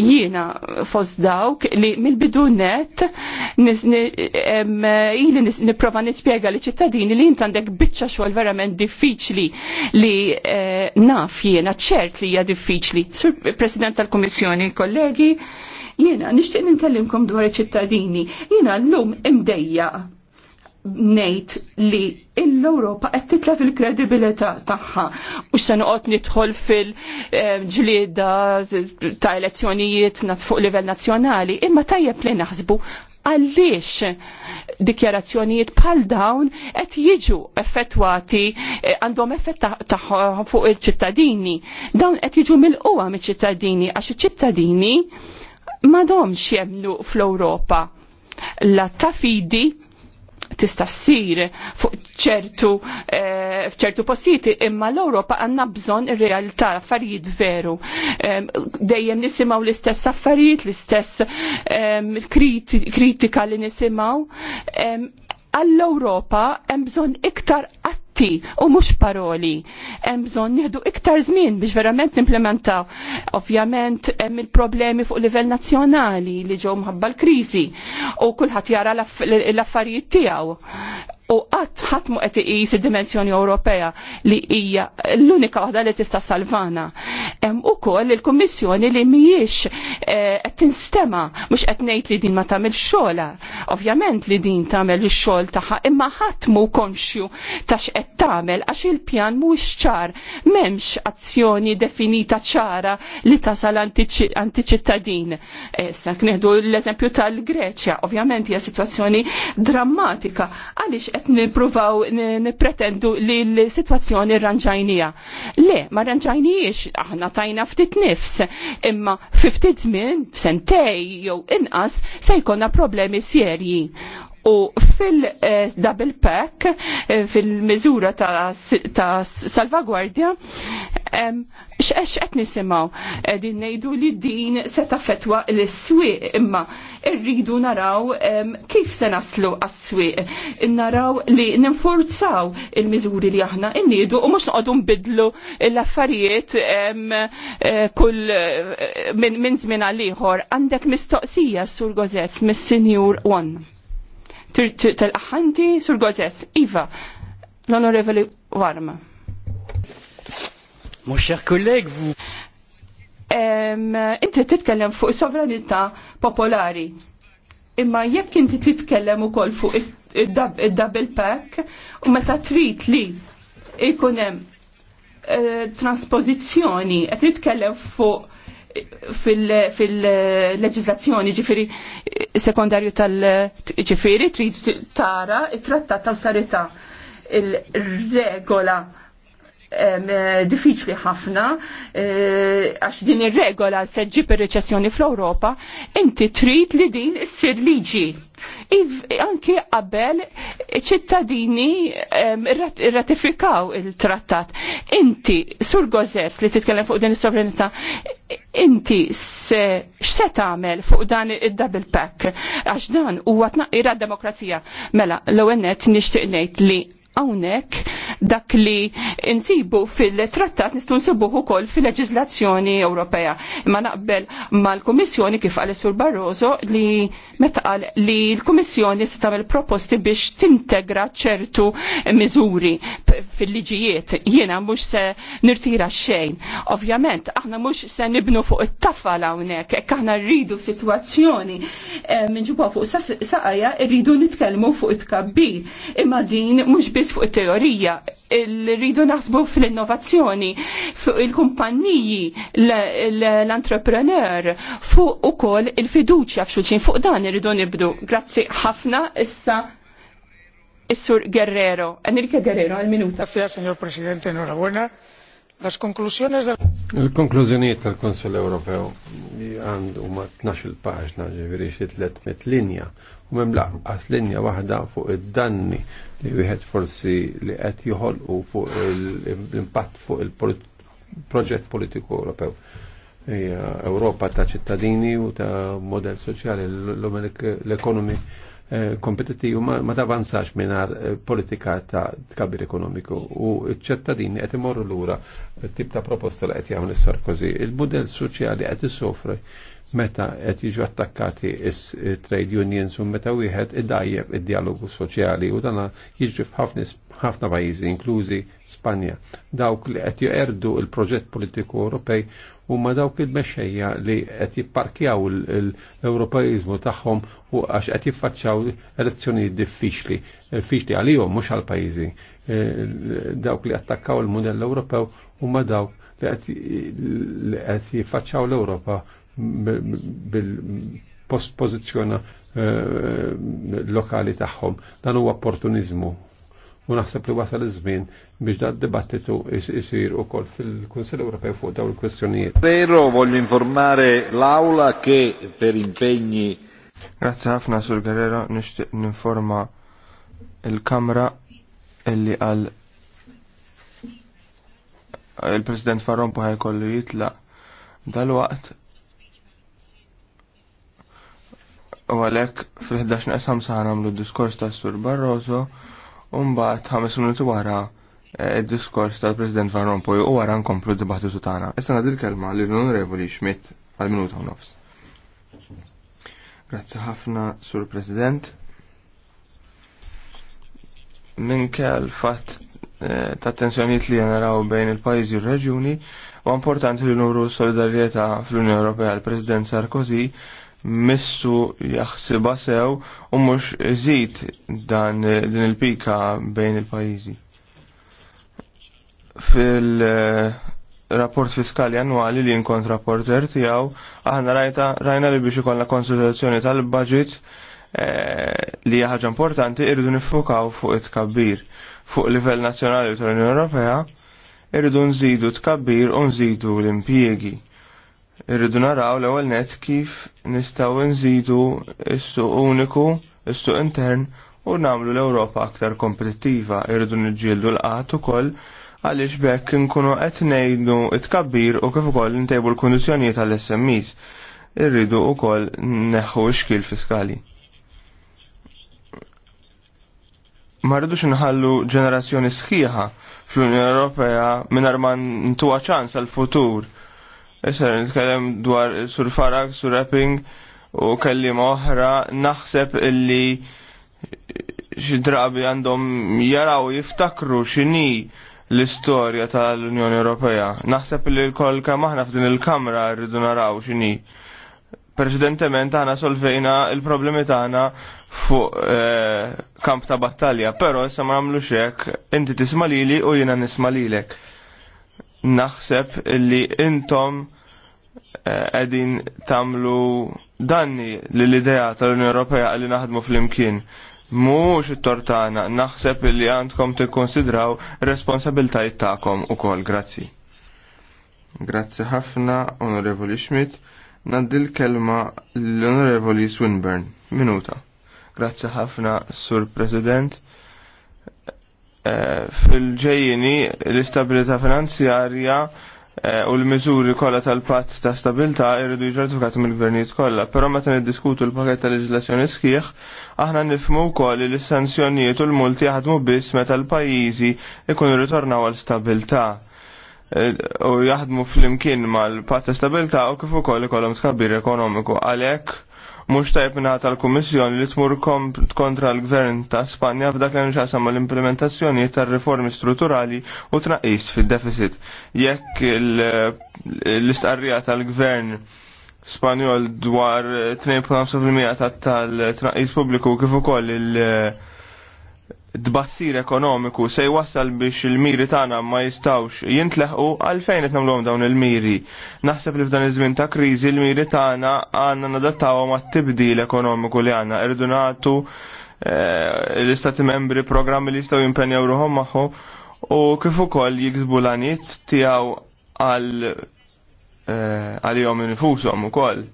jiena fost dawk li mill-bidu net ili niprofa nispiega li ċittadini li jintandek bitċa xogħol verament diffiċli li eh, naf jiena ċert li hija diffiċli. Sur President tal-Komissjoni, kollegi, jiena nixtieq nintellimkom dwar iċ-ċittadini. Jiena llum imdejja nejt li l-Europa qed titla fil-kredibilità tagħha u se noqgħod nidħol fil-ġlieda eh, ta' elezzjonijiet fuq livell nazzjonali, imma tajjeb li naħsbu għaliex dikjarazzjonijiet bħal dawn qed jiġu effettwati eh, għandhom effett tagħhom fuq il-ċittadini. Dawn qed jiġu mill-qwa mill-ċittadini għax iċ-ċittadini m'għadhomx jemnu fl-Ewropa. La tafidi tista' ssir fuq ċertu eh, f'ċertu postijiet imma l-Ewropa għandna bżonn ir-realtà affarijiet veru. Dejjem nisimgħu l-istess affarijiet, l-istess kritika li nisimgħu. Għall-Ewropa hemm bżonn iktar attenzjoni fatti u mhux paroli. Hemm bżonn nieħdu iktar żmien biex verament nimplementaw. Ovvjament hemm il-problemi fuq livell nazzjonali li ġew mħabba l-kriżi u kulħadd jara l-affarijiet tiegħu u qatt ħadd mu qed iqis id-dimensjoni Ewropea li hija l-unika waħda li tista' salvana. Hemm ukoll il-Kummissjoni li mhijiex eh, qed tinstema mhux qed ngħid li din ma tagħmel xogħla. Ovvjament li din tagħmel ix-xogħol tagħha imma ħadd mu konxju ta' x'qed tagħmel għax il-pjan mhuwiex ċar m'hemmx azzjoni definita ċara li tasal antiċittadin. Eh, issa kneħdu l-eżempju tal-Greċja, ovvjament hija sitwazzjoni drammatika għaliex qed nippruvaw nippretendu li l-sitwazzjoni rranġajnija. Le, ma rranġajnijiex aħna tajna ftit nifs, imma ftit żmien, sentej jew inqas se jkollna problemi serji. U fil-double eh, pack, eh, fil-mizura ta', ta salvagwardja, qed nisimgħu qegħdin ngħidu li din se taffetwa l-swieq imma rridu naraw kif se naslu għas-swieq. Naraw li ninforzaw il-miżuri li aħna innidu u mhux noqogħdu nbidlu l-affarijiet eh, kull minn żmien għal ieħor. Għandek mistoqsija sur Gozess mis-Sinjur One tal ħanti sur gozess. Iva, l-onorevoli Warma. Mon cher collègue, vous... Inti titkellem fuq sovranità popolari. Imma jekk inti titkellem ukoll fuq il-double pack, u meta trid li jkun hemm eh, transpożizzjoni qed nitkellem fuq fil-leġizlazzjoni ġifiri sekondarju tal-ġifiri trid tara il trattat ta' sarità il-regola eh, diffiċli ħafna eh, għax din ir-regola se ġib ir-reċessjoni fl-Ewropa, inti trid li din issir liġi. Anki qabel ċittadini ratifikaw il-trattat. Inti, sur gozes li titkellem fuq din is-sovranità, inti se x'se tagħmel fuq dan id-double pack għax dan huwa tnaqqira d-demokrazija. Mela, l-ewwel nett nixtieq ngħid li hawnhekk dak li insibu fil-trattat nistgħu nsibuh ukoll fil leġizlazzjoni Ewropea. Ma naqbel mal-Kummissjoni kif għal sur Barroso li metqal li l-Kummissjoni se tagħmel proposti biex tintegra ċertu miżuri fil-liġijiet. Jiena mhux se nirtira xejn. Ovvjament aħna mhux se nibnu fuq it-tafal hawnhekk, hekk aħna rridu sitwazzjoni eh, minġibha fuq saqajja rridu nitkellmu fuq it kabbi Imma din mhux biss biss fuq it-teorija, il-ridu naħsbu fl-innovazzjoni, fuq il-kumpanniji, l-entrepreneur, fuq ukoll il-fiduċja f'xulxin, fuq dan irridu nibdu. Grazzi ħafna issa Is-Sur Guerrero. Enrique Guerrero, al minuta. Grazie, signor Presidente, enhorabuena. Las conclusiones del... Il-konklużjonijiet tal-Konsul Ewropew għandu ma 12 paġna ġiviri xi 300 linja u minn għas linja waħda fuq id-danni li wieħed forsi li qed joħolqu fuq l-impatt fuq il-proġett politiku Ewropew. Hija Ewropa ta' ċittadini u ta' model soċjali l-ekonomi eh, kompetittiv ma tavanzax minar eh, politika ta' tkabbir ekonomiku u ċ-ċittadini qed imorru lura tip ta' proposta li qed jagħmel s sarkozy Il-mudell soċjali qed isofri meta qed jiġu attakkati is-trade eh, unions u meta wieħed iddajjeb id-dialogu soċjali u dan jiġri f'ħafna pajjiżi inklużi Spanja. Dawk li qed joqerdu il-proġett politiku Ewropej huma dawk il-mexxejja li qed jipparkjaw l ewropeiżmu tagħhom u għax qed jiffaċċaw elezzjonijiet diffiċli, diffiċli eh, għalihom mhux għal pajjiżi. Eh, dawk li attakkaw il-mudell Ewropew huma dawk li qed jiffaċċaw l-Ewropa bil-pozizjona eh, lokali tagħhom. Dan huwa opportunizmu u naħseb li wasal iż-żmien biex da' dibattitu isir ukoll fil-Kunsill Ewropew fuq dawn il-kwestjonijiet. Però voglio informare l-Aula che per impegni Grazzi ħafna sur Guerrero nixtieq ninforma il-Kamra illi għal il-President Farrompo kollu jitla dal-waqt U għalek fil-11 naqsam saħan għamlu diskors ta' Sur Barroso un bat 5 minuti wara eh, diskors tal-President Van Rompuy u wara nkomplu dibattu tagħna. Issa għad il kelma lill onorevoli Schmidt għal minuta u nofs. Grazzi ħafna Sur President. Min kell fatt eh, ta' tensjoniet li naraw bejn il pajzi u r-reġjuni u importanti li nuru solidarieta fl-Unjoni Ewropea l-President Sarkozy missu jaħsiba sew u mhux żid dan din il-pika bejn il-pajjiżi. Fil-rapport fiskali annwali li nkont rapporter tiegħu aħna rajta rajna li biex ikollna konsultazzjoni tal-budget eh, li hija ħaġa importanti irridu nifukaw fuq it-kabbir fuq livell nazzjonali tal-Unjoni Ewropea irridu nżidu tkabbir u nżidu l-impjiegi Irridu naraw l-ewwel net kif nistgħu nżidu s-suq uniku, s-suq intern u nagħmlu l-Ewropa aktar kompetittiva. Irridu niġġieldu l-qatt ukoll għaliex bekk nkunu qed ngħidu tkabbir u kif ukoll ntejbu l-kundizzjonijiet għall smes Irridu ukoll neħħu xkil fiskali. Ma rridux nħallu ġenerazzjoni sħiħa fl-Unjoni Ewropea mingħajr ma ntuwa ċans għall futur Issa nitkellem dwar sur Farag, sur Rapping u kellima oħra, naħseb illi xi drabi għandhom jaraw jiftakru x'inhi l-istorja tal-Unjoni Ewropea. Naħseb li l-koll kemm aħna f'din il-Kamra rridu naraw x'inhi. Preċedentement aħna solvejna il-problemi tagħna fuq eh, kamp ta' battalja, però issa ma nagħmlux hekk, inti tisma' lili u jiena nisma' lilek. Naħseb illi intom qegħdin eh, tagħmlu danni l idea tal-Unjoni Ewropea li naħdmu fl-imkien. Mhux it-tortana, naħseb li għandkom tikkonsidraw responsabiltajiet tagħkom ukoll, grazzi. Grazzi ħafna, Onorevoli Schmidt. naddil l-kelma l-Onorevoli Swinburne. Minuta. Grazzi ħafna, Sur President. Eh, fil-ġejjini l-istabilità finanzjarja Eh, u l-miżuri kollha tal-patt ta' stabilta' jridu jiġratifikati mill-gvernijiet kollha, però meta niddiskutu l paket ta' leġislazzjoni sħiħ, aħna nifhmu wkoll li s-sanzjonijiet u l-multi jaħdmu biss meta l-pajjiżi ikun ritornaw għal stabilta' eh, u jaħdmu fl-imkien mal-patt ta' stabilta' u kif ukoll ikollhom tkabbir ekonomiku. Għalhekk mhux tajb minnaħat għal kummissjoni li tmur kontra l-Gvern ta' Spanja f'dak li nixasam l-implementazzjoni tar-riformi strutturali u tnaqqis fil deficit Jekk l-istqarrija tal-Gvern Spanjol dwar 2.5% tal-tnaqqis pubbliku kif ukoll il- d-bassir ekonomiku se jwassal biex il-miri tagħna ma jistawx jintleħqu għalfejn qed nagħmluhom dawn il-miri. Naħseb li f'dan iż-żmien ta' kriżi l-miri tagħna għandna nadattawhom għat-tibdil ekonomiku li għandna irdu nagħtu eh, l-istati membri programmi li jistgħu jimpenjaw ruħhom magħhom u kif ukoll jiksbu l-għaniet tiegħu għal eh, għalihom infushom ukoll.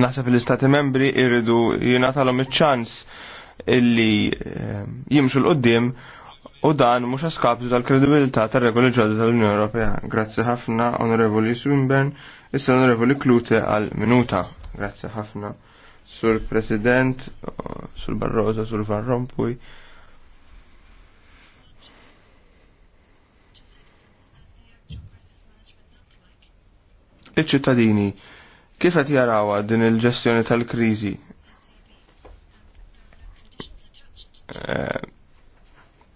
Naħseb l-istati membri irridu jingħatalhom iċ-ċans illi eh, jimxu l-qoddim u dan mhux għaskapju tal-kredibilità tar-regoli ġodda tal-Unjoni Ewropea. Grazzi ħafna, Onorevoli Swinburne, issa Onorevoli Klute għal minuta. Grazzi ħafna, Sur President, Sur Barroso, Sur Van Rompuy. Iċ-ċittadini, kif qed jarawha din il-ġestjoni tal-kriżi Eh,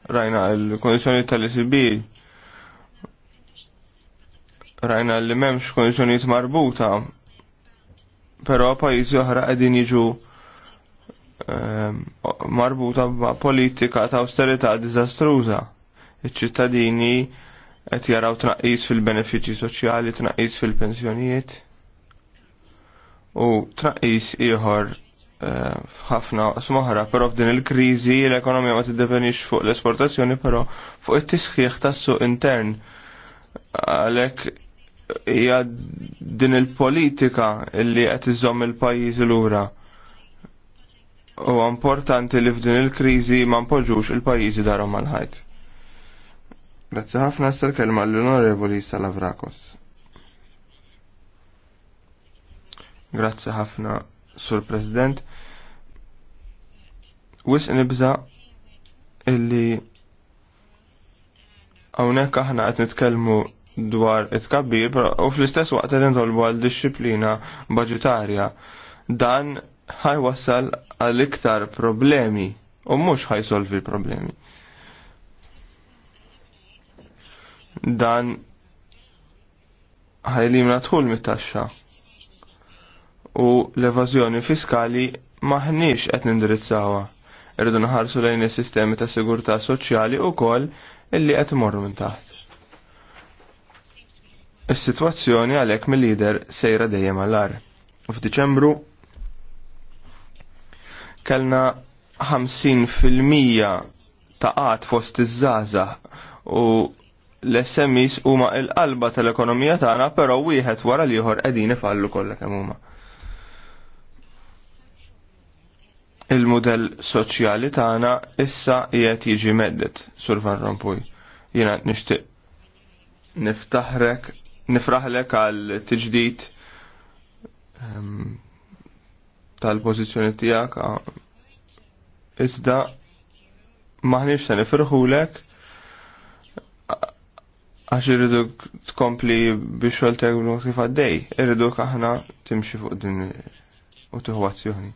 rajna l-kondizjoni tal-ECB rajna li memx kondizjoniet marbuta pero pajizi oħra għedin jiġu eh, marbuta ma' politika ta' austerità dizastruza Iċ-ċittadini qed jaraw tnaqqis fil-benefiċċji soċjali, tnaqqis fil-pensjonijiet u tnaqis ieħor ħafna smoħra, però f'din il-kriżi l-ekonomija ma tiddepenix fuq l-esportazzjoni, però fuq it-tisħiħ tas-suq intern. Għalhekk hija din il-politika li qed iżomm il-pajjiż lura. U importanti li f'din il-kriżi ma npoġġux il-pajjiżi darhom mal-ħajt. Grazzi ħafna s kelma l-Onorevoli Salavrakos. Grazzi ħafna, Sur President wis nibza illi hawnhekk aħna qed nitkellmu dwar it-kabbir, u fl-istess waqt qed nitolbu għal disċiplina budgetarja, Dan ħajwassal għal iktar problemi u mhux ħajsolvi l-problemi. Dan ħajlimna tħul mit-taxxa u l-evażjoni fiskali maħniex qed nindirizzawha Irridu nħarsu lejn is-sistemi ta' sigurtà soċjali wkoll illi qed imorru minn taħt. Is-sitwazzjoni għalhekk mill-lider sejra dejjem għal U f'Diċembru kellna 50% ta' qat fost iż-żgħażagħ u l-SMIs huma l-qalba tal-ekonomija tagħna però wieħed wara l ieħor qegħdin ifallu kollha kemm huma. il-modell soċjali tagħna issa qiegħed jiġi meddet sur Van Rompuy. Jiena nixtieq niftaħrek nifraħlek għal tiġdid ehm, tal-pożizzjoni tiegħek iżda maħniex se nifirħulek għax irridu tkompli biex xoltek kif għaddej, irridu aħna timxi fuq din u tuħwazzjoni.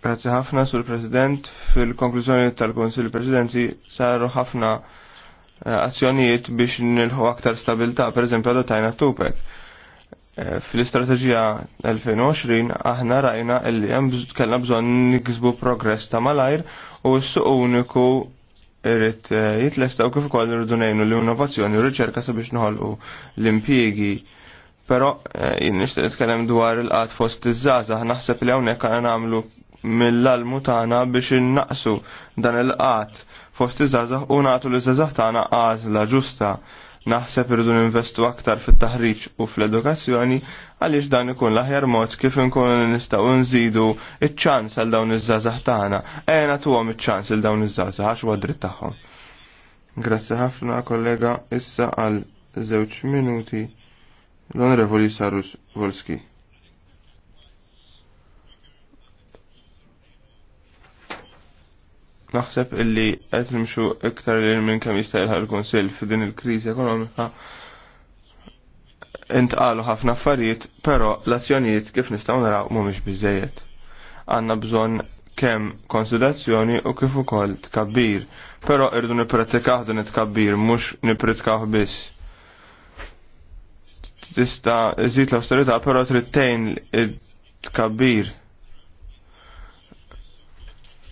Grazzi ħafna sur President. Fil-konklużjoni tal-Konsil Presidenzi saru ħafna eh, azzjonijiet biex nilħu aktar stabilta, per eżempju adottajna Tupek. Eh, fil-istrateġija 2020 aħna rajna illi hemm kellna bżonn nikzbu progress ta' malajr u s-suq uniku irrid eh, jitlestaw kif ukoll irridu ngħinu l-innovazzjoni u r-riċerka sabiex noħolqu l-impjiegi. Però jien nixtieq nitkellem dwar il-qatt fost iż-żgħażagħ naħseb li hawnhekk għandna nagħmlu mill-almu tagħna biex innaqsu dan il-qat fost iż u nagħtu li żazax tagħna għażla ġusta. Naħseb irridu ninvestu aktar fit-taħriġ u fl-edukazzjoni għaliex dan ikun l-aħjar mod kif inkunu nistgħu nżidu iċ-ċans għal dawn iż żaħ tagħna. Ejna tuhom iċ-ċans il dawn iż żaħ għax huwa dritt tagħhom. Grazzi ħafna kollega issa għal żewġ minuti l-Onorevoli Sarus Volski. Naħseb illi qed nimxu iktar lil minn kemm jista' l konsil kunsill f'din il-kriżi ekonomika intqalu ħafna affarijiet, però l-azzjonijiet kif nistgħu naraw mhumiex biżejjed. Għandna bżonn kemm konsidazzjoni u kif ukoll tkabbir, però irdu nippratikaw din it-tkabbir mhux nippratikaw biss. Tista' iżid l-awsterità però trittejn it-tkabbir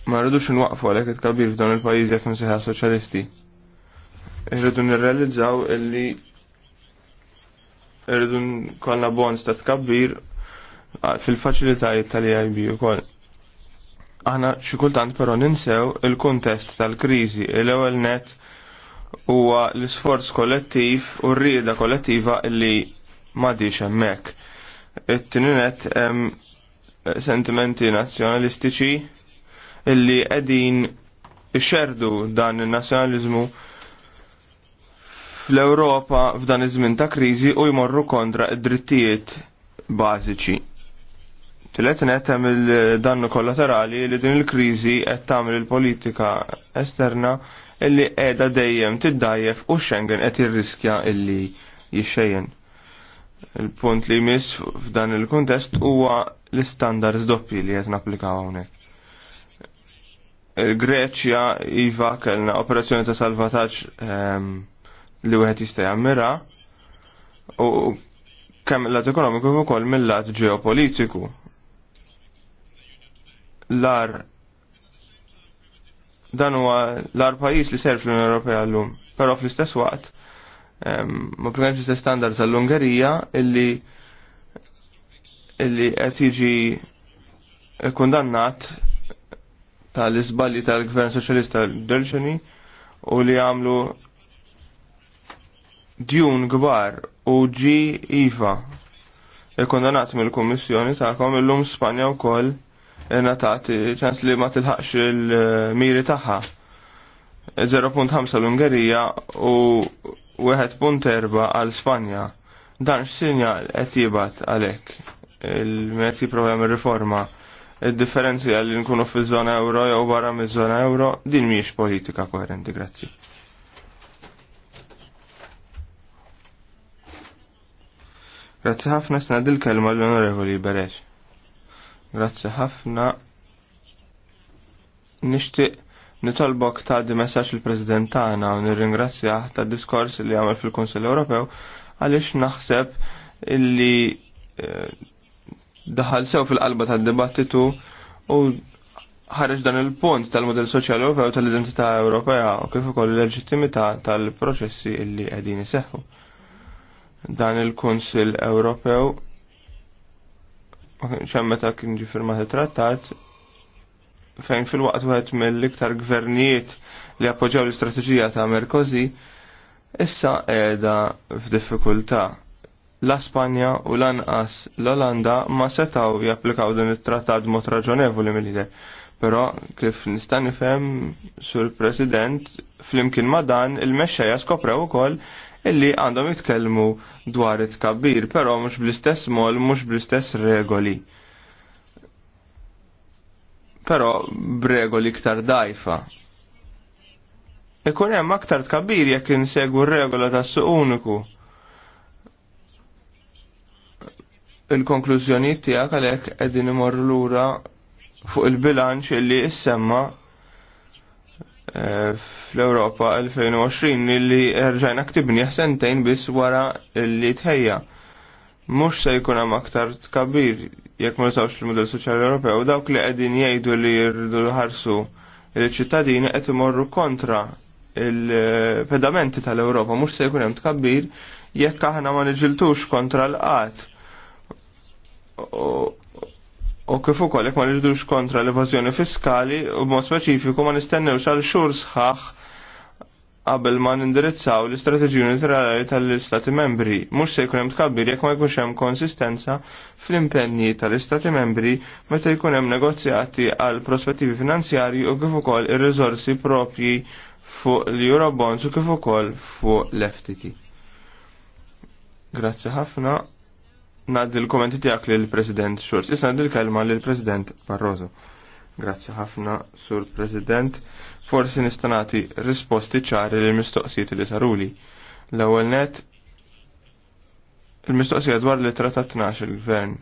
Ma rridux nwaqfu għalhekk it-kabir f'dan il-pajjiż jekk mseħħa soċjalisti. Irridu nirrealizzaw illi irridu kollna bonds ta' tkabbir fil-faċilitajiet tal-EIB ukoll. Aħna xi kultant però ninsew il-kuntest tal-kriżi l-ewwel net huwa l-isforz kollettiv u rrieda rieda kollettiva illi m'għadix hemmhekk. It-tieni net sentimenti nazzjonalistiċi illi qegħdin ixxerdu dan in-nazzjonaliżmu fl-Ewropa f'dan iż-żmien ta' kriżi u jmorru kontra id-drittijiet bażiċi. Tilet net hemm il-dannu kollaterali li din il-kriżi qed tagħmel il-politika esterna illi qiegħda dejjem tiddajjef u Schengen qed jirriskja illi jixxejjen il-punt li jmiss f'dan il-kontest huwa l-istandards doppi li qed napplikaw hawnhekk. Greċja iva kellna operazzjoni ta' salvataġġ ehm, li wieħed jista' jammira u kemm lat ekonomiku ukoll mill-lat ġeopolitiku. L-ar dan huwa l-ar pajjiż li ser fl-Unjoni Ewropea llum, però fl-istess waqt ehm, ma prinċ istess standards għall-Ungerija illi illi qed jiġi kundannat tal-izballi tal-Gvern Soċjalista Delxani u li għamlu djun gbar u ġi IVA il-kondanat mill-Kommissjoni ta'kom illum Spanja u koll natat ċans li ma tilħaqx il-miri tagħha. 0.5 l-Ungerija u 1.4 għal Spanja. Dan x'sinjal qed jibgħat għalhekk il-mezzi programm ir-riforma. il il-differenzi għalli nkunu fi zona euro jew barra mi zona euro din miex politika koherenti, grazzi. Grazzi ħafna snad il-kelma l-onorevoli Beres. Grazzi ħafna nishtiq nitolbok ta' di messaċ il-President tagħna u nirringrazzjah ta' diskors li għamel fil-Kunsill Ewropew għaliex naħseb illi eh, daħal sew fil-qalba tad-dibattitu u ħareġ dan il-punt tal model soċjali Ewropew tal-identità Ewropea u kif ukoll il-leġittimità tal-proċessi illi qegħdin iseħħu. Dan il-Kunsill Ewropew xemm meta kien ġi firmat it-trattat fejn fil-waqt wieħed mill-iktar gvernijiet li appoġġjaw l-istrateġija ta' Merkozy issa qiegħda f'diffikultà L-Aspanja u l-anqas l-Olanda ma setaw japplikaw din it-trattat mod raġonevoli mill ide Però kif nista' nifhem sur President flimkien ma dan il-mexxejja skoprew ukoll illi għandhom jitkellmu dwar it-kabbir, però mhux bl-istess mol, mhux bl-istess regoli. Però b'regoli iktar dajfa. Ikun hemm aktar tkabbir jekk insegwu r-regola tas-suq uniku il-konklużjoni tiegħek għalhekk qegħdin imorru lura fuq il-bilanċ li issemma fl-Europa 2020 li rġajna ktibni sentejn biss wara li tħejja. Mux se jkun hemm aktar tkabbir jekk ma nisawx il-modell soċjali Ewropew dawk li qegħdin jgħidu li jirdu ħarsu il-ċittadini qed imorru kontra il-pedamenti tal-Ewropa mhux se jkun hemm tkabbir jekk aħna ma niġiltux kontra l-qatt U kif ukoll jekk ma nirdux kontra l-evażjoni fiskali u b'mod speċifiku ma nistennewx għal xhur sħaħ qabel ma nindirizzaw l-istrateġiju neutrali tal-Istati membri. Mhux se jkun hemm tkabbir jekk ma jkunx hemm konsistenza fl-impenni tal-Istati membri meta jkun hemm negozjati għal prospettivi finanzjarji u kif ukoll ir-riżorsi propji fuq l-Eurobonds u kif ukoll fuq l-FTT. Grazzi ħafna. Nad il-kommenti tijak li l-President Schurz. Issa nad il-kelma li l-President Barroso. Grazzi ħafna, Sur President. Forsi nistanati risposti ċari li mistoqsijiet li saruli. L-ewel net, il-mistoqsija dwar li trattat il-gvern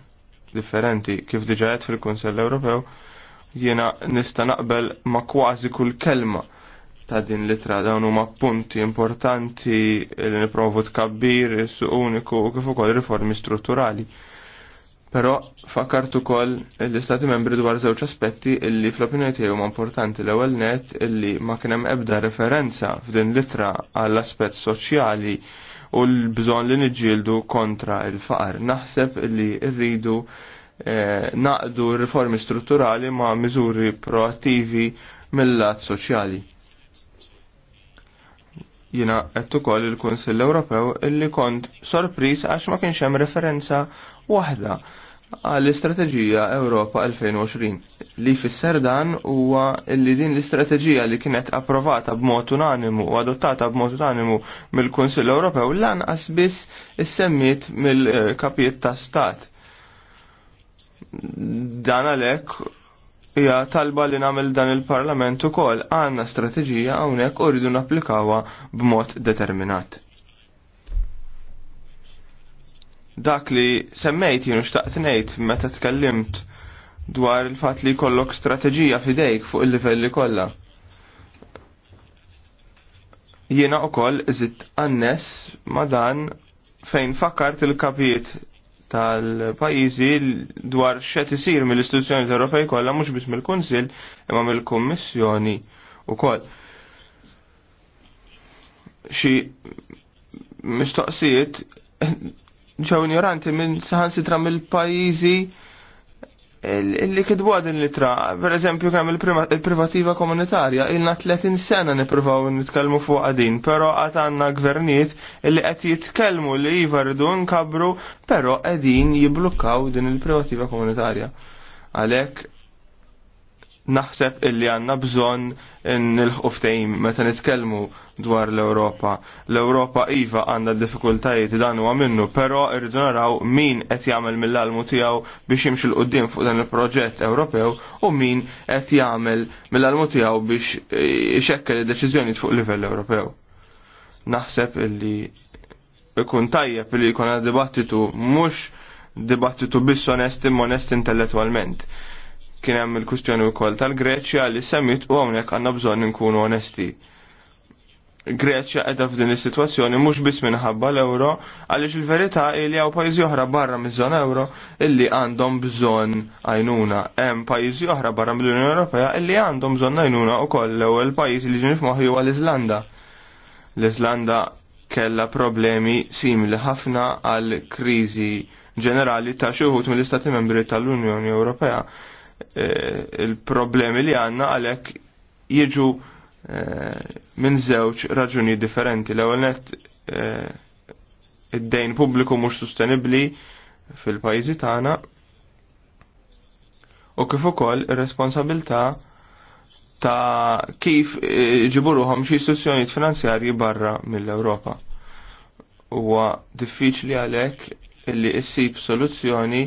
differenti kif diġajet fil-Kunsell Ewropew jiena nista naqbel ma' kważi kull kelma ta' din litra dawn huma punti importanti li niprovu tkabbir is-suq uniku u kif ukoll riformi strutturali. Però fakart ukoll l-Istati membri dwar żewġ aspetti illi fl-opinjoni tiegħi huma importanti l-ewwel net illi ma kien hemm ebda referenza f'din litra għall aspett soċjali u l-bżonn li niġġieldu kontra il-faqar. Naħseb li rridu eh, naqdu riformi strutturali ma' miżuri proattivi mill-lat soċjali jina qed ukoll il-Kunsill Ewropew illi kont sorpris għax ma kienx hemm referenza waħda għall-Istrateġija Ewropa 2020 li fisser dan huwa li din l-istrateġija li kienet approvata b'mod unanimu u adottata b'mod unanimu mill-Kunsill Ewropew lanqas biss issemmiet mill-kapijiet ta' stat. Dan għalhekk hija talba li nagħmel dan il-Parlament ukoll għandna strateġija hawnhekk u rridu napplikawha b'mod determinat. Dak li semmejt jenu xtaqt ngħid meta tkellimt dwar il-fatt li jkollok strateġija fidejk fuq il-livelli kollha. Jiena u kol zitt ma dan fejn fakkart il-kapijiet tal-pajizi dwar xet isir mill-istituzzjoni Ewropej kollha mhux biss mill-Kunsill imma mill-Kummissjoni wkoll Xi mistoqsijiet ġew ignoranti minn saħansitra mill-pajjiżi illi kidbu għadin li tra, per eżempju kam il-privativa komunitarja, ilna 30 sena nipruvaw nitkelmu fuq għadin, pero għat għanna gvernijiet illi għat jitkelmu li jivardu nkabru, pero għadin jiblukkaw din il-privativa komunitarja. Għalek, naħseb illi għanna bżon nilħu ftejim meta nitkellmu dwar l-Ewropa. L-Ewropa iva għandha diffikultajiet dan huwa minnu, però irridu naraw min qed jagħmel mill-almu tiegħu biex jimxil l fuq dan il-proġett Ewropew u min qed jagħmel mill-almu tiegħu biex ixekkel id-deċiżjonijiet fuq livell Ewropew. Naħseb illi ikun tajjeb li jkun dibattitu mhux dibattitu biss onest imma onest intellettwalment Kien hemm il-kustjoni wkoll tal-Greċja li semmit u hawnhekk għandna bżonn nkunu onesti. Greċja qiegħda f'din is-sitwazzjoni mhux biss minħabba l-euro, għaliex il-verità hi li hawn pajjiżi oħra barra miż-żona euro illi għandhom bżonn għajnuna. Hemm pajjiżi oħra barra mill-Unjoni Ewropea illi għandhom bżonn għajnuna wkoll l-ewwel pajjiż li ġini f'moħħi huwa l-Iżlanda. L-Iżlanda kellha problemi simili ħafna għal kriżi ġenerali ta' xi wħud mill-Istati Membri tal-Unjoni Ewropea Eh, il-problemi li għanna għalek jiġu eh, minn żewġ raġuni differenti. L-ewwel net eh, id-dejn pubbliku mhux sostenibbli fil-pajjiżi tagħna u kif ukoll ir-responsabilità ta' kif ġiburuhom xi istituzzjonijiet finanzjarji barra mill-Ewropa. Huwa diffiċli għalhekk li issib soluzzjoni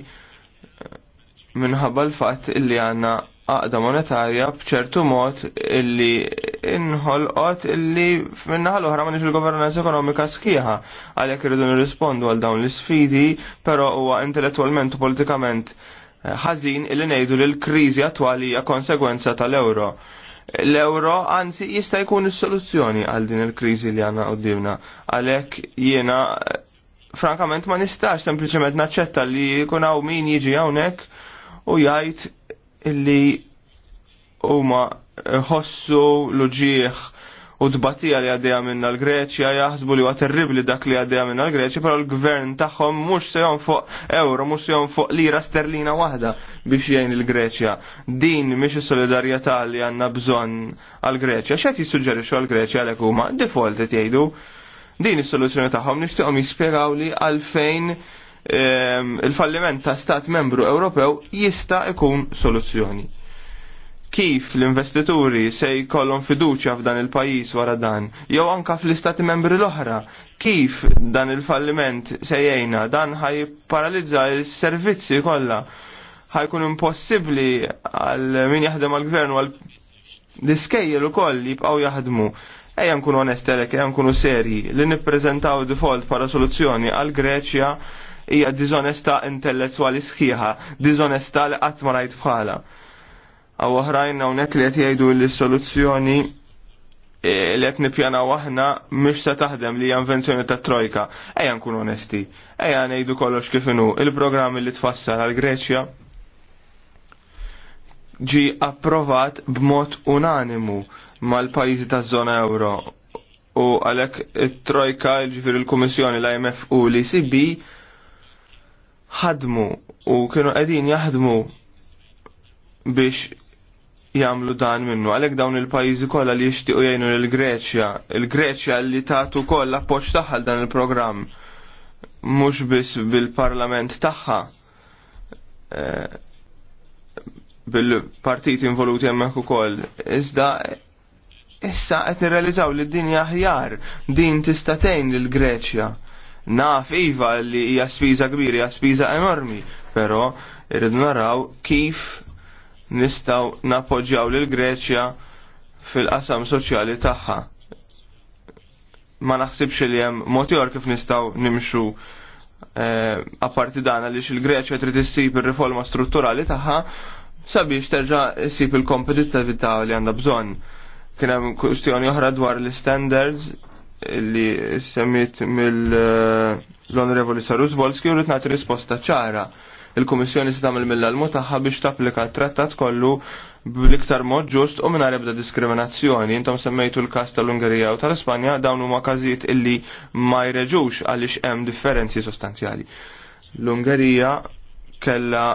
minħabba l-fatt illi għanna għaqda monetarja bċertu mod illi inħolqot illi minnaħal oħra ma il governance ekonomika sħiħa għalhekk irridu nirrispondu għal dawn l-isfidi, però huwa intellettualment u politikament eh, ħażin illi ngħidu li l-kriżi attwali hija konsegwenza tal-euro l-euro anzi jista' jkun is-soluzzjoni għal din il-kriżi li għandna qudiemna. Għalhekk jiena eh, frankament ma nistax sempliċement naċċetta li jkun hawn min jiġi hawnhekk u jgħid li huma ħossu l-ġieħ u tbatija li għaddeja minna l-Greċja jaħsbu li huwa li dak li għaddeja minna l-Greċja, però l-gvern tagħhom mhux se fuq euro, mhux se fuq lira sterlina waħda biex jgħin l-Greċja. Din mhix is-solidarjetà li għandna bżonn għall-Greċja. X'qed jissuġġerixxu għall-Greċja għalhekk huma default qed jgħidu. Din is-soluzzjoni tagħhom nixtieqhom jispjegaw li għalfejn Ehm, il-falliment ta' stat membru Ewropew jista' ikun soluzzjoni. Kif l-investituri se jkollhom fiduċja f'dan il-pajjiż wara dan, jew anka fl-istati membri l-oħra, kif dan il-falliment se jgħinna dan ħaj paralizza s-servizzi kollha ħajkun impossibbli għal min jaħdem għal gvern għal diskejjel ukoll jibqgħu jaħdmu. Ejja nkunu onestelek, ejja nkunu serji li nippreżentaw default para soluzzjoni għal Greċja hija diżonesta intellettwali sħiħa, diżonesta li qatt ma rajt bħala. Aw oħrajn hawnhekk li qed jgħidu li soluzzjoni e, li qed nippjanaw aħna mhux se taħdem li hija invenzjoni ta' trojka. Ejja nkun onesti, ejja ngħidu kollox kif inhu il-programm li tfassal għal Greċja ġi approvat b'mod unanimu mal-pajjiżi taż-żona euro u għalek it-trojka ġifir il-Komissjoni l-IMF u l-ECB ħadmu u kienu qegħdin jaħdmu biex jagħmlu dan minnu. Għalhekk dawn il-pajjiżi kollha li jixtiequ jgħinu lil Greċja, il-Greċja li tagħtu koll appoġġ tagħha dan il-programm mhux biss bil-parlament tagħha eh, bil-partiti involuti hemmhekk ukoll. Iżda issa qed nirrealizzaw li d-dinja aħjar din tista' tgħin lill Greċja Naf iva li hija spiża kbira, hija spiża enormi, però irridu naraw kif nistaw napoġġjaw lil Greċja fil-qasam soċjali tagħha. Ma naħsibx li hemm mod kif nistgħu nimxu eh, apparti dan għaliex il-Greċja trid issib ir-riforma strutturali tagħha sabiex terġa' issib il-kompetittività li għandha bżonn. Kien hemm kwistjoni oħra dwar l-standards li semmit mill-Onorevoli l Sarus Volski u rritnati risposta ċara. Il-Komissjoni se tagħmel mill-almu tagħha biex tapplika trattat kollu bl-iktar mod ġust u minn ebda diskriminazzjoni. Intom semmejtu l-kas tal-Ungerija u tal-Ispanja dawn huma każijiet illi ma jreġux għaliex hemm differenzi sostanzjali. L-Ungerija kella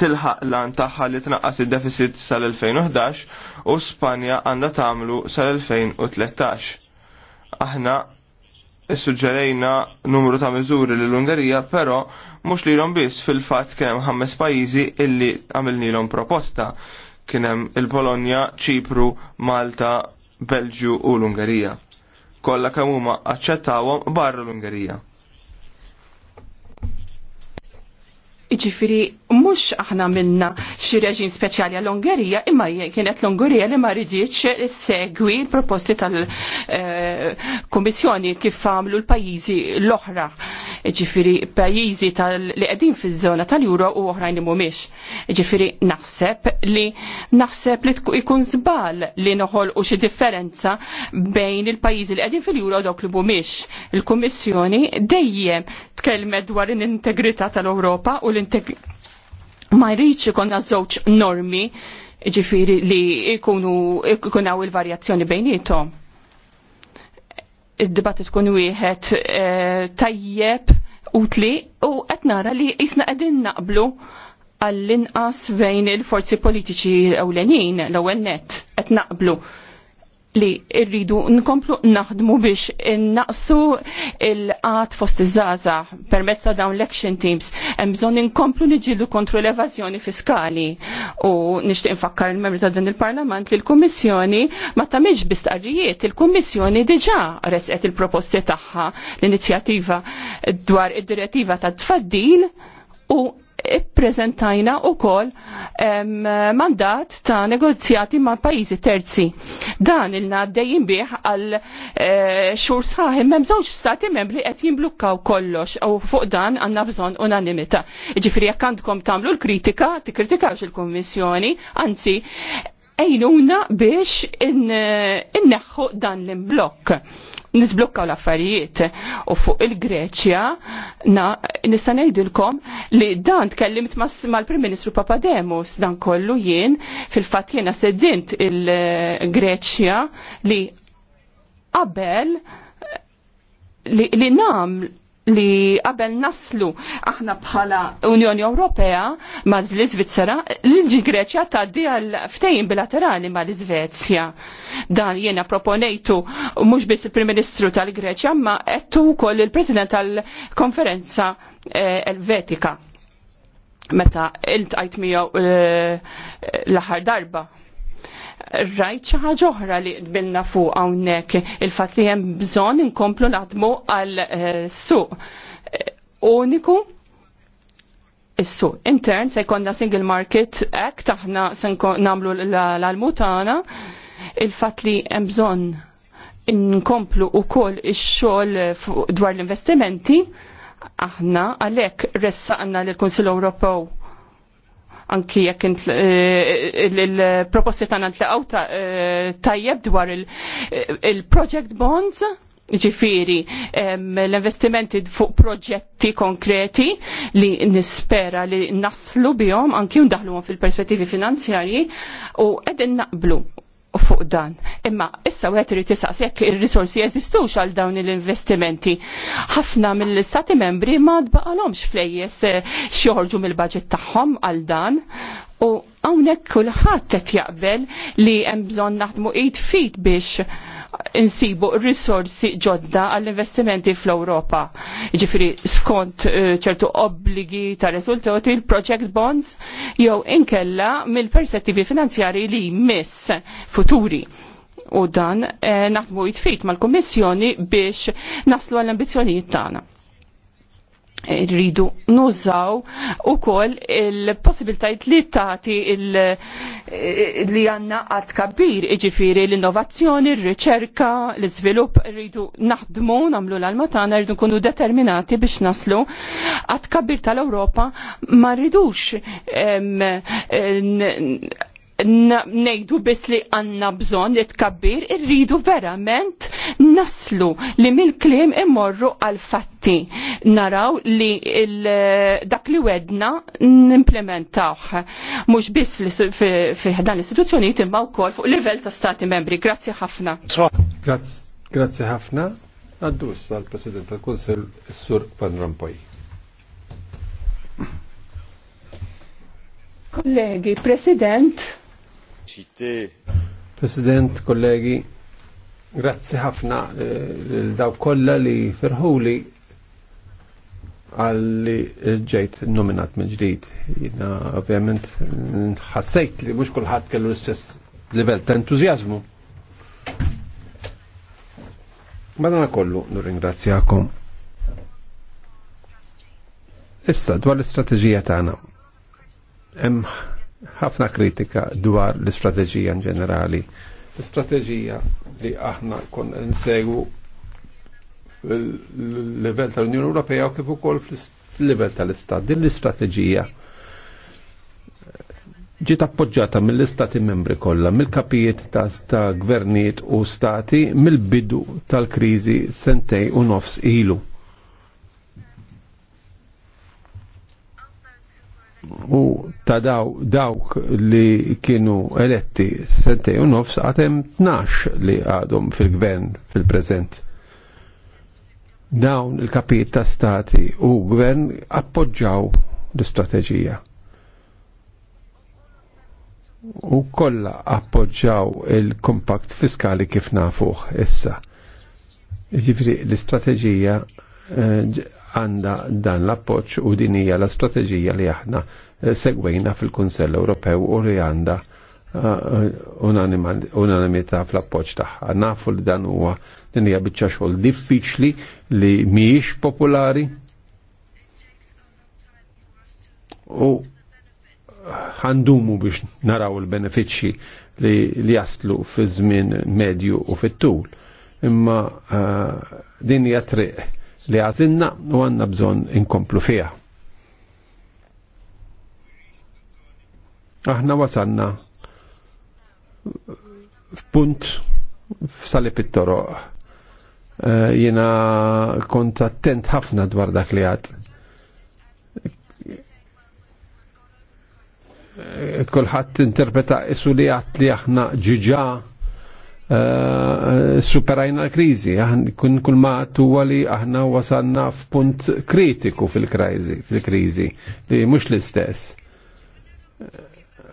tilħaq lan tagħha li tnaqqas id-deficit sal-2011 u Spanja għandha tagħmlu sal-2013 Aħna suġġerejna numru ta' miżuri l ungerija però mhux om biss fil-fatt kien hemm ħames pajjiżi illi għamilnilhom proposta. Kien hemm il-Polonja, Ċipru, Malta, Belġju u l-Ungerija. Kolla kemm huma aċċettawhom barra l-Ungerija. Iġifieri mux aħna minna xi reġim speċjali għall-Ungerija, imma kienet l-Ungerija li ma riġiċ segwi l-proposti tal eh, kummissjoni kif għamlu l pajjiżi l-oħra, ġifiri pajjiżi li qegħdin fiż-żona tal-Euro u oħrajn li mhumiex. Ġifiri naħseb li naħseb li ikun żbal li noħolqu xi differenza bejn il-pajjiżi li qegħdin fil-Euro dawk li mhumiex. Il-Kummissjoni dejjem tkellmet dwar l-integrità tal-Ewropa u l-integrità ma jridx ikonna żewġ normi ġifiri li ikunu ikunaw il-varjazzjoni bejnietom. Id-dibattit tkun wieħed eh, tajjeb utli u qed nara li jisna qegħdin naqblu għall-inqas bejn il-forzi politiċi ewlenin l-ewwel nett qed naqblu li rridu nkomplu naħdmu biex naqsu il-qat fost iż-żaza permezz ta' dawn l-action teams. Hemm bżonn inkomplu niġilu kontru l-evażjoni fiskali u nixtieq infakkar il-membri ta' din il-Parlament li l-Kummissjoni ma tagħmilx tqarrijiet, il-Kummissjoni diġà resqet il-proposti tagħha l-inizjattiva dwar id-direttiva tad tfaddil u ippreżentajna wkoll mandat ta' negozjati ma' pajjiżi terzi. Dan il-naddejjin bih għal eh, xur sħaħi m'hemm sati stati membri qed jimblukkaw kollox u fuq dan għandna bżonn unanimità. Ġifri jekk għandkom tagħmlu l-kritika, tikkritikawx il-Kummissjoni, anzi ejnuna biex inneħħu dan l-imblokk nisblokkaw l-affarijiet u fuq il-Greċja nista' ngħidilkom li dan tkellimt mal-Prim Ministru Papademos dan kollu jien fil-fatt jiena seddint il-Greċja li qabel li, li nam li qabel naslu aħna bħala Unjoni Ewropea ma' l-Iżvizzera, l-Greċja tgħaddi għal ftejn bilaterali ma' l-Iżvezja. Dan jiena proponejtu mhux biss il-Prim Ministru tal-Greċja, ma ettu wkoll il-President tal-Konferenza eh, Elvetika meta il-tajt miegħu eh, l-aħħar darba rajt xi ħaġa oħra li qbilna fuq hawnhekk il-fatt li hemm bżonn inkomplu naħdmu għal eh, suq eh, uniku is-suq. intern se jkollna Single Market Act aħna se nagħmlu l-almutana il-fatt li hemm bżonn inkomplu wkoll ix-xogħol dwar l-investimenti aħna għalhekk ressaqna lill kunsill Ewropew anki jekk eh, il-proposti tagħna tlaqgħu eh, tajjeb dwar il-project bonds ġifiri l-investimenti fuq proġetti konkreti li nispera li naslu bihom anki ndaħluhom fil-perspettivi finanzjarji u qegħdin naqblu fuq dan. Imma issa wieħed irid tisaqs jekk ir-risorsi jeżistux għal dawn l-investimenti. Ħafna mill-istati membri ma tbaqalhomx flejjes eh, xjoħorġu mill-baġit tagħhom għal dan. U hawnhekk kulħadd qed jaqbel li hemm bżonn naħdmu id fit biex insibu risorsi ġodda għall-investimenti fl-Europa. Ġifiri skont eh, ċertu obbligi ta' rezultati il-project bonds jew inkella mill-perspettivi finanzjari li jmiss futuri. U dan eh, naħdmu jitfit mal komissjoni biex naslu għall ambizjoni tagħna rridu nużaw u koll il possibiltajt li tati il li għanna għad kabir iġifiri l-innovazzjoni, l-riċerka, l-izvilup rridu naħdmu, namlu l-almatana, rridu nkunu determinati biex naslu għad kabir tal-Europa ma rridux nejdu biss li għanna bżon li tkabbir, irridu verament naslu li mill-klim imorru għal-fatti. Naraw li dak li wedna n-implementawħ. Mux biss fi dan l istituzjoni imma u kol fuq livell ta' stati membri. Grazzi ħafna. Grazzi ħafna. Għaddus għal-President tal-Konsil, Sur Van Rompuy. Kollegi, President, President, kollegi, grazzi ħafna eh, l-daw kolla li ferħuli għalli ġejt nominat minn ġdid. Jina ovvijament, ħassejt li mux kullħat kellu l-istess livell ta' entuzjazmu. Madana kollu nirringrazzjakom. Issa dwar l-istrateġija tagħna. għana ħafna kritika dwar l-istrateġija ġenerali. L-istrateġija li aħna kon nsegu l-level tal-Unjoni Ewropea u kif ukoll fl-level tal-Istat. Din l-istrateġija ġiet appoġġata mill-istati membri kollha, mill-kapijiet ta' gvernijiet u stati mill-bidu tal-kriżi sentej u nofs ilu u ta' daw, dawk li kienu eletti sentej u nofs għatem 12 li għadhom fil-gvern fil-prezent dawn il kapit ta' stati u gvern appoġġaw l-istrateġija. U kolla appoġġaw il-kompakt fiskali kif nafuħ issa. Ġifri l-istrateġija eh, għanda dan l-appoċ u din hija l-istrateġija li aħna eh, segwejna fil-Kunsell Ewropew u li għanda eh, unanimità fl-appoċ tagħha. Nafu li dan huwa din hija biċċa xogħol diffiċli li mhijiex popolari u ħandumu biex naraw il-benefiċċji li, li jaslu fi żmien medju u fit-tul. Imma uh, din hija triq li għazinna u għanna bżon inkomplu fija. Aħna wasanna f'punt f'sali pittoro. Uh, jena kont attent ħafna dwar dak li għad. Eh, kolħat interpreta isu li għat li aħna ġiġa Eh, superajna l-krizi, kun kull ma tuwa li aħna wasanna f'punt kritiku fil-krizi, fil li mux l-istess.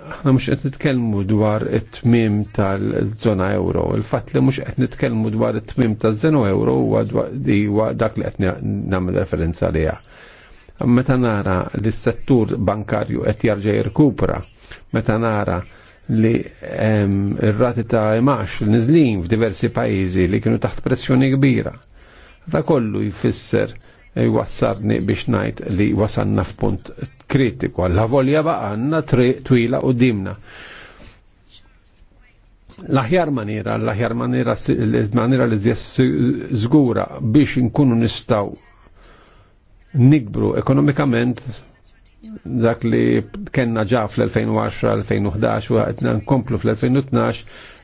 Aħna mux qed nitkellmu dwar it-tmim tal zona euro, il-fatt li mux qed nitkellmu dwar it-tmim tal zona euro huwa dak li qed nagħmel referenza liha. Meta nara li s-settur bankarju qed jarġa' jirkupra, meta nara li r-rati ta' imax nizlin f'diversi pajizi li kienu taħt pressjoni kbira. Ta' kollu jfisser jwassarni e, biex najt li wasanna f'punt kritiku. Alla volja baqanna twila u dimna. L-aħjar maniera, l-aħjar maniera, maniera li zgura biex nkunu nistaw nikbru ekonomikament dak li kenna ġa fl-2010-2011 u għetna nkomplu fl-2012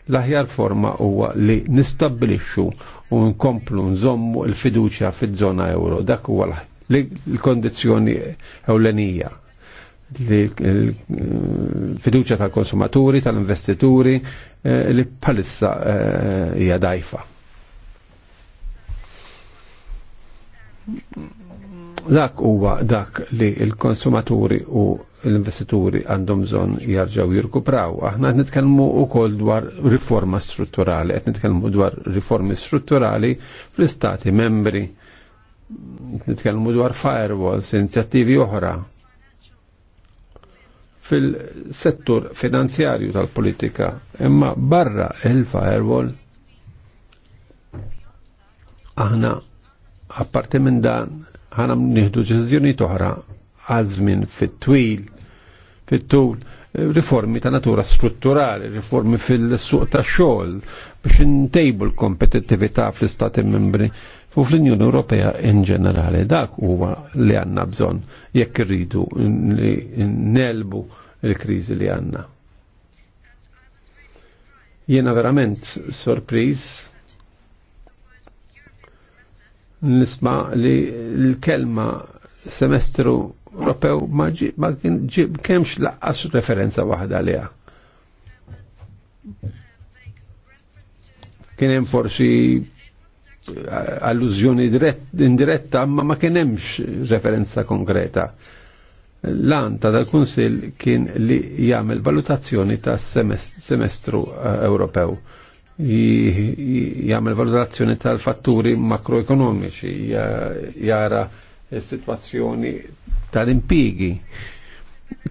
l-aħjar forma huwa li nistabilixxu u nkomplu nżommu l-fiduċja fiż-żona euro. Dak huwa l-kondizzjoni ewlenija l-fiduċja tal-konsumaturi, tal-investituri eh, li bħalissa eh, hija dajfa. Dak huwa dak li l-konsumaturi u l-investituri għandhom bżonn jarġaw jirkupraw. Aħna qed nitkellmu wkoll dwar riforma strutturali, qed nitkellmu dwar riformi strutturali fl-istati membri. Nitkellmu dwar firewalls, inizjattivi oħra fil-settur finanzjarju tal-politika, imma barra il-firewall aħna apparti minn dan ħana nieħdu deċiżjoni toħra għazmin fit-twil fit-tul eh, riformi ta' natura strutturali, riformi fil-suq ta' xogħol biex intejbu l kompetittivita fl-Istati membri u fl-Unjoni Ewropea in ġenerali. Dak huwa li għandna bżonn jekk irridu nelbu l-kriżi li għandna. Jiena verament sorpriz nisma li l-kelma semestru Ewropew ma kemx laqqas referenza waħda għaliha. Kien hemm forsi eh, allużjoni indiretta, ma ma kien hemmx referenza konkreta. L-an ta' dal-Kunsil kien li jagħmel valutazzjoni ta' semestru eh, Ewropew. Uh, jgħamil valutazzjoni tal-fatturi makroekonomiċi, jara s-sitwazzjoni tal-impigi,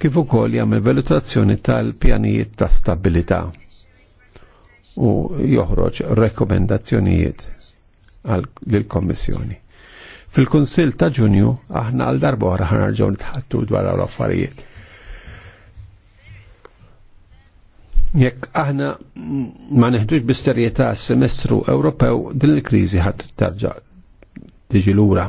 kif ukoll jagħmel valutazzjoni tal-pjanijiet ta' stabilità u joħroġ rekomendazzjonijiet lill-Kommissjoni. Fil-Kunsill ta' Ġunju aħna għal darba ħanarġgħu nitħattu dwar l-affarijiet Jekk aħna ma neħdux bisterjetà semestru Ewropew din il-kriżi ħadd tarġa' tiġi lura.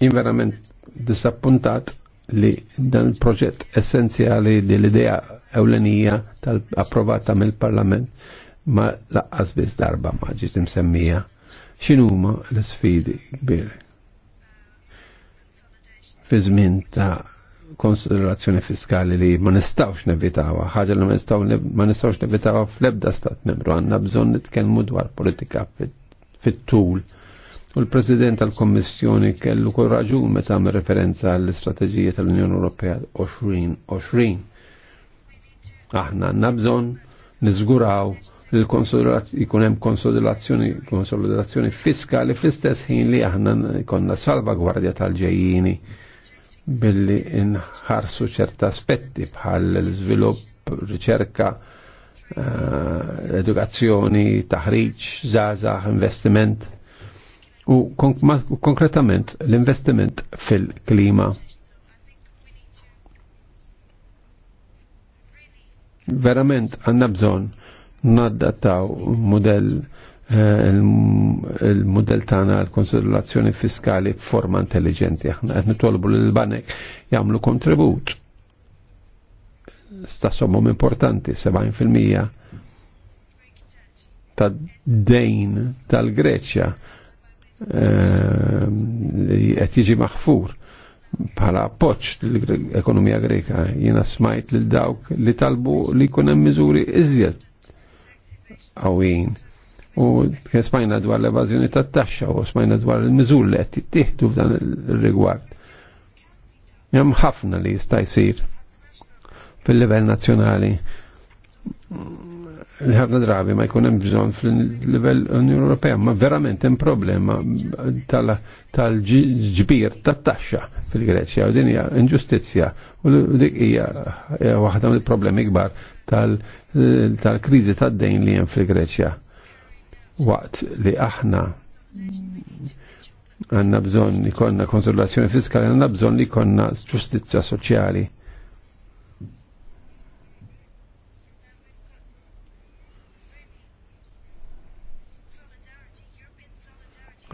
Jien verament disappuntat li dan il-proġett essenzjali li l-idea ewlenija tal-approvata mill-Parlament ma laqqas biss darba ma ġiet imsemmija. X'inhuma l-sfidi kbir? Fi żmien ta' konsiderazzjoni fiskali li ma nistawx nevitawa, ħagġa li ma nistawx nevitawa fl-ebda stat membru, għanna bżon nitkellmu dwar politika fit-tul. U l-President tal-Kommissjoni kellu kol raġun meta għam referenza għall strategija tal-Unjoni Ewropea 2020. Aħna għanna bżon nizguraw jkunem konsolidazzjoni konsolidazzjoni fiskali fl-istess ħin li aħna konna salvagwardja tal-ġejjini billi inħarsu ċerta aspetti bħal l-żvilupp, riċerka, eh, edukazzjoni, taħriġ, zaza, investiment. U konkretament l-investiment fil-klima. Verament għandna bżonn naddataw model. Eh, il-modell tagħna l konsolazzjoni fiskali b'forma intelligenti. Aħna qed nitolbu lil banek jagħmlu kontribut. Sta sommom importanti, 70% ta' dejn tal-Greċja eh, qed jiġi maħfur bħala appoċ l-ekonomija greka. Jiena smajt lil dawk li talbu li jkun hemm miżuri iżjed għawin U kien smajna dwar l evazjoni ta' taxxa u smajna dwar il-miżur li qed jittieħdu f'dan ir-rigward. Hemm ħafna li jista' jsir fil-livell nazzjonali. L-ħafna drabi ma jkun hemm bżonn fil-livell Unjoni Ewropea, ma verament hemm problema tal-ġbir tat-taxxa fil-Greċja u din hija inġustizzja u dik hija waħda mill-problemi kbar tal-kriżi tad-dejn li hemm fil-Greċja waqt li aħna għanna bżon li konna konsolazzjoni fiskali, għanna bżon li konna ġustizja soċjali.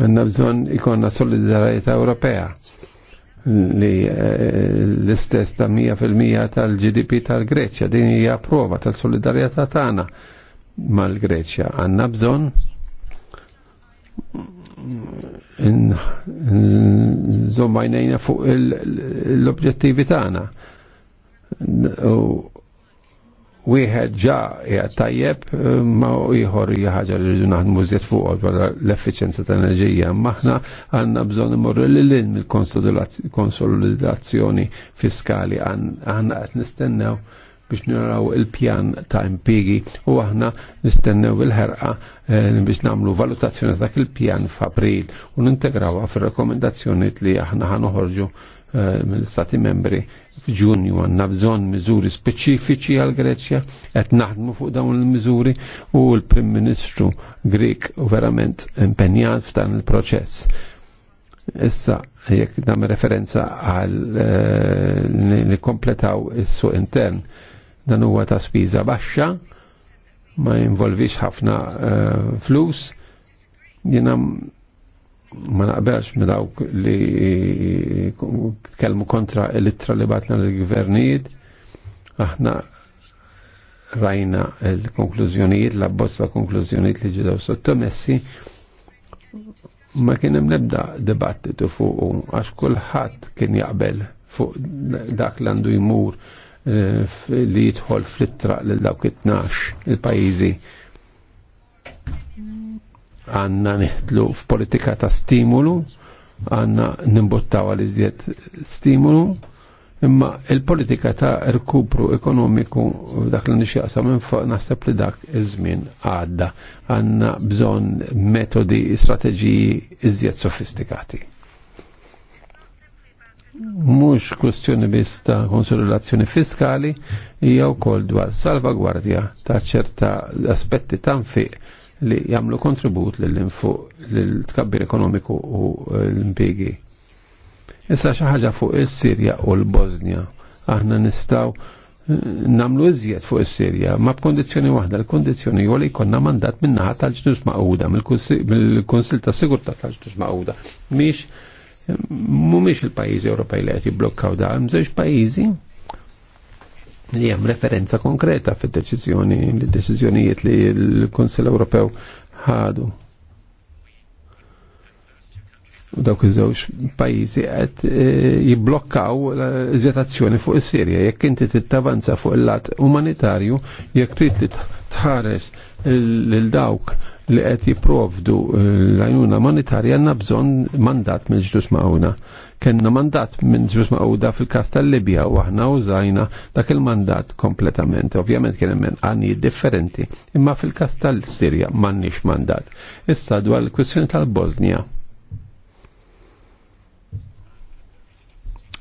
Għanna bżon konna solidarieta Ewropea li eh, l-istess ta' 100% tal-GDP tal-Greċja, din hija prova tal-solidarieta tagħna. Ta mal-Greċja. Għanna bżon nżommajnejna fuq l-obġettivi tagħna. Wieħed ġa hija tajjeb ma ieħor hija ħaġa li rridu naħdmu żied fuq l-effiċenza ta' enerġija. Maħna għandna bżonn imorru lil mill-konsolidazzjoni fiskali għandna qed nistennew biex naraw il-pjan ta' impigi u aħna nistennew il-ħerqa eh, biex namlu valutazzjoni ta' il-pjan f'April u nintegrawha fir-rekomendazzjonijiet li aħna ħanoħorġu eh, mill-Stati membri f'Ġunju għandna bżonn miżuri speċifiċi għal Greċja, qed naħdmu fuq dawn il-miżuri u l-Prim Ministru Grek verament impenjat f'dan il-proċess. Issa jekk dam referenza għal li eh, kompletaw is-suq intern dan huwa ta' spiża baxxa, ma jinvolvix ħafna uh, flus, jiena ma naqbelx me dawk li tkellmu kontra l-ittra li batna l-gvernijiet, aħna rajna l-konklużjonijiet, l-abbozza konklużjonijiet li ġedaw sottomessi, ma kien hemm nebda dibattitu fuq għax kulħadd kien jaqbel fuq dak l-għandu jmur Eh, li jidħol flittra l lil dawk it il-pajjiżi għanna neħdlu f'politika ta' stimulu, għanna nimbuttaw għal iżjed stimulu, imma il-politika ta' rkupru ekonomiku dak li nixjaqsa minn fuq naħseb li dak iż-żmien għadda. Għanna bżonn metodi, strateġiji iżjed sofistikati mhux kwestjoni biss ta' konsolidazzjoni fiskali hija wkoll dwar salvagwardja ta' ċerta aspetti tanfiq li jagħmlu kontribut lill-infu lill-tkabbir ekonomiku u l-impjegi. Issa xi ħaġa fuq is-Sirja u l-Bosnja. Aħna nistgħu namlu iżjed fuq is-Sirja ma b'kondizzjoni waħda, l-kondizzjoni jew li jkollna mandat minnaħa tal-ġnus maquda mill-Kunsil tas-Sigurtà tal-ġnus maquda. Mhix mumiex il-pajizi Ewropej li għet jibblokkaw da, mżewġ pajizi li hemm referenza konkreta fid-deċiżjoni, li deċiżjonijiet li l kunsill Ewropew ħadu. U dawk iż-żewġ pajjiżi qed e, jibblokkaw l-eżitazzjoni fuq is-Sirja jekk inti tittavanza fuq il-lat umanitarju jekk trid li tħares lil dawk li qed jipprovdu eh, l-għajnuna monetarja għanna bżonn mandat mill ġdus ma'għuna. Kenna mandat minn ġdus ma'għuda fil-kas tal-Libja u aħna użajna dak il-mandat kompletament. Ovvjament kien hemm għani differenti, imma fil-kas tal-Sirja m'għandniex mandat. Issa dwar l-kwistjoni tal bosnia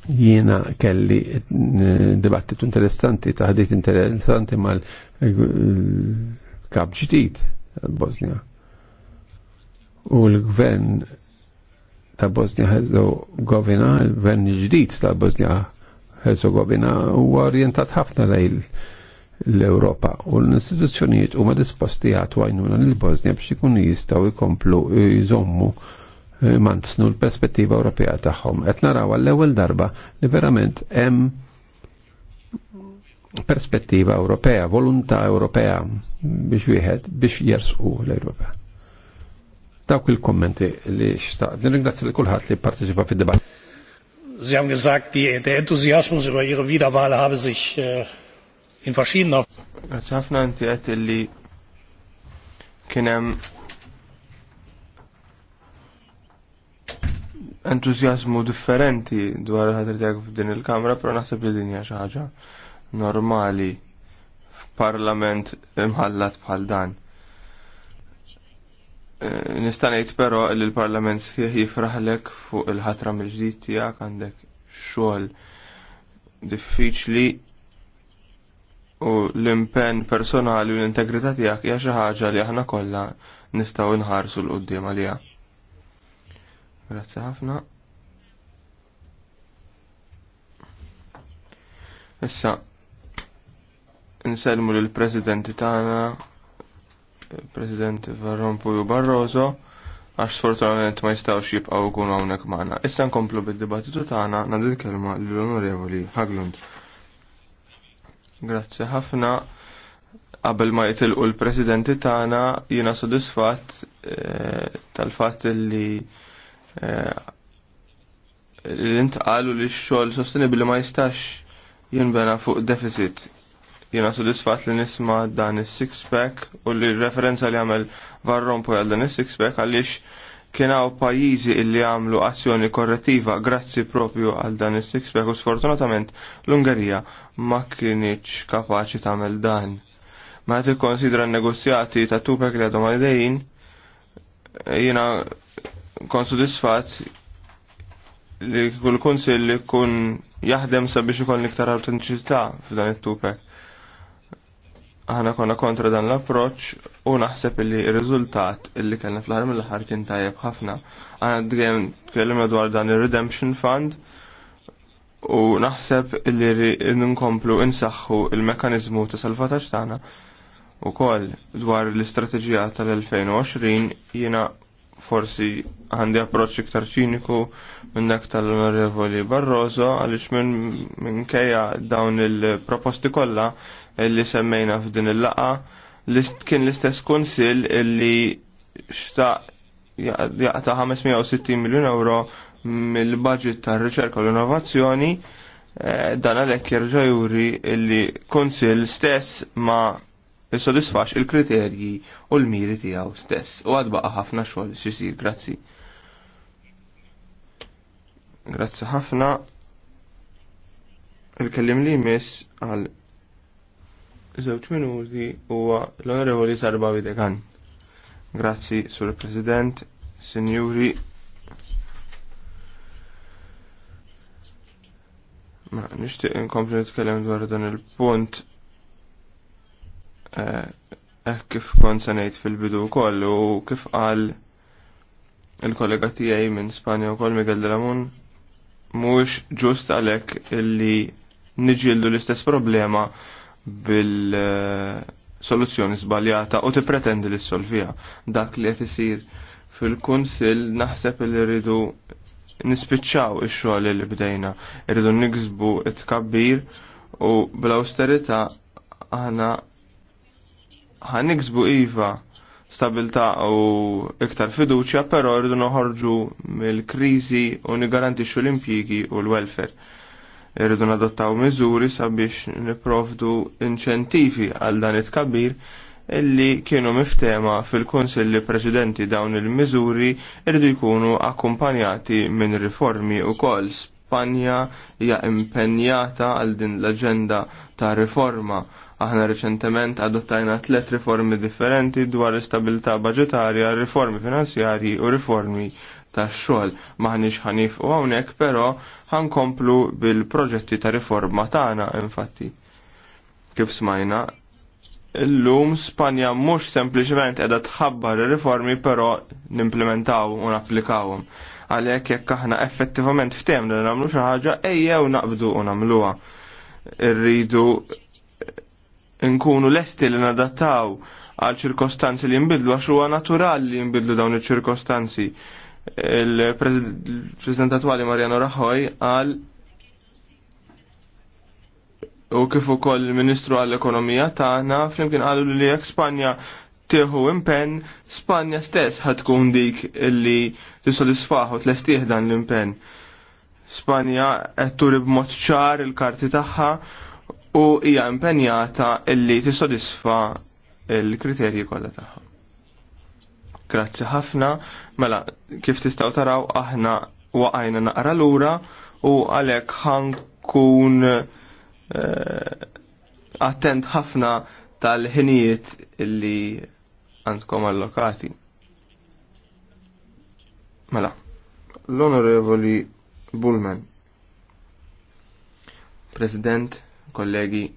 jiena kelli eh, dibattitu interessanti, taħdit interessanti mal eh, kap ġdid Bosnia. U l-gvern ta' Bosnia Herzegovina, l-gvern ġdid ta' Bosnia Herzegovina huwa orientat ħafna lejl l-Europa u l-istituzzjonijiet huma disposti għatu għajnuna l-Bosnia biex ikun jistgħu jkomplu jżommu eh, mantsnu l-perspettiva Ewropea tagħhom. Etna naraw għall-ewwel darba li verament hemm perspettiva Ewropea, volontà Ewropea biex wieħed biex jersqu l-Ewropea. Dawk il-kommenti li xta' Nirringrazzja li kulħadd li parteċipa fid-dibatt. Sie haben gesagt, die, der Enthusiasmus über Ihre Wiederwahl habe sich äh, in verschiedenen... ħafna inti qed li kien hemm Enthusiasmus differenti dwar ħadritek f'din il-kamra, però naħseb li dinja xi ħaġa normali f'Parlament imħallat bħal dan. Eh, Nistanejt però li l-Parlament sħiħ jifraħlek fuq il-ħatra mill-ġdid tiegħek għandek xogħol diffiċli u l-impenn personali u l-integrità tiegħek hija xi ħaġa li aħna kollha nistgħu nħarsu l-qudiem għaliha. Grazzi ħafna. Issa, nsellmu lill presidenti tagħna President Varrompu u Barroso għax sfortunatament ma jistgħux jibqgħu jkunu hawnhekk magħna. Issa nkomplu bid-dibattitu tagħna nagħdu l-kelma lill-Onorevoli Haglund. Grazzi ħafna qabel ma jitilqu l-presidenti tagħna jiena sodisfatt eh, tal-fatt li eh, l-intqalu li x-xogħol sostenibbli ma jistax jinbena fuq deficit Jiena sodisfat li nisma dan is six pack u li referenza li għamel varrompu għal dan is six pack għaliex kienaw pajizi illi għamlu azzjoni korrettiva grazzi propju għal dan is six pack u sfortunatament l-Ungerija ma kienieċ kapaċi tagħmel dan. Ma għati konsidra n-negozjati ta' tupek li għadhom għaldejn jiena kon sodisfat li kull kunsil li kun jaħdem sabiex ikun iktar autenticità f'dan it-tupek ħana konna kontra dan l-approċ u naħseb illi il-rizultat illi kellna fl-ħar mill-ħar kien tajjeb ħafna. Għana d-għem tkellimna dwar dan il-Redemption Fund u naħseb illi nkomplu insaxħu il-mekanizmu ta' salvataġġ tagħna u koll dwar l-istrateġija tal-2020 jiena forsi għandi approċċ iktar ċiniku minn dak tal-Onorevoli Barroso għaliex minn kejja dawn il-proposti kollha Illi semmejna f'din il-laqa list kien l-istess kunsil li xta' jaqta 560 miljon euro mill-budget tar riċerka u l-innovazzjoni eh, dan għalhekk jerġa' juri li kunsil stess ma jissodisfax il-kriterji u l-miri tiegħu stess u għad baqa' ħafna xogħol xisir grazzi. Grazzi ħafna il-kellim li jmiss għal żewġ minuti huwa l-Onorevoli Sarba Videgan. Grazzi, Sur President, Signuri. Ma nixtieq inkompli nitkellem dwar dan il-punt eh, eh, kif kont se ngħid fil-bidu wkoll u kif qal il-kollega tiegħi minn Spanja wkoll Miguel de Ramon ġust għalhekk illi niġildu l-istess problema bil-soluzzjoni sbaljata u tippretendi li solvija. Dak li qed isir fil-kunsil naħseb li rridu nispiċċaw ix-xogħol li bdejna, rridu niksbu it-kabbir u bl-austerità aħna ħaniksbu iva stabilta u iktar fiduċja, però rridu noħorġu mill-kriżi u nigarantixxu l-impjigi u l-welfare irridu nadottaw miżuri sabiex niprovdu inċentivi għal dan it-kabir illi kienu miftema fil-konsilli preċedenti dawn il-miżuri irridu jkunu akkumpanjati minn riformi u kol. Spanja hija impenjata għal din l-aġenda ta' riforma. Aħna reċentement adottajna tlet riformi differenti dwar istabilità budgetarja, riformi finanzjarji u riformi tax-xogħol. Maħniex ħanifqu hawnhekk però ħankomplu bil-proġetti ta' riforma tagħna infatti. Kif smajna, illum Spanja mhux sempliċement qiegħda tħabbar ir-riformi però nimplementaw u napplikawhom. Għalhekk jekk aħna effettivament ftehim li nagħmlu xi ħaġa ejjew naqbdu u nagħmluha. Irridu nkunu lesti li nadattaw għal ċirkostanzi li jimbidlu għax huwa naturali li jimbidlu dawn iċ-ċirkostanzi il-President attuali Mariano Rajoy għal u kif ukoll il-Ministru għall-Ekonomija tagħna flimkien qalu li jekk Spanja tieħu impenn, Spanja stess ħatkun dik illi tissodisfaħu u tlestih dan l-impenn. Spanja qed turi b'mod ċar il-karti tagħha u hija impenjata illi tissodisfa il-kriterji kollha tagħha. Grazzi ħafna, mela kif tistaw taraw aħna waqajna naqra lura u għalek ħankun eh, attent ħafna tal-ħinijiet illi għandkom allokati. Mela, l-Onorevoli Bullman, President, kollegi,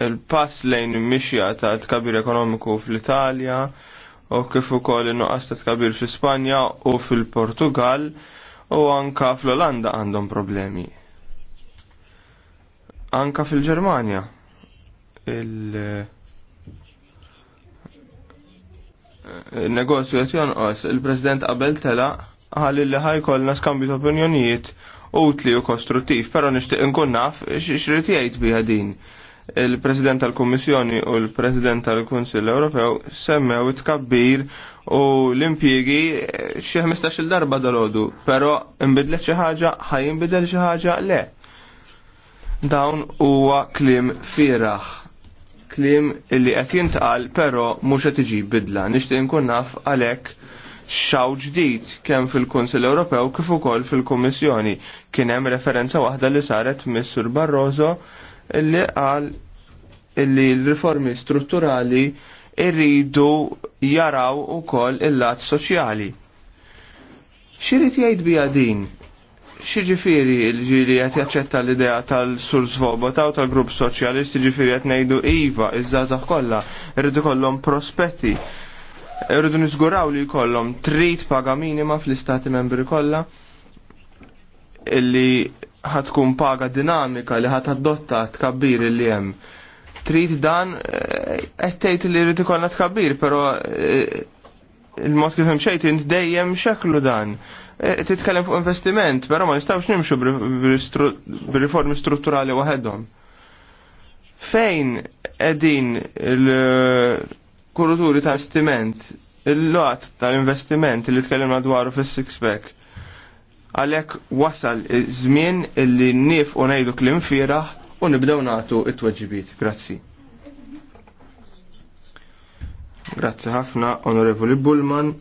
il-pass lejn il mixja ta' tkabir ekonomiku fl-Italja u kif ukoll in-nuqqas ta' tkabir fl Spanja u fil-Portugal u anka fl-Olanda għandhom problemi. Anka fil-Ġermanja il- negozju qed jonqos, il-President qabel tela ħalli li ħajkollna skambju ta' opinjonijiet utli u kostruttiv, però nixtieq inkun naf x'rid jgħid biha din il-President tal-Kommissjoni u l-President tal-Kunsill Ewropew semmew it-kabbir u l impjiegi eh, xi 15-il darba dal però imbidlet xi ħaġa, ħaj imbidlet xi ħaġa le. Dawn huwa klim firaħ. Klim illi qed jintqal però mhux qed iġib bidla. Nixtieq nkun naf għalhekk xaw ġdid kemm fil-Kunsill Ewropew kif ukoll fil-Kummissjoni. Kien hemm referenza waħda li saret Missur sur Barroso li qal li l-riformi strutturali irridu jaraw ukoll il-lat soċjali. Xirrit jgħid bija din? xieġifiri l-ġiri għat jaċċetta l-idea tal-sur svobota u tal-grupp soċjalist, ġifiri għat nejdu Iva, iż-żazax kolla, irridu kollom prospetti, irridu nizguraw li kollom trit paga minima fl-istati membri kolla, illi ħatkun paga dinamika li ħat adotta tkabbir li hemm. Trid dan eh, qed tgħid li jrid ikollna tkabbir, però eh, il-mod kif hemm xejn int dejjem xeklu dan. Eh, titkellem fuq investiment, però ma nistgħux nimxu b'riformi strutturali waħedhom. Fejn qegħdin il-kuruturi tal-stiment, il-lot tal-investiment li tkellimna dwaru fis-six pack? Għalek wasal żmien illi nif u nejdu klim fira u nibdew nagħtu it-tweġibiet. Grazzi. Grazzi ħafna, Onorevoli Bullman.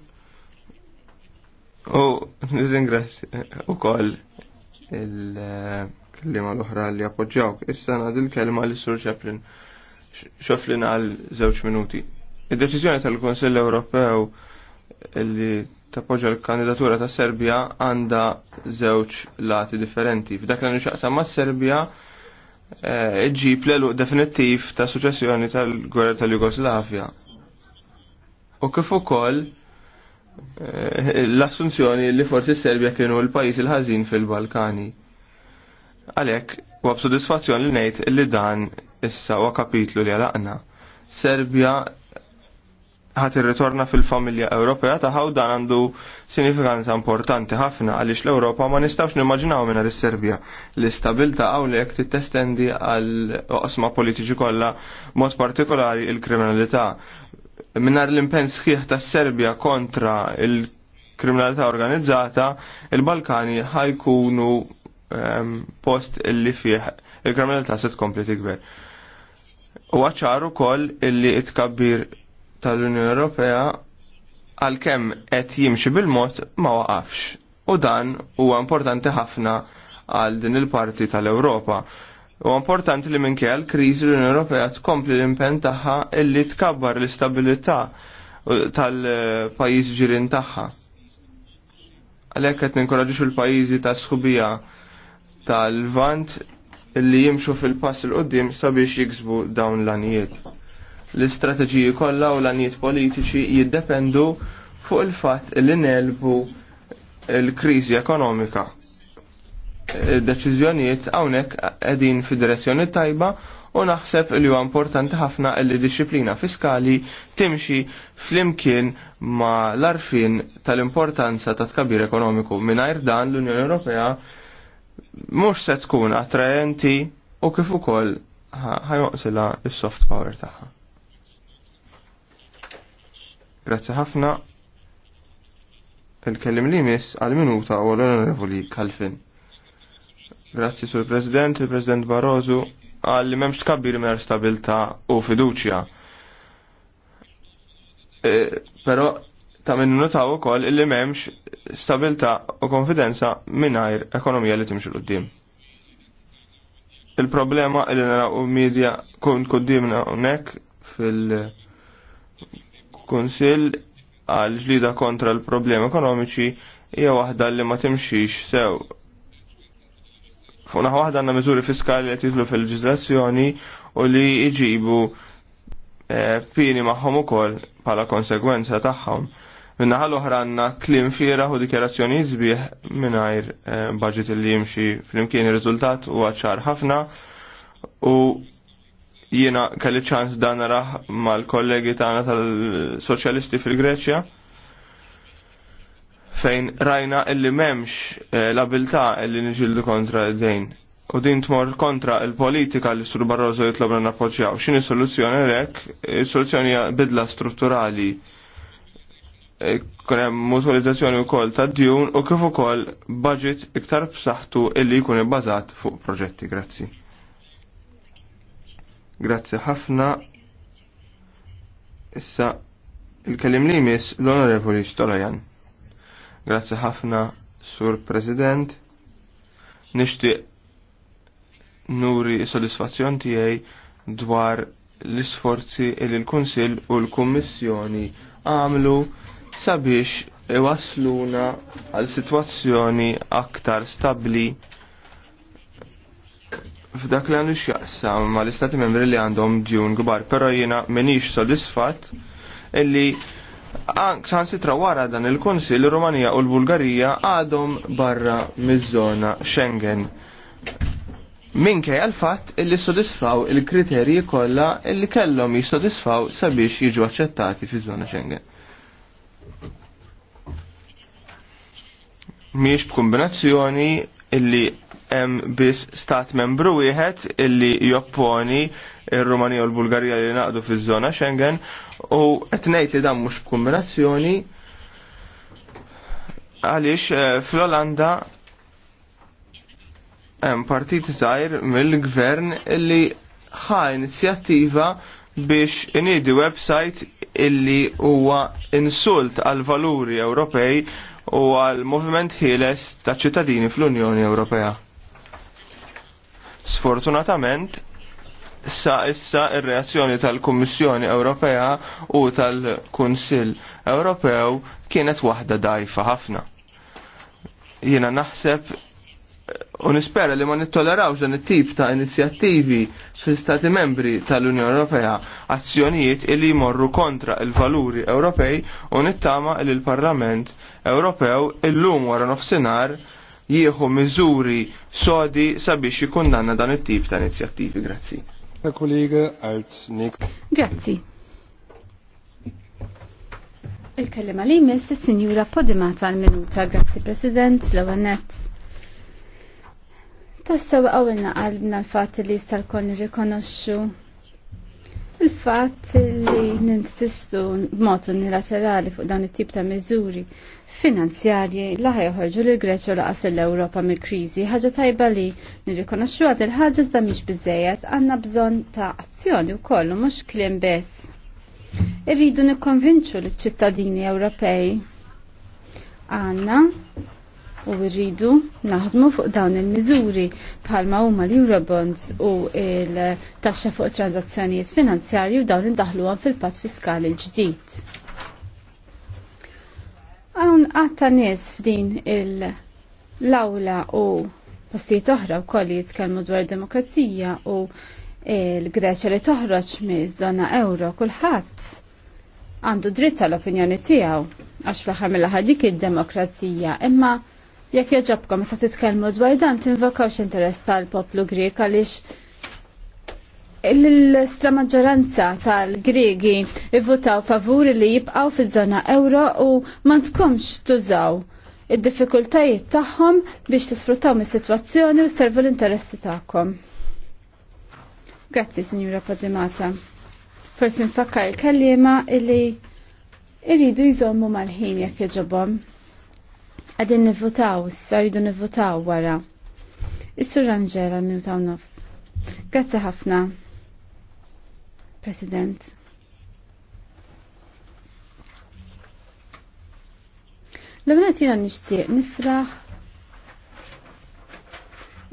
U ringrazzi u koll il-kelima l-oħra li appoġġawk. Issa nad il-kelma li Sur Chaplin xoflin għal żewġ minuti. Id-deċiżjoni tal-Konsell Ewropew li tappoġġa l-kandidatura ta' Serbja għandha żewġ lati differenti. F'dak li nixaqsam ma' Serbja eh, ġib l definittiv ta' suċessjoni tal-gwerra tal-Jugoslavja. U kif ukoll eh, l-assunzjoni li forsi Serbja kienu l-pajis il-ħażin fil-Balkani. Għalhekk u b'sodisfazzjoni li ngħid li dan issa huwa kapitlu li għalaqna. Serbja ħat irritorna fil-familja Ewropea taħaw dan għandu sinifikanza importanti ħafna għaliex l-Ewropa ma nistawx nimmaġinaw minna is-Serbja. L-istabilta għawlek t-testendi għal osma politiċi kollha mod partikolari il-kriminalità. Minna l impens sħiħ tas serbja kontra il-kriminalità organizzata, il-Balkani ħajkunu ehm, post illi fih il-kriminalità se tkompli tikber. U għacċaru kol illi it-kabbir tal-Unjoni Ewropea għalkemm qed jimxi bil-mod ma waqafx. U dan huwa importanti ħafna għal din il-parti tal-Ewropa. U importanti li minkejja l-kriżi l-Unjoni Ewropea tkompli l-impenn tagħha illi tkabbar l-istabilità tal-pajjiż ġirin tagħha. Għalhekk qed ninkoraġġu l pajjiżi ta' sħubija tal-Vant illi jimxu fil-pass il qudiem sabiex jiksbu dawn l-anijiet. L-istrateġiji kollha u l-anijiet politiċi jiddependu fuq il-fatt li nelbu l-kriżi ekonomika. Deċiżjonijiet hawnhekk qegħdin fid-direzzjoni tajba u naħseb li huwa importanti ħafna li disciplina fiskali timxi flimkien ma l-arfin tal-importanza ta' tkabir ekonomiku. Mingħajr dan l-Unjoni Ewropea mhux se tkun attraenti u kif ukoll ħajoqsilha is soft power tagħha. Grazzi ħafna. Il-kellim li mis għal-minuta u l-onorevoli Kalfin. Grazzi sur President, il-President Barroso għalli memx tkabbir mer stabilta u fiduċja. E, pero ta' minnu notaw ukoll illi m'hemmx stabilta u konfidenza mingħajr ekonomija li timxu l-qoddim. Il-problema illi naraw media kun kuddimna hawnhekk fil- kunsill għal ġlida kontra l-problemi ekonomiċi hija waħda li ma timxix sew. Fuq waħda għandna miżuri fiskali li titlu fil-leġiżlazzjoni u li jġibu eh, pini magħhom ukoll bħala konsegwenza tagħhom. Minnaħa l-oħra għandna klim fieraħ u dikjarazzjoni sbieħ mingħajr eh, budget li jimxi flimkien ir-riżultat huwa ċar ħafna u jiena kelli ċans dan raħ mal-kollegi tagħna tal-soċjalisti fil-Greċja fejn rajna illi memx eh, l-abilta illi niġildu kontra id-dejn. U din tmor kontra il-politika li sur Barroso jitlobna nappoġġjaw. X'inhi soluzzjoni rek? Soluzzjoni bidla strutturali. Eh, kun hemm mutualizzazzjoni wkoll ta' djun u kif ukoll budget iktar b'saħħtu illi jkun ibbażat fuq proġetti. Grazzi. Grazzi ħafna. Issa il-kelim li jmiss l-Onorevoli Stolajan. Grazzi ħafna, Sur President. Nixtieq nuri sodisfazzjon tiegħi dwar l-isforzi li l-Kunsill u l-Kummissjoni għamlu sabiex iwasluna għal sitwazzjoni aktar stabbli f'dak li għandu x'jaqsam ma l-istati membri li għandhom djun kbar, però jiena minix sodisfatt illi Ank san sitra wara dan il-Konsil Rumanija u l-Bulgarija għadhom barra miż-żona Schengen. Minkej għal fat illi sodisfaw il-kriterji kollha illi kellhom jissodisfaw sabiex jiġu aċċettati fiż-żona Schengen. Miex b'kombinazzjoni illi hemm biss stat membru wieħed illi jopponi ir-Rumanija u l-Bulgarija li naqdu fiż-żona Schengen u qed ngħid li dan mhux b'kumbinazzjoni għaliex eh, fl-Olanda hemm partit żgħir mill-gvern illi ħa inizjattiva biex inidi website illi huwa insult għal valuri Ewropej u għal moviment ħieles ta' ċittadini fl-Unjoni Ewropea. Sfortunatament, sa issa ir-reazzjoni tal-Kummissjoni Ewropea u tal-Kunsill Ewropew kienet waħda dajfa ħafna. Jiena naħseb u nispera li ma nittolerawx dan it-tip ta' inizjattivi fl-Stati membri tal-Unjoni Ewropea azzjonijiet li jmorru kontra il-valuri Ewropej u nittama li l-Parlament Ewropew illum wara nofsinhar jieħu miżuri sodi sabiex jikundanna dan it-tip ta' inizjattivi. Grazzi. Grazzi. Il-kellima li jmiss il-Sinjura Podimata għal-minuta. Grazzi, President, l-għanet. Tassaw għawilna għalbna l-fat li jistalkon rikonoxxu il-fatt li ninsistu b'mod unilaterali fuq dawn it-tip ta' miżuri finanzjarji la ħajħorġu li l l-Greċu laqas l-Ewropa mill kriżi ħaġa tajba li nirrikonoxxu għad il-ħaġa iżda mhix biżejjed għandna bżonn ta' azzjoni wkoll mhux kliem bes. Irridu nikkonvinċu l-ċittadini Ewropej għandna u rridu naħdmu fuq dawn il-miżuri bħalma huma l-Eurobonds u l-taxxa fuq transazzjonijiet finanzjarji u dawn indaħluhom fil pat fiskali l-ġdid. Hawn għatta nies f'din il-awla u postijiet oħra wkoll jitkellmu dwar demokrazija u l greċa li toħroġ miż-żona euro kulħadd għandu dritt tal opinjoni tiegħu għax fl-aħħar mill-aħħar dik id-demokrazija imma Jekk jaġabkom meta titkellmu dwar dan tinvokawx interess tal-poplu Grek għaliex l-istra maġġoranza tal-Griegi ivvutaw favuri li jibqaw fiż-żona euro u ma tkunx tużaw id-diffikultajiet tagħhom biex tisfruttaw mis-sitwazzjoni u servu l-interessi tagħkom. Grazzi, Sinjura Podimata. Forsi nfakkar il-kellima illi irridu jżommu mal-ħin jekk jġobhom. Għadin nivvotaw, issa rridu nivvotaw wara. Is-sur Angela nivvotaw nofs. Grazzi ħafna, President. L-għamnet jina nishtiq nifraħ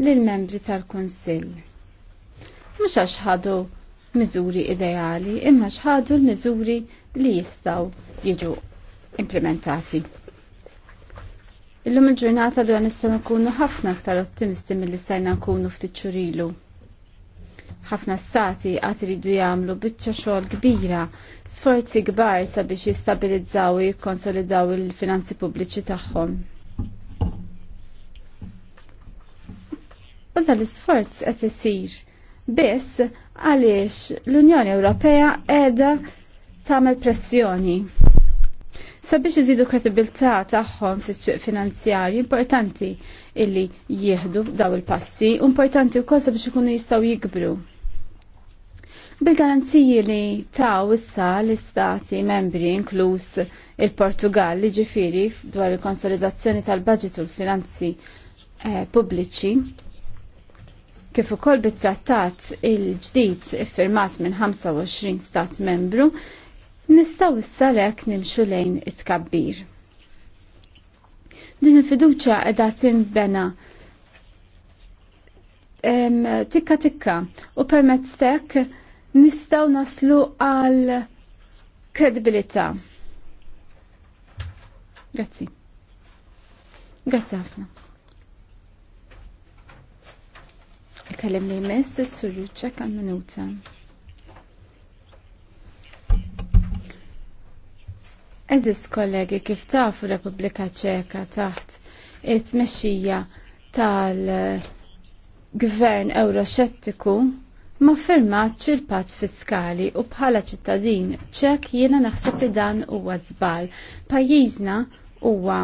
l-membri tal-Konsil. Mux għax ħadu miżuri ideali, imma xħadu l-miżuri li jistaw jiġu implementati. Illum il-ġurnata dwar nistgħu nkunu ħafna aktar ottimisti mill stajna nkunu ftit xurilu. Ħafna stati għad iridu jagħmlu biċċa xogħol kbira, sforzi kbar sabiex jistabilizzaw u jikkonsolidaw il-finanzi pubbliċi tagħhom. U dan l-isforz qed isir biss għaliex l-Unjoni Ewropea qiegħda tagħmel pressjoni sabiex iżidu kredibilità tagħhom fis-suq finanzjarji importanti illi jieħdu daw il-passi, importanti wkoll sabiex ikunu jistgħu jikbru. Bil-garanziji li taw issa l-istati membri inkluż il-Portugal li ġifiri dwar il-konsolidazzjoni tal-budget u l-finanzi eh, pubbliċi, kif ukoll bit-trattat il-ġdid iffirmat minn 25 stat membru nistaw issalek nimxu lejn it-kabbir. Din il-fiduċa edha timbena tikka tikka u permezz tek nistaw naslu għal kredibilità. Grazzi. Grazzi ħafna. Ikellem li jmess s-surruċa kam minuta. Eżis kollegi kif taf Repubblika Ċeka taħt it-mexxija tal-gvern Euroxettiku ma firmatx il-pat fiskali u bħala ċittadin ċek jiena naħseb li dan huwa żbal. Pajjiżna huwa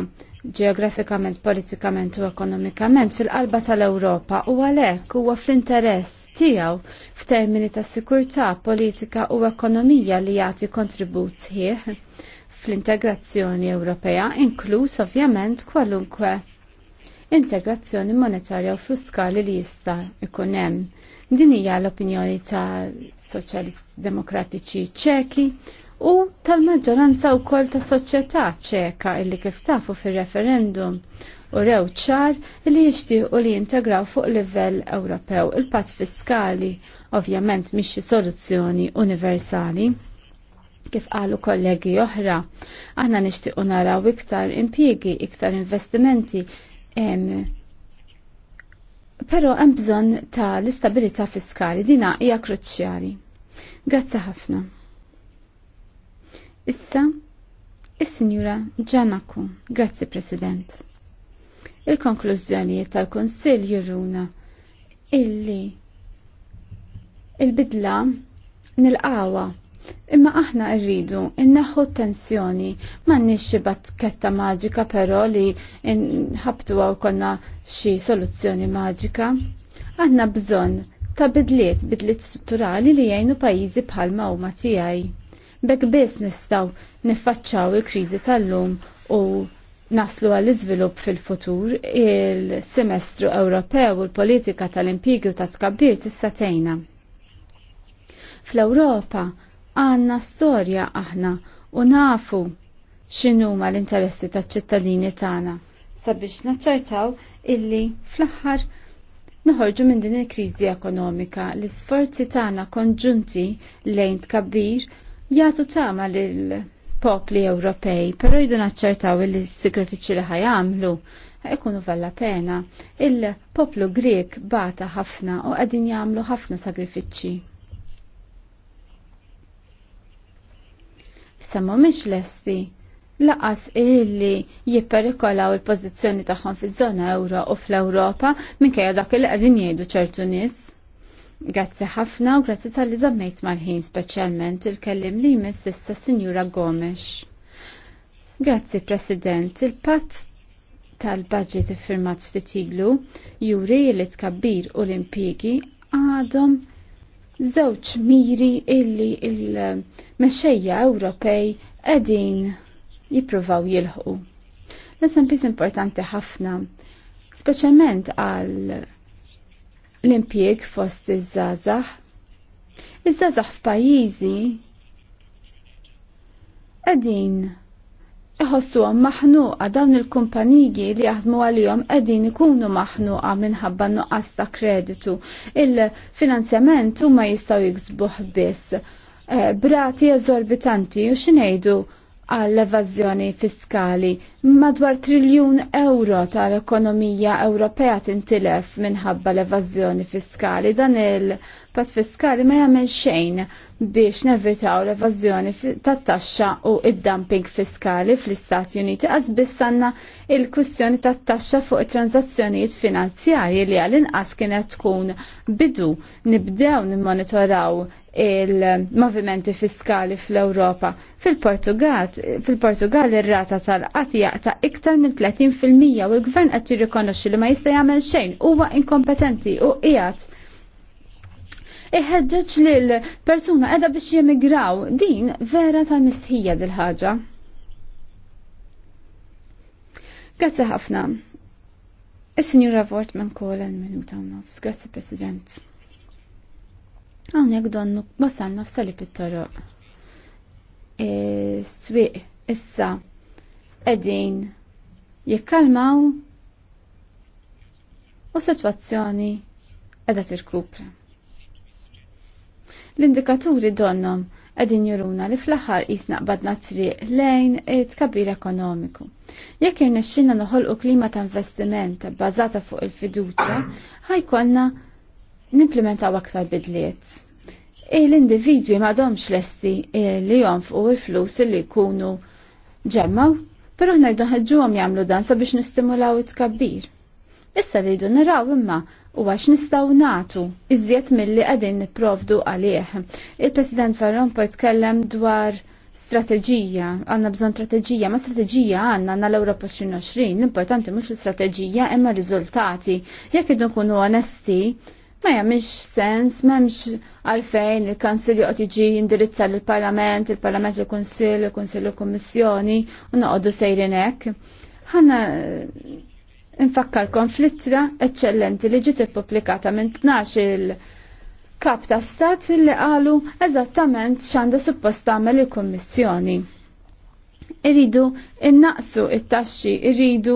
ġeografikament, politikament u ekonomikament fil-qalba tal-Ewropa u għalhekk huwa fl-interess tiegħu f'termini ta' sikurtà, politika u ekonomija li jagħti kontribut sħiħ fl-integrazzjoni Ewropea, inkluż ovvjament kwalunkwe integrazzjoni monetarja u fiskali li jista' ikun hemm. Din hija l-opinjoni tal-Soċjalist Demokratiċi Ċeki u tal-maġġoranza wkoll ta' soċjetà ċeka illi kif tafu fir-referendum u rew ċar li jixtiequ li jintegraw fuq livell Ewropew il-patt fiskali ovvjament mhix soluzzjoni universali. Kif qalu kollegi oħra, aħna nixtiequ naraw iktar impjiegi, iktar investimenti, em, pero hemm bżonn ta' l-istabilità fiskali dina hija kruċjali. Grazzi ħafna. Issa, is-Sinjura Ġanaku, grazzi President. Il-konklużjonijiet tal kunsill juruna illi il-bidla nil-qawa Imma aħna rridu inneħħu tensjoni m'għandniex xi batketta maġika però li nħabtu għaw konna xi soluzzjoni maġika. Għandna bżonn ta' bidliet, bidliet strutturali li jgħinu pajjiżi bħalma huma tiegħi. Bek biss nistgħu niffaċċaw il-kriżi tal-lum u naslu għall iżvilupp fil-futur il-semestru Ewropew u l-politika tal-impjegi ta' tkabbir tista' tgħinna. Fl-Ewropa għanna storja aħna u nafu x'inhuma l-interessi taċ-ċittadini tagħna sabiex naċċertaw illi fl-aħħar noħorġu minn din il-kriżi ekonomika l isforzi tagħna konġunti lejn tkabbir jagħtu tama lil popli Ewropej, però jdu naċċertaw illi s-sakrifiċċji li ħajamlu ikunu valla pena. Il-poplu Grek bata ħafna u qegħdin jagħmlu ħafna sagrifiċċji. semmu mhix lesti laqas illi jipperikolaw il-pożizzjoni tagħhom fiż-żona euro u fl-Ewropa minkejja dak li qegħdin jgħidu ċertu nies. Grazzi ħafna u grazzi tal-li żammejt mal-ħin speċjalment il-kellim li jmiss issa Sinjura Gomes. Grazzi President, il-patt tal-budget firmat ftit ilu juri li tkabbir u l-impjegi għadhom żewġ miri illi il-mexxejja Ewropej qegħdin jippruvaw jilħqu. L-eżempju importanti ħafna, speċjalment għal l-impjieg fost iż-żgħażagħ. Iż-żgħażagħ f'pajjiżi qegħdin iħossuhom maħnuqa dawn il-kumpaniji li jaħdmu għalihom qegħdin ikunu maħnuqa minħabba nuqqas ta' kreditu. Il-finanzjament huma jistgħu jiksbuh biss eh, brati eżorbitanti u xinejdu għall-evażjoni fiskali madwar triljun euro tal-ekonomija Ewropea tintilef minħabba l-evażjoni fiskali dan il- pat fiskali ma jagħmel xejn biex nevitaw l-evażjoni tat-taxxa u id-dumping fiskali fl-Istati Uniti għaż biss għandna il-kwistjoni tat-taxxa fuq it-transazzjonijiet finanzjarji li għal-inqas kienet tkun bidu nibdew nimmonitoraw il-movimenti fiskali fl-Europa. Fil-Portugal, ir-rata tal-qat jaqta' iktar minn 30% u l-gvern qed jirrikonoxxi li ma jista' jagħmel xejn huwa inkompetenti u qiegħed iħeġġeġ lil persuna edha biex jemigraw. Din vera tal-mistħija dil-ħaġa. Grazzi ħafna. Is-Sinjura Vort minn Kolen minuta u nofs. Grazzi President. Għawnek donnu wasalna f'sali pit is e, Swieq issa qegħdin jikkalmaw u sitwazzjoni qiegħda tirkupra. L-indikaturi donnom għedin juruna li fl-axar jisna qbadna triq lejn kabir ekonomiku. Jekk noħol noħolqu klima ta' investiment bbażata fuq il-fiduċja, ħajkonna nimplementaw aktar bidliet. L-individwi m'għadhomx lesti li fuq il-flus li jkunu ġemmaw, però nerdu ħeġġuhom jagħmlu dan sabiex nistimulaw it-tkabbir. Issa rridu naraw imma u għax nistaw natu iżjed mill-li għadin niprovdu għalih. Il-President Varron po jitkellem dwar strategija, għanna bżon strategija, ma strategija għanna għanna l-Europa 2020, l-importanti mux l-strategija imma rizultati. Jekk iddu kunu onesti, ma jamiex sens, ma jamiex għalfejn il-Kansil joqt jiġi indirizza l-Parlament, il-Parlament l-Konsil, il-Konsil l-Kommissjoni, u naqoddu sejrinek. Għanna infakkar konflittra eccellenti li ġiet ippubblikata minn 12 il-kap ta' stat li qalu eżattament x'għandha suppost tagħmel il-Kummissjoni irridu innaqsu it-taxxi, irridu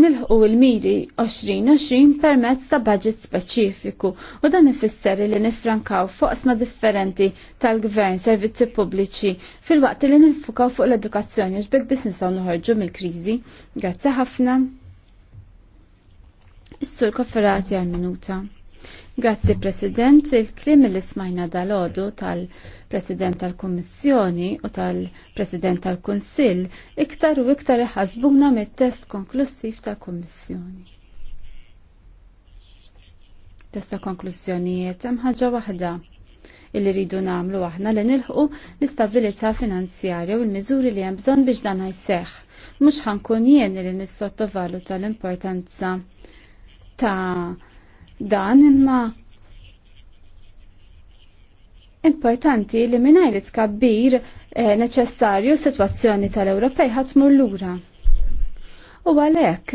nilħu il-miri 2020 permezz ta' budget speċifiku u dan ifisser li nifrankaw foqsma differenti tal-gvern servizzi pubbliċi fil-waqt li nifukaw fuq l-edukazzjoni ġbek biss nistgħu noħorġu mill-kriżi. Grazzi ħafna. Is-sur kofferati għal minuta. Grazzi President, il-klim li smajna dal-ħodu tal-, -tal tal-President tal-Kummissjoni u tal-President tal-Kunsill iktar u iktar iħasbuna mit-test konklusiv tal-Kummissjoni. Testa konklużjonijiet hemm ħaġa waħda illi rridu nagħmlu aħna li nilħu l-istabilità finanzjarja u l-miżuri li hemm bżonn biex dan jseħħ. Mhux ħankun jien li nissottovalu tal-importanza ta' dan imma Importanti li mingħajr li tkabbir eh, neċessarju s-sitwazzjoni tal-Ewropej ħatmur lura. U għalhekk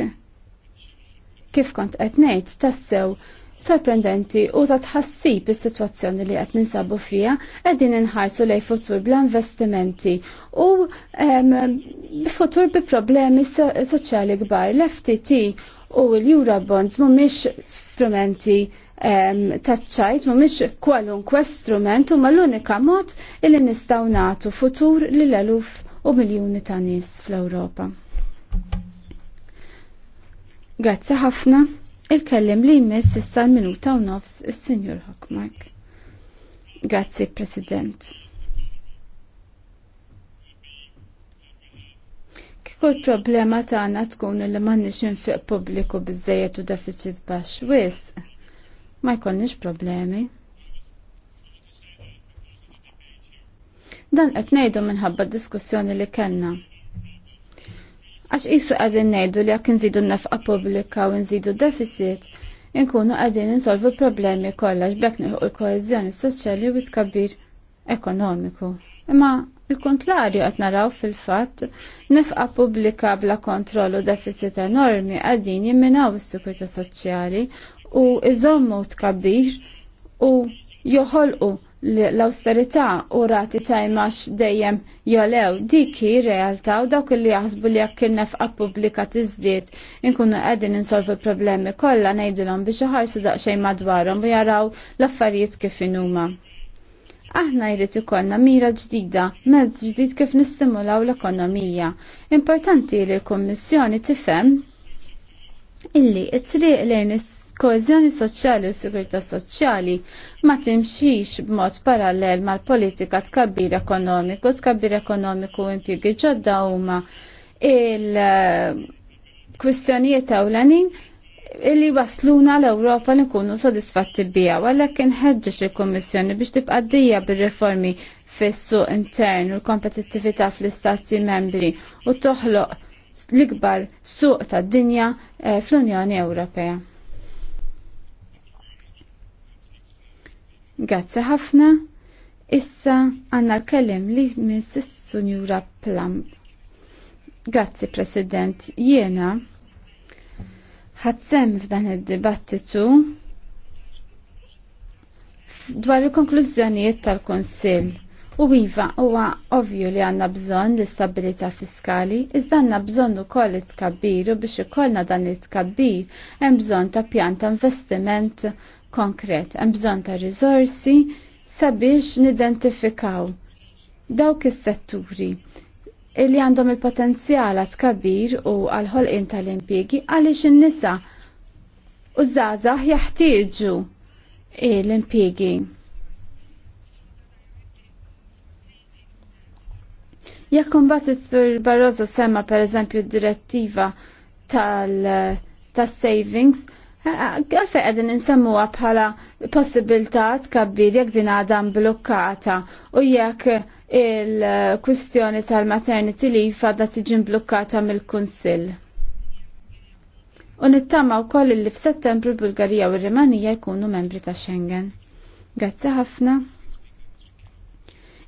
kif kont qed ngħid tassew sorprendenti u ta' tħassib is-sitwazzjoni li qed ninsabu fija qegħdin inħarsu lej futur bla investimenti u futur bi problemi soċjali kbar l-FTT u l-Eurobonds mhumiex strumenti taċċajt ma miex kwalunkwe strument u l unika mod illi nistaw natu futur l eluf u miljoni ta' nies fl-Ewropa. Grazzi ħafna, il-kellim li jmiss issa minuta u nofs is-Sinjur Hockmark. Grazzi, President. l problema tagħna tkun li m'għandniex infiq pubbliku biżejjed u deficit baxx wisq ma jkollniex problemi. Dan qed ngħidu minħabba d diskussjoni li kellna. Għax qisu qegħdin ngħidu li jekk nżidu nefqa pubblika u nżidu deficit, inkunu qegħdin insolvu problemi kollha x'bek nieħu l-koeżjoni soċjali u tkabbir ekonomiku. Imma Il-kontrarju qed naraw fil-fatt nifqa pubblika bla kontrollu deficit enormi qegħdin jimminaw is sikurità soċjali u iżommu tkabbir u joħolqu l-austerità u rati tajmax dejjem jolew diki realtà u dawk li jaħsbu li jekk nefqa pubblika tiżdied inkunu qegħdin insolvu problemi kollha ngħidulhom biex iħarsu daqsxejn madwarhom u jaraw l-affarijiet kif inhuma. Aħna jrid ikollna mira ġdida, mezz ġdid kif nistimulaw l-ekonomija. Importanti li l-Kummissjoni tifhem illi t triq lejn is koezjoni soċjali u sigurtà soċjali ma timxix b'mod parallel mal-politika tkabbir ekonomiku, tkabbir ekonomiku u impjiegi ġodda huma il-kwistjonijiet ewlenin illi wasluna l-Ewropa li nkunu sodisfatti bija, għalhekk inħeġġeġ il-Kummissjoni biex tibqaddija bir-riformi fis-suq intern u l-kompetittività fl-istati membri u toħloq l-ikbar suq tad-dinja eh, fl-Unjoni Ewropea. Grazzi ħafna. Issa għanna l-kellim li miss Sunjura Plam. Grazzi President, jiena ħadsem f'dan id-dibattitu dwar il-konklużjonijiet tal konsil u iva huwa ovvju li għanna bżonn l-istabilità fiskali, iżda għanna bżonn ukoll it kabbir u biex ikollna dan it-tkabbir hemm bżonn ta' pjan ta' investiment konkret, hemm bżonn ta' riżorsi sabiex nidentifikaw dawk is-setturi li għandhom il-potenzjal għat kabir u għal-ħolqin tal-impjegi għaliex in-nisa u żgħażagħ jaħtieġu l-impjegi. Jekk imbagħad is-Sur Barroso semma pereżempju d-direttiva tal-savings, tal savings Għalfej għedin insemmuha bħala possibilità tkabbir jekk din għadha mblukkata u jekk il-kwistjoni tal-maternity leave għadha tiġi mblukkata mill-Kunsill. U nittama wkoll li f'Settembru Bulgarija u r-Rimanija jkunu membri ta' Schengen. Grazzi ħafna.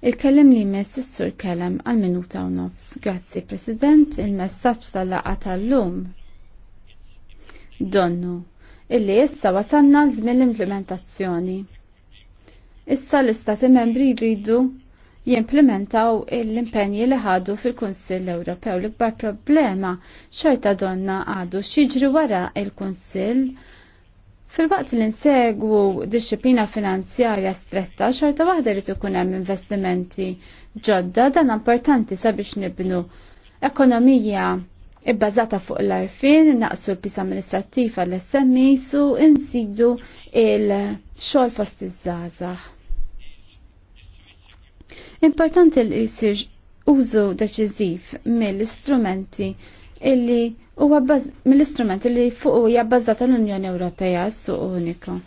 Il-kellim li jmiss is-sur kellem għal minuta u nofs. Grazzi President, il-messaġġ tal-laqa tal-lum. Donnu illi issa wasanna l-żmien l-implementazzjoni. Issa l-istati membri jridu jimplementaw l-impenji li ħadu fil-Kunsill Ewropew. L-ikbar problema xorta donna għadu xiġri wara il-Kunsill Fil-waqt li nsegwu disċiplina finanzjarja stretta xorta waħda li tkun hemm investimenti ġodda dan importanti sabiex nibnu ekonomija ibbażata fuq l-arfin, naqsu l-pis amministrattiv għall smis u insidu il-xol fost iż-żazax. Importanti li jisir użu deċiżiv mill-istrumenti illi huwa mill-istrumenti li fuq huwa bbażata l-Unjoni Ewropea suq uniku.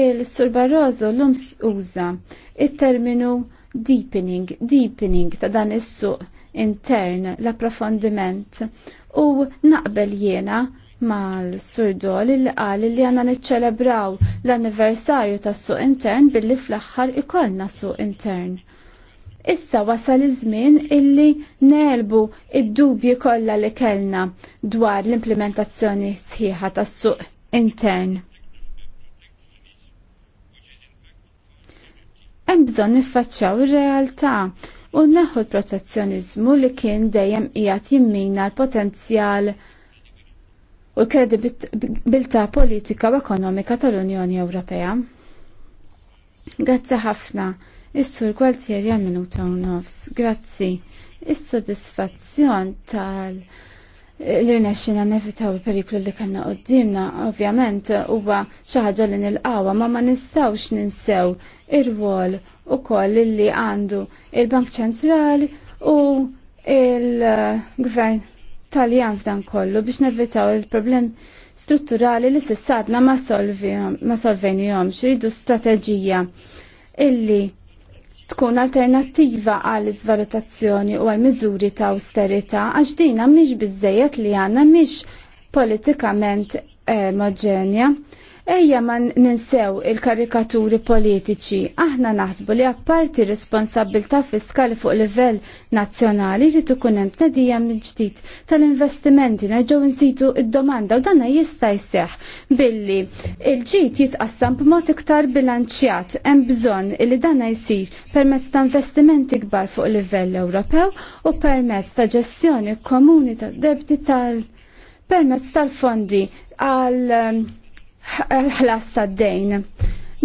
Il-Sur Barroso l-ums uża it-terminu deepening, deepening ta' dan is-suq intern l-approfondiment u naqbel jiena mal-surdol li qal li għanna niċċelebraw l-anniversarju tas suq intern billi fl-axħar ikollna suq intern. Issa wasal iż-żmien illi nelbu id-dubji kollha li kellna dwar l-implementazzjoni sħiħa tas-suq intern. Hemm bżonn niffaċċjaw ir-realtà u naħu l-protezzjonizmu li kien dejjem qiegħed jimmina l-potenzjal u l-kredibilità politika u ekonomika tal-Unjoni Ewropea. Grazzi ħafna, is-sur Gualtieri għal minuta nofs. Grazzi, is-sodisfazzjon tal- l-irnexxina nevitaw il-periklu li kanna qoddimna, ovvjament huwa xi ħaġa li nilqawha, ma ma nistgħux ninsew ir-wol u koll li għandu il-Bank ċentrali u il-Gvern Taljan f'dan kollu biex nevitaw il-problem strutturali li s-sadna ma solvenjom xridu strategija illi tkun alternattiva għal iżvalutazzjoni u għal miżuri ta' austerita għax dina miex bizzejet li għanna mhix politikament eh, omogenja. Ejja ma ninsew il-karikaturi politiċi, aħna naħsbu li apparti responsabilta fiskali fuq livell nazzjonali li tukunem hemm tnedija mill-ġdid tal-investimenti nerġgħu nsitu id-domanda u danna jista' jseħħ billi il-ġid jitqassam b'mod iktar bilanċjat hemm bżonn li danna jsir permezz ta' investimenti kbar fuq livell Ewropew u permezz ta' ġestjoni komuni tad debti tal permezz tal-fondi għal ħlas tad-dejn.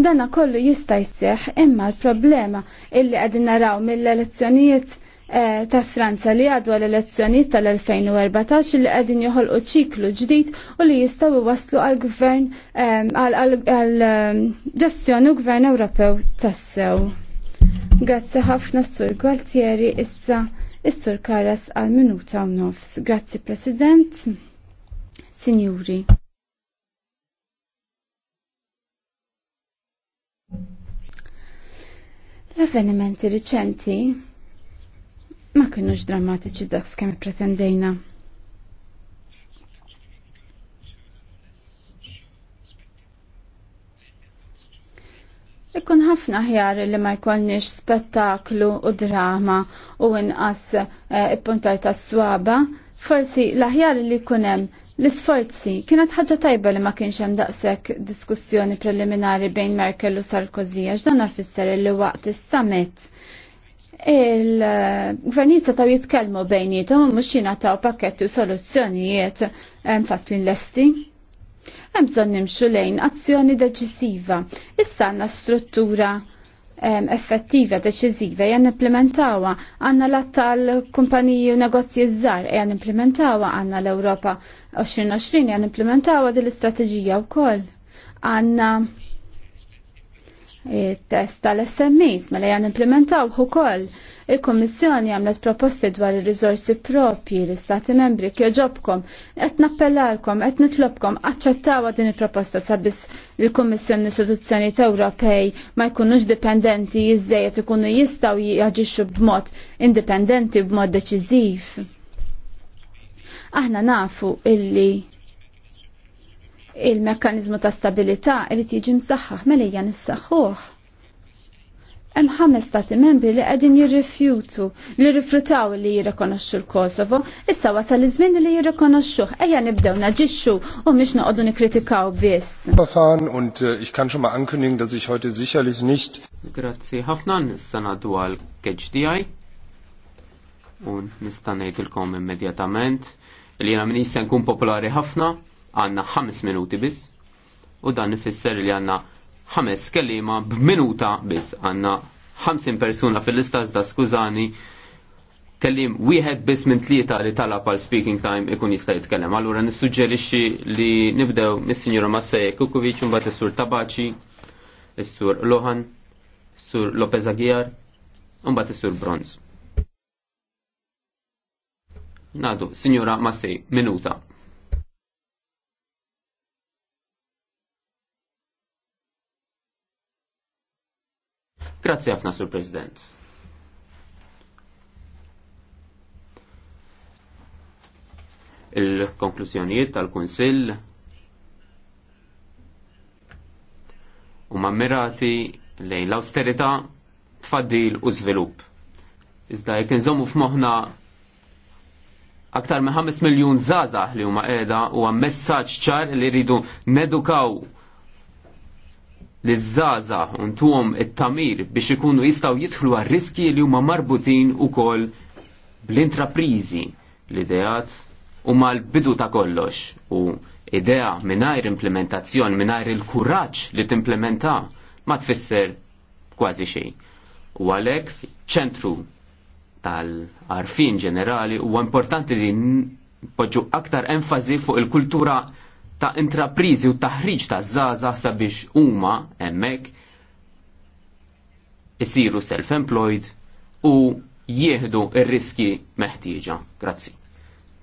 Dana kollu jista' jseħ imma l-problema illi qegħdin naraw mill-elezzjonijiet eh, ta' Franza li għadwa l-elezzjonijiet tal-2014 li qegħdin joħolqu ċiklu ġdid u li jistgħu waslu għal gvern eh, għal eh, ġestjoni u gvern Ewropew tassew. Grazzi ħafna s Sur Gualtieri issa s sur Karas għal minuta u nofs. Grazzi President, Signuri. L-avvenimenti riċenti ma kienux drammatiċi daqs kemm pretendejna. Ikkun ħafna ħjar li ma jkollniex spettaklu u drama u inqas eh, ippuntaj e, tas swaba, forsi l-aħjar li kunem L-isforzi kienet ħaġa tajba li ma kienx hemm daqshekk diskussjoni preliminari bejn Merkel u Sarkozy għax dan affisser li waqt is-summit il gvernizza taw jitkellmu bejnietom u mhux jingħataw pakketti u soluzzjonijiet fasli lesti. Hemm bżonn nimxu lejn azzjoni deċisiva. Issa għandna struttura effettiva, deċiżiva, jgħan implementawa, għanna l-att kumpaniji u negozji zzar, jgħan implementawa, għanna l-Europa 2020, jgħan implementawa dil-istrateġija u koll. Għanna eh, test tal-SMEs, mela jgħan implementaw u koll Il-Kommissjoni għamlet proposti dwar ir rizorsi propji l-Istati membri kjoġobkom, qed nappellalkom, qed nitlobkom aċċettawa din il-proposta sabiex il-Kommissjoni Istituzzjoni Ewropej ma jkunux dipendenti jiżejjed ikunu jistgħu jaġixxu b'mod indipendenti b'mod deċiżiv. Aħna nafu illi il-mekkanizmu ta' stabilità irid jiġi msaħħaħ mela hija nissaħħuh. Hemm ħames stati membri li qegħdin jirrifjutu li rifrutaw li jirrikonoxxu l-Kosovo, issa wasal iż-żmien li jirrikonoxxuh. Ejja nibdew naġixxu u mhix noqogħdu nikkritikaw biss. Verfahren und äh, ich kann schon mal ankündigen, dass ich heute sicherlich nicht. Grazzi ħafna nista' ngħaddu għal KHDI u nista' ngħidilkom immedjatament li jiena minn jista' nkun popolari ħafna għandna ħames minuti biss u dan ifisser li għandna ħames kelliema b'minuta biss għandna 50 persuna fil-lista da skużani kellim wieħed biss minn tlieta li talab għal speaking time ikun jista' jitkellem. Allura nissuġġerixxi li nibdew mis-Sinjura Massej Kukovic imbagħad is-Sur Tabaċi, is-Sur Lohan, is-Sur Lopez Aguiar, imbagħad is-Sur Bronz. Nadu, Sinjura Massej, minuta. Grazzi ħafna, Sur President. Il-konklużjonijiet tal-Kunsill u mammirati lejn l austerita tfaddil u żvilupp. Iżda jekk inżommu f'moħħna aktar minn 5 miljun zazah li huma qiegħda huwa messaġġ ċar li rridu nedukaw li żaza untuhom it-tamir biex ikunu jistaw jidħlu għal riski li huma marbutin ukoll bl-intraprizi l ideat u mal-bidu ta' kollox u idea mingħajr implementazzjoni, mingħajr il kuraġġ li timplementa ma tfisser kważi xejn. U għalhekk ċentru tal-arfin ġenerali huwa importanti li poġġu aktar enfasi fuq il-kultura ta' intraprizi u taħriġ ta' zaza sabiex huma hemmhekk isiru self-employed u jieħdu ir-riski meħtieġa. Grazzi.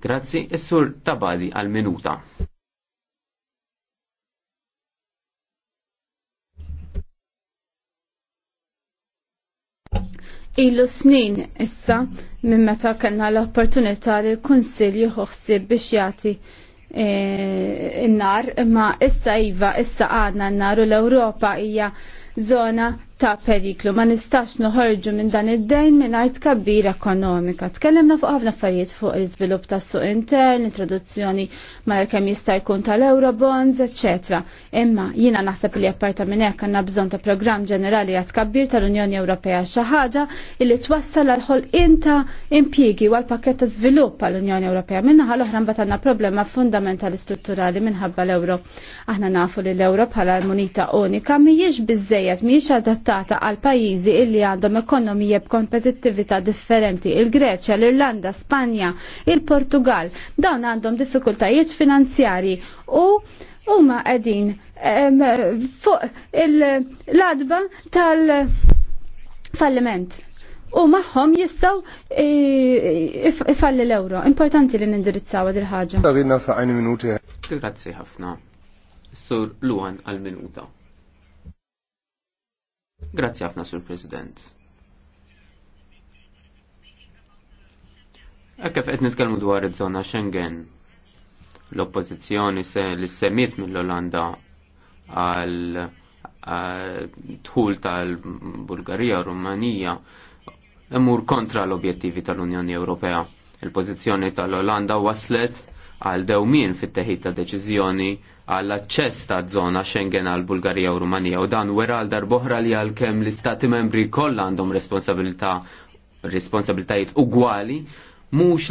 Grazzi, is-sur tabadi għal minuta. Ilu snin issa minn meta kellna l-opportunità li l-Kunsill jieħu biex jagħti in-nar, e, imma issa iva, issa għadna n-nar u l-Ewropa hija zona ta' periklu. Ma nistax noħorġu minn dan id-dejn minn art kabbir ekonomika. Tkellimna fuq ħafna affarijiet fuq l-iżvilupp tas-suq intern, introduzzjoni ma' kemm jista' jkun tal-Eurobonds, ecc. Imma jiena naħseb li apparta minn hekk għandna bżonn ta' programm ġenerali għat kabbir tal-Unjoni Ewropea xi ħaġa li twassal għal ħolqien ta' impjiegi għal pakket ta' żvilupp għall-Unjoni Ewropea. Minna l-oħra mbagħad għandna problema fundamentali strutturali minħabba l-euro. Aħna nafu li l-euro bħala monita unika mhijiex biżejjed biżejjed mhijiex adattata għal pajjiżi illi għandhom ekonomija b'kompetittività differenti, il-Greċja, l-Irlanda, Spanja, il-Portugal, dawn għandhom diffikultajiet finanzjarji u huma qegħdin fuq l-adba tal-falliment. U maħħom jistaw ifalli l-euro. Importanti li nindirizzaw għad il-ħagġa. Għadina fa' minuti. Grazzi ħafna. Sur Luan għal-minuta. Grazzi ħafna, Sur President. kif qed nitkellmu dwar iż-żona Schengen. L-oppożizzjoni se li semmit mill-Olanda għal tħul tal-Bulgarija u Rumanija emur kontra l-objettivi tal-Unjoni Ewropea. Il-pożizzjoni tal-Olanda waslet għal dewmien fit-teħid ta' deċiżjoni għall aċċess ta' zona Schengen għal Bulgarija u Rumanija u dan wera għal darboħra li għal kem l-istati membri kollha għandhom responsabilità responsabilitajiet ugwali mhux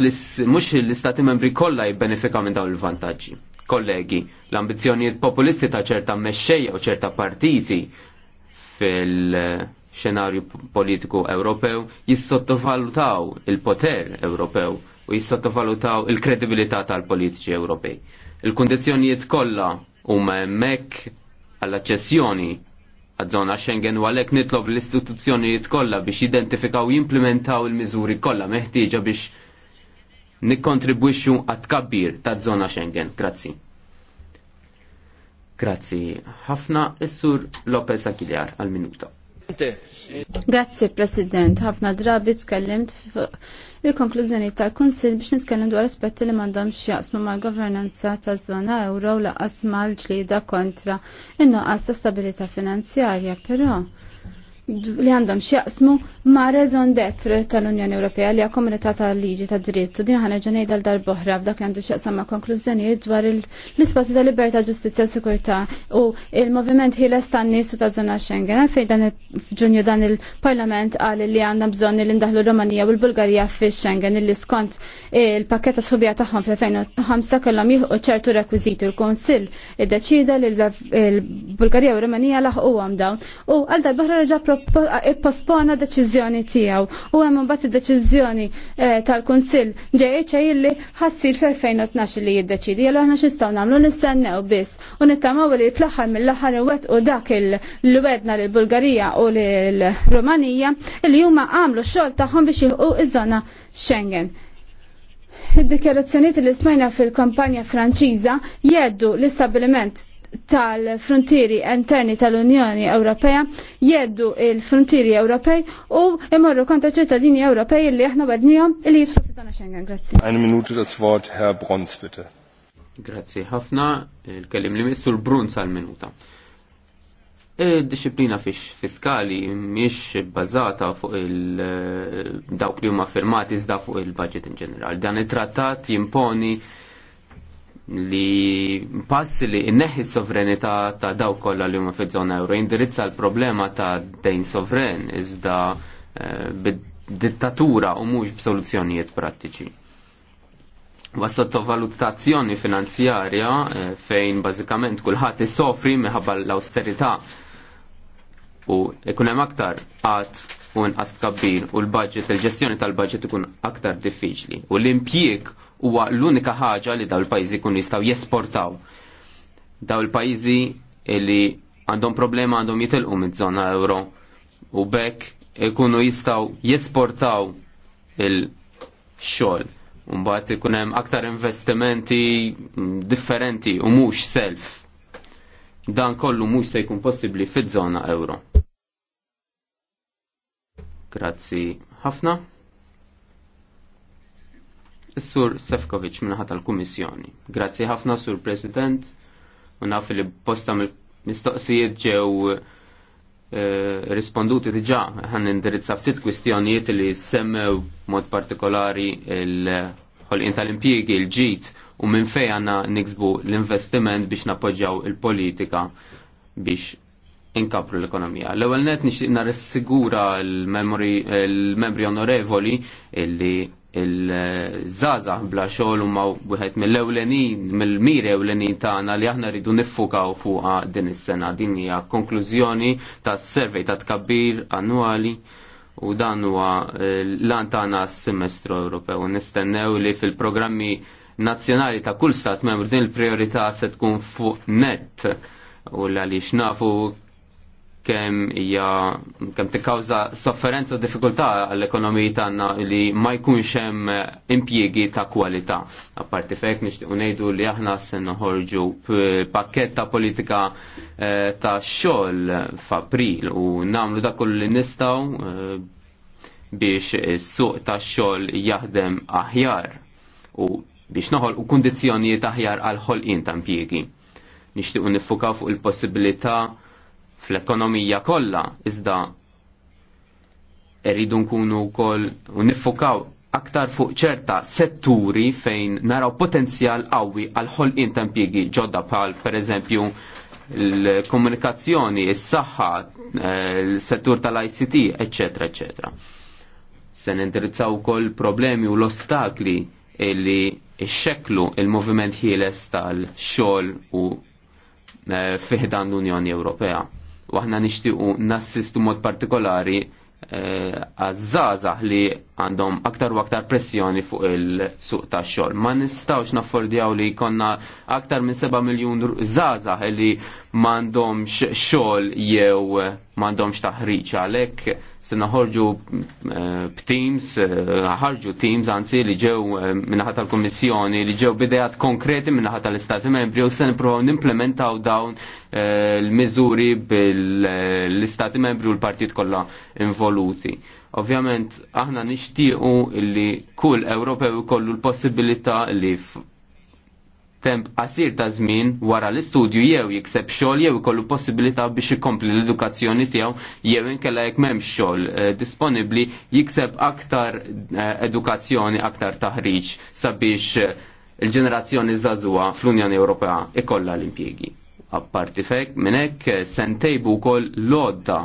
l-istati membri kollha jibbenefikaw minn dawn il-vantaġġi. Kollegi, l-ambizzjonijiet populisti ta' ċerta mexxejja u ċerta partiti fil-xenarju politiku Ewropew jissottovalutaw il-poter Ewropew u jissottovalutaw il-kredibilità tal-politiċi Ewropej Il-kondizjonijiet kollha huma hemmhekk għall-aċċessjoni għad-żona Schengen u għalhekk nitlob l-istituzzjonijiet kollha biex jidentifikaw jimplementaw il-miżuri kollha meħtieġa biex nikkontribwixxu għat-tkabbir taż-żona Schengen. Grazzi. Grazzi ħafna is-sur Lopez Aguilar għal-minuta. Grazie, President, ħafna drabi tkellimt il-konklużjoni tal-Kunsil biex nitkellem dwar aspetti li m'għandhomx jaqsmu mal-governanza taż-żona euro laqas mal-ġlieda kontra in-nuqqas ta' stabilità finanzjarja, però li għandhom xjaqsmu ma' rezon d'etre tal-Unjoni Ewropea li komunità tal-liġi ta' dritt u din ħanerġa' ngħidha l darboħra f'dak li għandu xjaqsam ma' konklużjonijiet dwar l-ispazju ta' libertà, ġustizja u sikurtà u il-moviment ħieles tan-nies ta' żona Schengen għalfejn dan il-ġunju dan il-Parlament qal li għandna bżonn li ndaħlu Rumanija u l-Bulgarija fix Schengen illi skont il-pakketta sħubija tagħhom fl-2005 kellhom jieħu ċertu rekwiżiti u l-Kunsill iddeċida li l-Bulgarija u Rumanija laħquhom dawn u għal darboħra reġa' ippospona deċiżjoni tiegħu u hemm imbagħad id-deċiżjoni eh, tal-Kunsill ġejjeċa illi ħassir fl-2012 li jiddeċidi. Jalla aħna x'nistgħu nagħmlu nistennew biss u nittamaw li fl-aħħar mill-aħħar iwettqu dak il-wedna lill Bulgarija u l Rumanija li huma għamlu xogħol tagħhom biex jilqu iż-żona Schengen. Id-dikjarazzjoniet li smajna fil-kampanja Franċiża jeddu l-istabiliment tal-frontieri interni tal-Unjoni Ewropea jeddu il-frontieri Ewropej u imorru kontra ċittadini Ewropej li aħna badnijom li jitfu fizzana Schengen. Grazie. Eine Minute das Wort, Herr Bruns, bitte. Grazie ħafna, il-kellim li missu l-Bruns għal-minuta. Id-disciplina fiskali miex bazata fuq il-dawk li huma firmati iżda fuq il-budget in ġeneral. Dan it-trattat jimponi li pass li inneħi s-sovranità ta' daw kollha li huma fiż-żona euro indirizza l-problema ta' dejn sovren iżda eh, bid-dittatura u mhux b'soluzzjonijiet prattiċi. Wa sottovalutazzjoni finanzjarja eh, fejn bażikament kulħadd isofri minħabba l-austerità u ikun hemm aktar qatt u nqas kabbir u l-budget, il-ġestjoni tal-budget ikun aktar diffiċli u l-impjieg huwa l-unika ħaġa li dawn il-pajjiżi kun jistgħu jesportaw. Daw il-pajjiżi li għandhom problema għandhom jitilqu mid-żona euro u bekk ikunu jistgħu jesportaw il-xogħol. Mbagħad ikun hemm aktar investimenti differenti u mhux self. Dan kollu mhux se jkun possibbli fiż-żona euro. Grazzi ħafna. Is-Sur Sefkovic minnaħat tal-Kummissjoni. Grazzi ħafna Sur President u naf li posta mistoqsijiet ġew eh, risponduti diġa ħan indirizza ftit kwistjonijiet li semmew mod partikolari il ħolqien tal-impjiegi, il-ġit u minn fej għanna niksbu l-investiment biex napoġġaw il-politika biex inkapru l-ekonomija. L-ewel net nixtieq narissigura l-membri onorevoli illi il-żaza bla xogħol huma wieħed mill-ewlenin, mill-miri ewlenin tagħna li aħna rridu niffukaw fuqha din is-sena. Din hija konklużjoni tas-servej ta' tkabbir annwali u dan huwa eh, lan tagħna s-semestru Ewropew. Nistennew li fil-programmi nazzjonali ta' kull stat membru din il-priorità se tkun fuq net u l għaliex nafu kemm hija kemm tikkawża sofferenza u diffikultà għall-ekonomiji tagħna li ma jkunx hemm impjiegi ta' kwalità. Apparti fejk nixtiequ ngħidu li aħna se noħorġu pakkett ta' politika eh, ta' xogħol f'April u nagħmlu dak li nistgħu eh, biex is-suq tax-xogħol jaħdem aħjar u biex noħol u kondizjonijiet aħjar għal ħolqien ta' impjiegi. Nixtiequ nifukaw fuq il-possibilità fl-ekonomija kollha, iżda rridu nkunu wkoll u niffukaw aktar fuq ċerta setturi fejn naraw potenzjal qawwi għal ħolqien ta' impjiegi ġodda bħal pereżempju l-komunikazzjoni, is-saħħa, l-settur eh, tal-ICT, eċetera, eċetera. Se nindirizzaw ukoll problemi u l-ostakli illi xxeklu il-moviment ħieles tal-xogħol u eh, fiħdan l-Unjoni Ewropea u aħna nixtiequ nassistu mod partikolari eh, għazzazax li għandhom aktar u aktar pressjoni fuq il-suq ta' xol. Ma nistawx naffordjaw li konna aktar minn 7 miljon zaza li mandom xol jew mandom xtaħriċ għalek se naħorġu eh, b'teams, eh, ħarġu teams anzi li ġew eh, minnaħat tal komissjoni li ġew bidejat konkreti minnaħat tal-Istati Membri u se nipruvaw nimplementaw dawn l-miżuri bil-Istati Membri u l-partit kollha involuti Ovvjament aħna nixtiequ illi kull Ewropew ikollu l-possibilità li temp qasir ta' żmien wara l-istudju jew jikseb xogħol jew ikollu possibilità biex ikompli l-edukazzjoni tiegħu jew inkella jekk m'hemmx xogħol eh, disponibbli jikseb aktar eh, edukazzjoni, aktar taħriġ sabiex eh, il-ġenerazzjoni żagħżugħa fl-Unjoni Ewropea ikollha l-impjiegi. Apparti fek minn hekk sentejbu wkoll l-għodda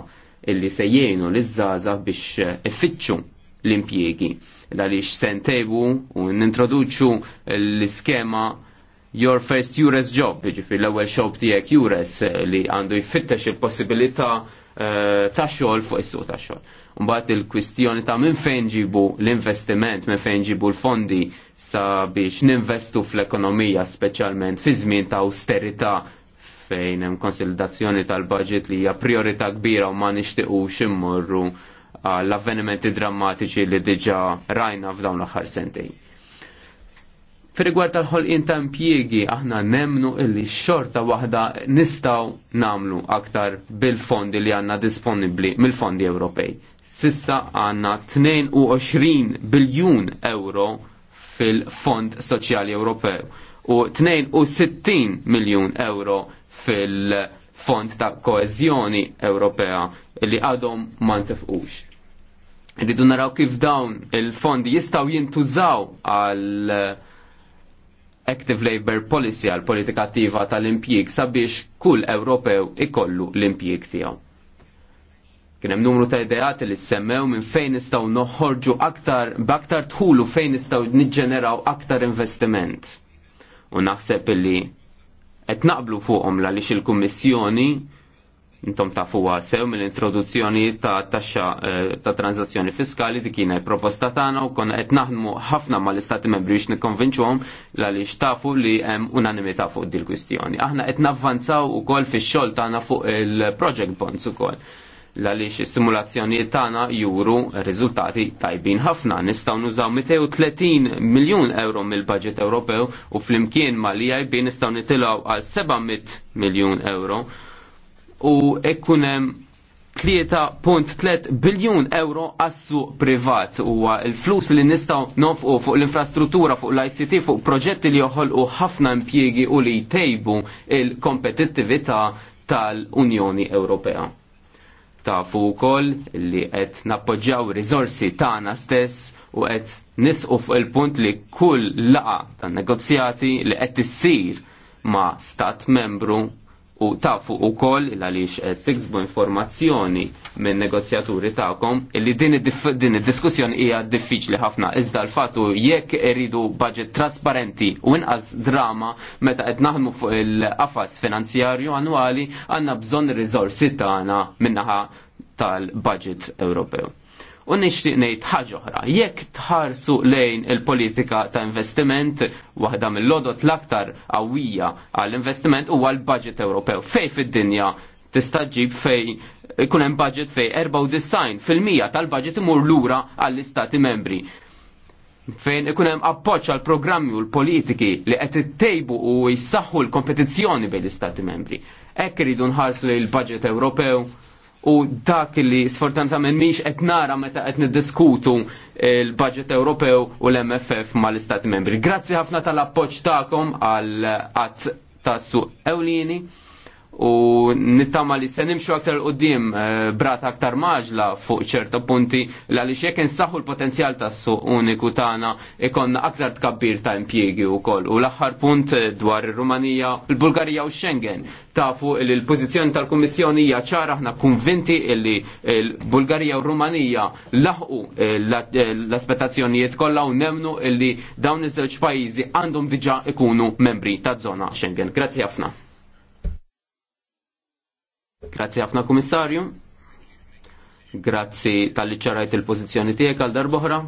illi se jgħinu l żaza biex eh, ifittxu l-impjiegi għaliex se ntejbu u nintroduċu l-iskema Your First Jures Job, ġifir l-ewwel xob tiegħek Jures eh, li għandu jfittex il-possibilità eh, ta' xogħol fuq is ta' xogħol. Mbagħad il-kwistjoni ta' minn fejn ġibu l-investiment, minn fejn ġibu l-fondi biex ninvestu fl-ekonomija speċjalment fi żmien ta' austerita' fejn hemm konsolidazzjoni tal-budget li hija priorità kbira u ma nixtiequx immorru l-avvenimenti drammatiċi li diġa rajna f'dawn l-aħħar sentejn. Firigward tal-ħolqien ta' impjiegi aħna nemnu illi xorta waħda nistaw namlu aktar bil-fondi li għanna disponibli mill-fondi Ewropej. Sissa għanna 22 biljun euro fil-Fond Soċjali Ewropew u 62 miljun euro fil-fond ta' koezjoni Ewropea li għadhom ma ntefqux. Rridu naraw kif dawn il-fondi jistaw jintużaw għal Active Labour Policy għal politika attiva tal-impjieg sabiex kull Ewropew ikollu l-impjieg tiegħu. Kien hemm numru ta' ideat li semmew minn fejn nistgħu noħorġu aktar b'aktar tħulu fejn nistgħu niġġeneraw aktar investiment. U naħseb li qed naqblu fuqhom la lix il-Kummissjoni intom fuqa sew mill-introduzzjoni ta' taxxa eh, ta' tranzazzjoni fiskali dik kienet proposta tagħna u konna qed naħdmu ħafna mal-istati membri biex nikkonvinċuhom lix tafu li hemm unanimità fuq dil kwistjoni Aħna qed navvanzaw ukoll fix-xogħol tagħna fuq il-project bonds ukoll l-għaliex is-simulazzjonijiet tagħna juru riżultati tajbin ħafna. Nistgħu nużaw 230 miljun euro mill-budget Ewropew u flimkien mal l-EIB nistgħu nitilgħu għal 700 miljun euro u ekkunem hemm 3.3 biljun euro assu privat u il-flus li nistaw nofqu fuq l-infrastruttura, fuq l-ICT, fuq proġetti li joħolqu ħafna impjiegi u li jtejbu il-kompetittività tal-Unjoni Ewropea tafu wkoll li qed nappoġġjaw riżorsi tagħna stess u qed nisqu fuq il-punt li kull laqa tan negozjati li qed issir ma' stat membru u tafu u koll il-għalix eh, tiksbu informazzjoni minn negozjaturi ta'kom illi din id-diskussjoni hija diffiċli ħafna. Iżda l-fatu jekk eridu budget trasparenti u inqas drama meta qed naħdmu fuq il-qafas finanzjarju annwali għandna bżonn ir-riżorsi tagħna minnaħa tal-budget Ewropew. U nixtieq ngħid ħaġa oħra, jekk tħarsu lejn il-politika ta' investiment waħda mill-lodot l-aktar qawwija għall-investiment huwa l-budget Ewropew. Fej fid-dinja tista' ġib fej ikun hemm budget fej 94 fil-mija tal-budget imur lura għall-istati membri fejn ikun hemm appoġġ għal programmi u l-politiki li qed ittejbu u jsaħħu l-kompetizzjoni bejn l-Istati membri. Hekk iridu nħarsu lejn il-budget Ewropew u dak li sfortunatament miex qed nara meta qed niddiskutu il-budget Ewropew u l-MFF mal-Istati Membri. Grazzi ħafna tal-appoġġ tagħkom għal qatt tassu ewlieni u nittama li se nimxu aktar qoddim eh, brata aktar maġla fuq ċerta punti li għaliex jekk insaħħu l-potenzjal tas-suq uniku tagħna ikonna aktar tkabbir ta' impjiegi wkoll. U l-aħħar punt eh, dwar ir-Rumanija, il-Bulgarija u Schengen tafu li l-pożizzjoni tal-Kummissjoni hija ċara aħna kunvinti li l-Bulgarija u Rumanija laħqu eh, l-aspettazzjonijiet kollha u nemnu li dawn iż-żewġ pajjiżi għandhom diġà ikunu membri taż-żona Schengen. Grazzi ħafna. Grazzi ħafna komissarju. Grazzi tal-li ċarajt il-pożizzjoni tiegħek għal darboħra.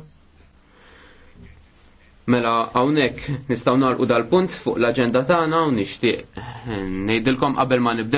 Mela hawnhekk nistgħu narqu dal-punt fuq l-aġenda tagħna u nixtieq ngħidilkom qabel ma nibda.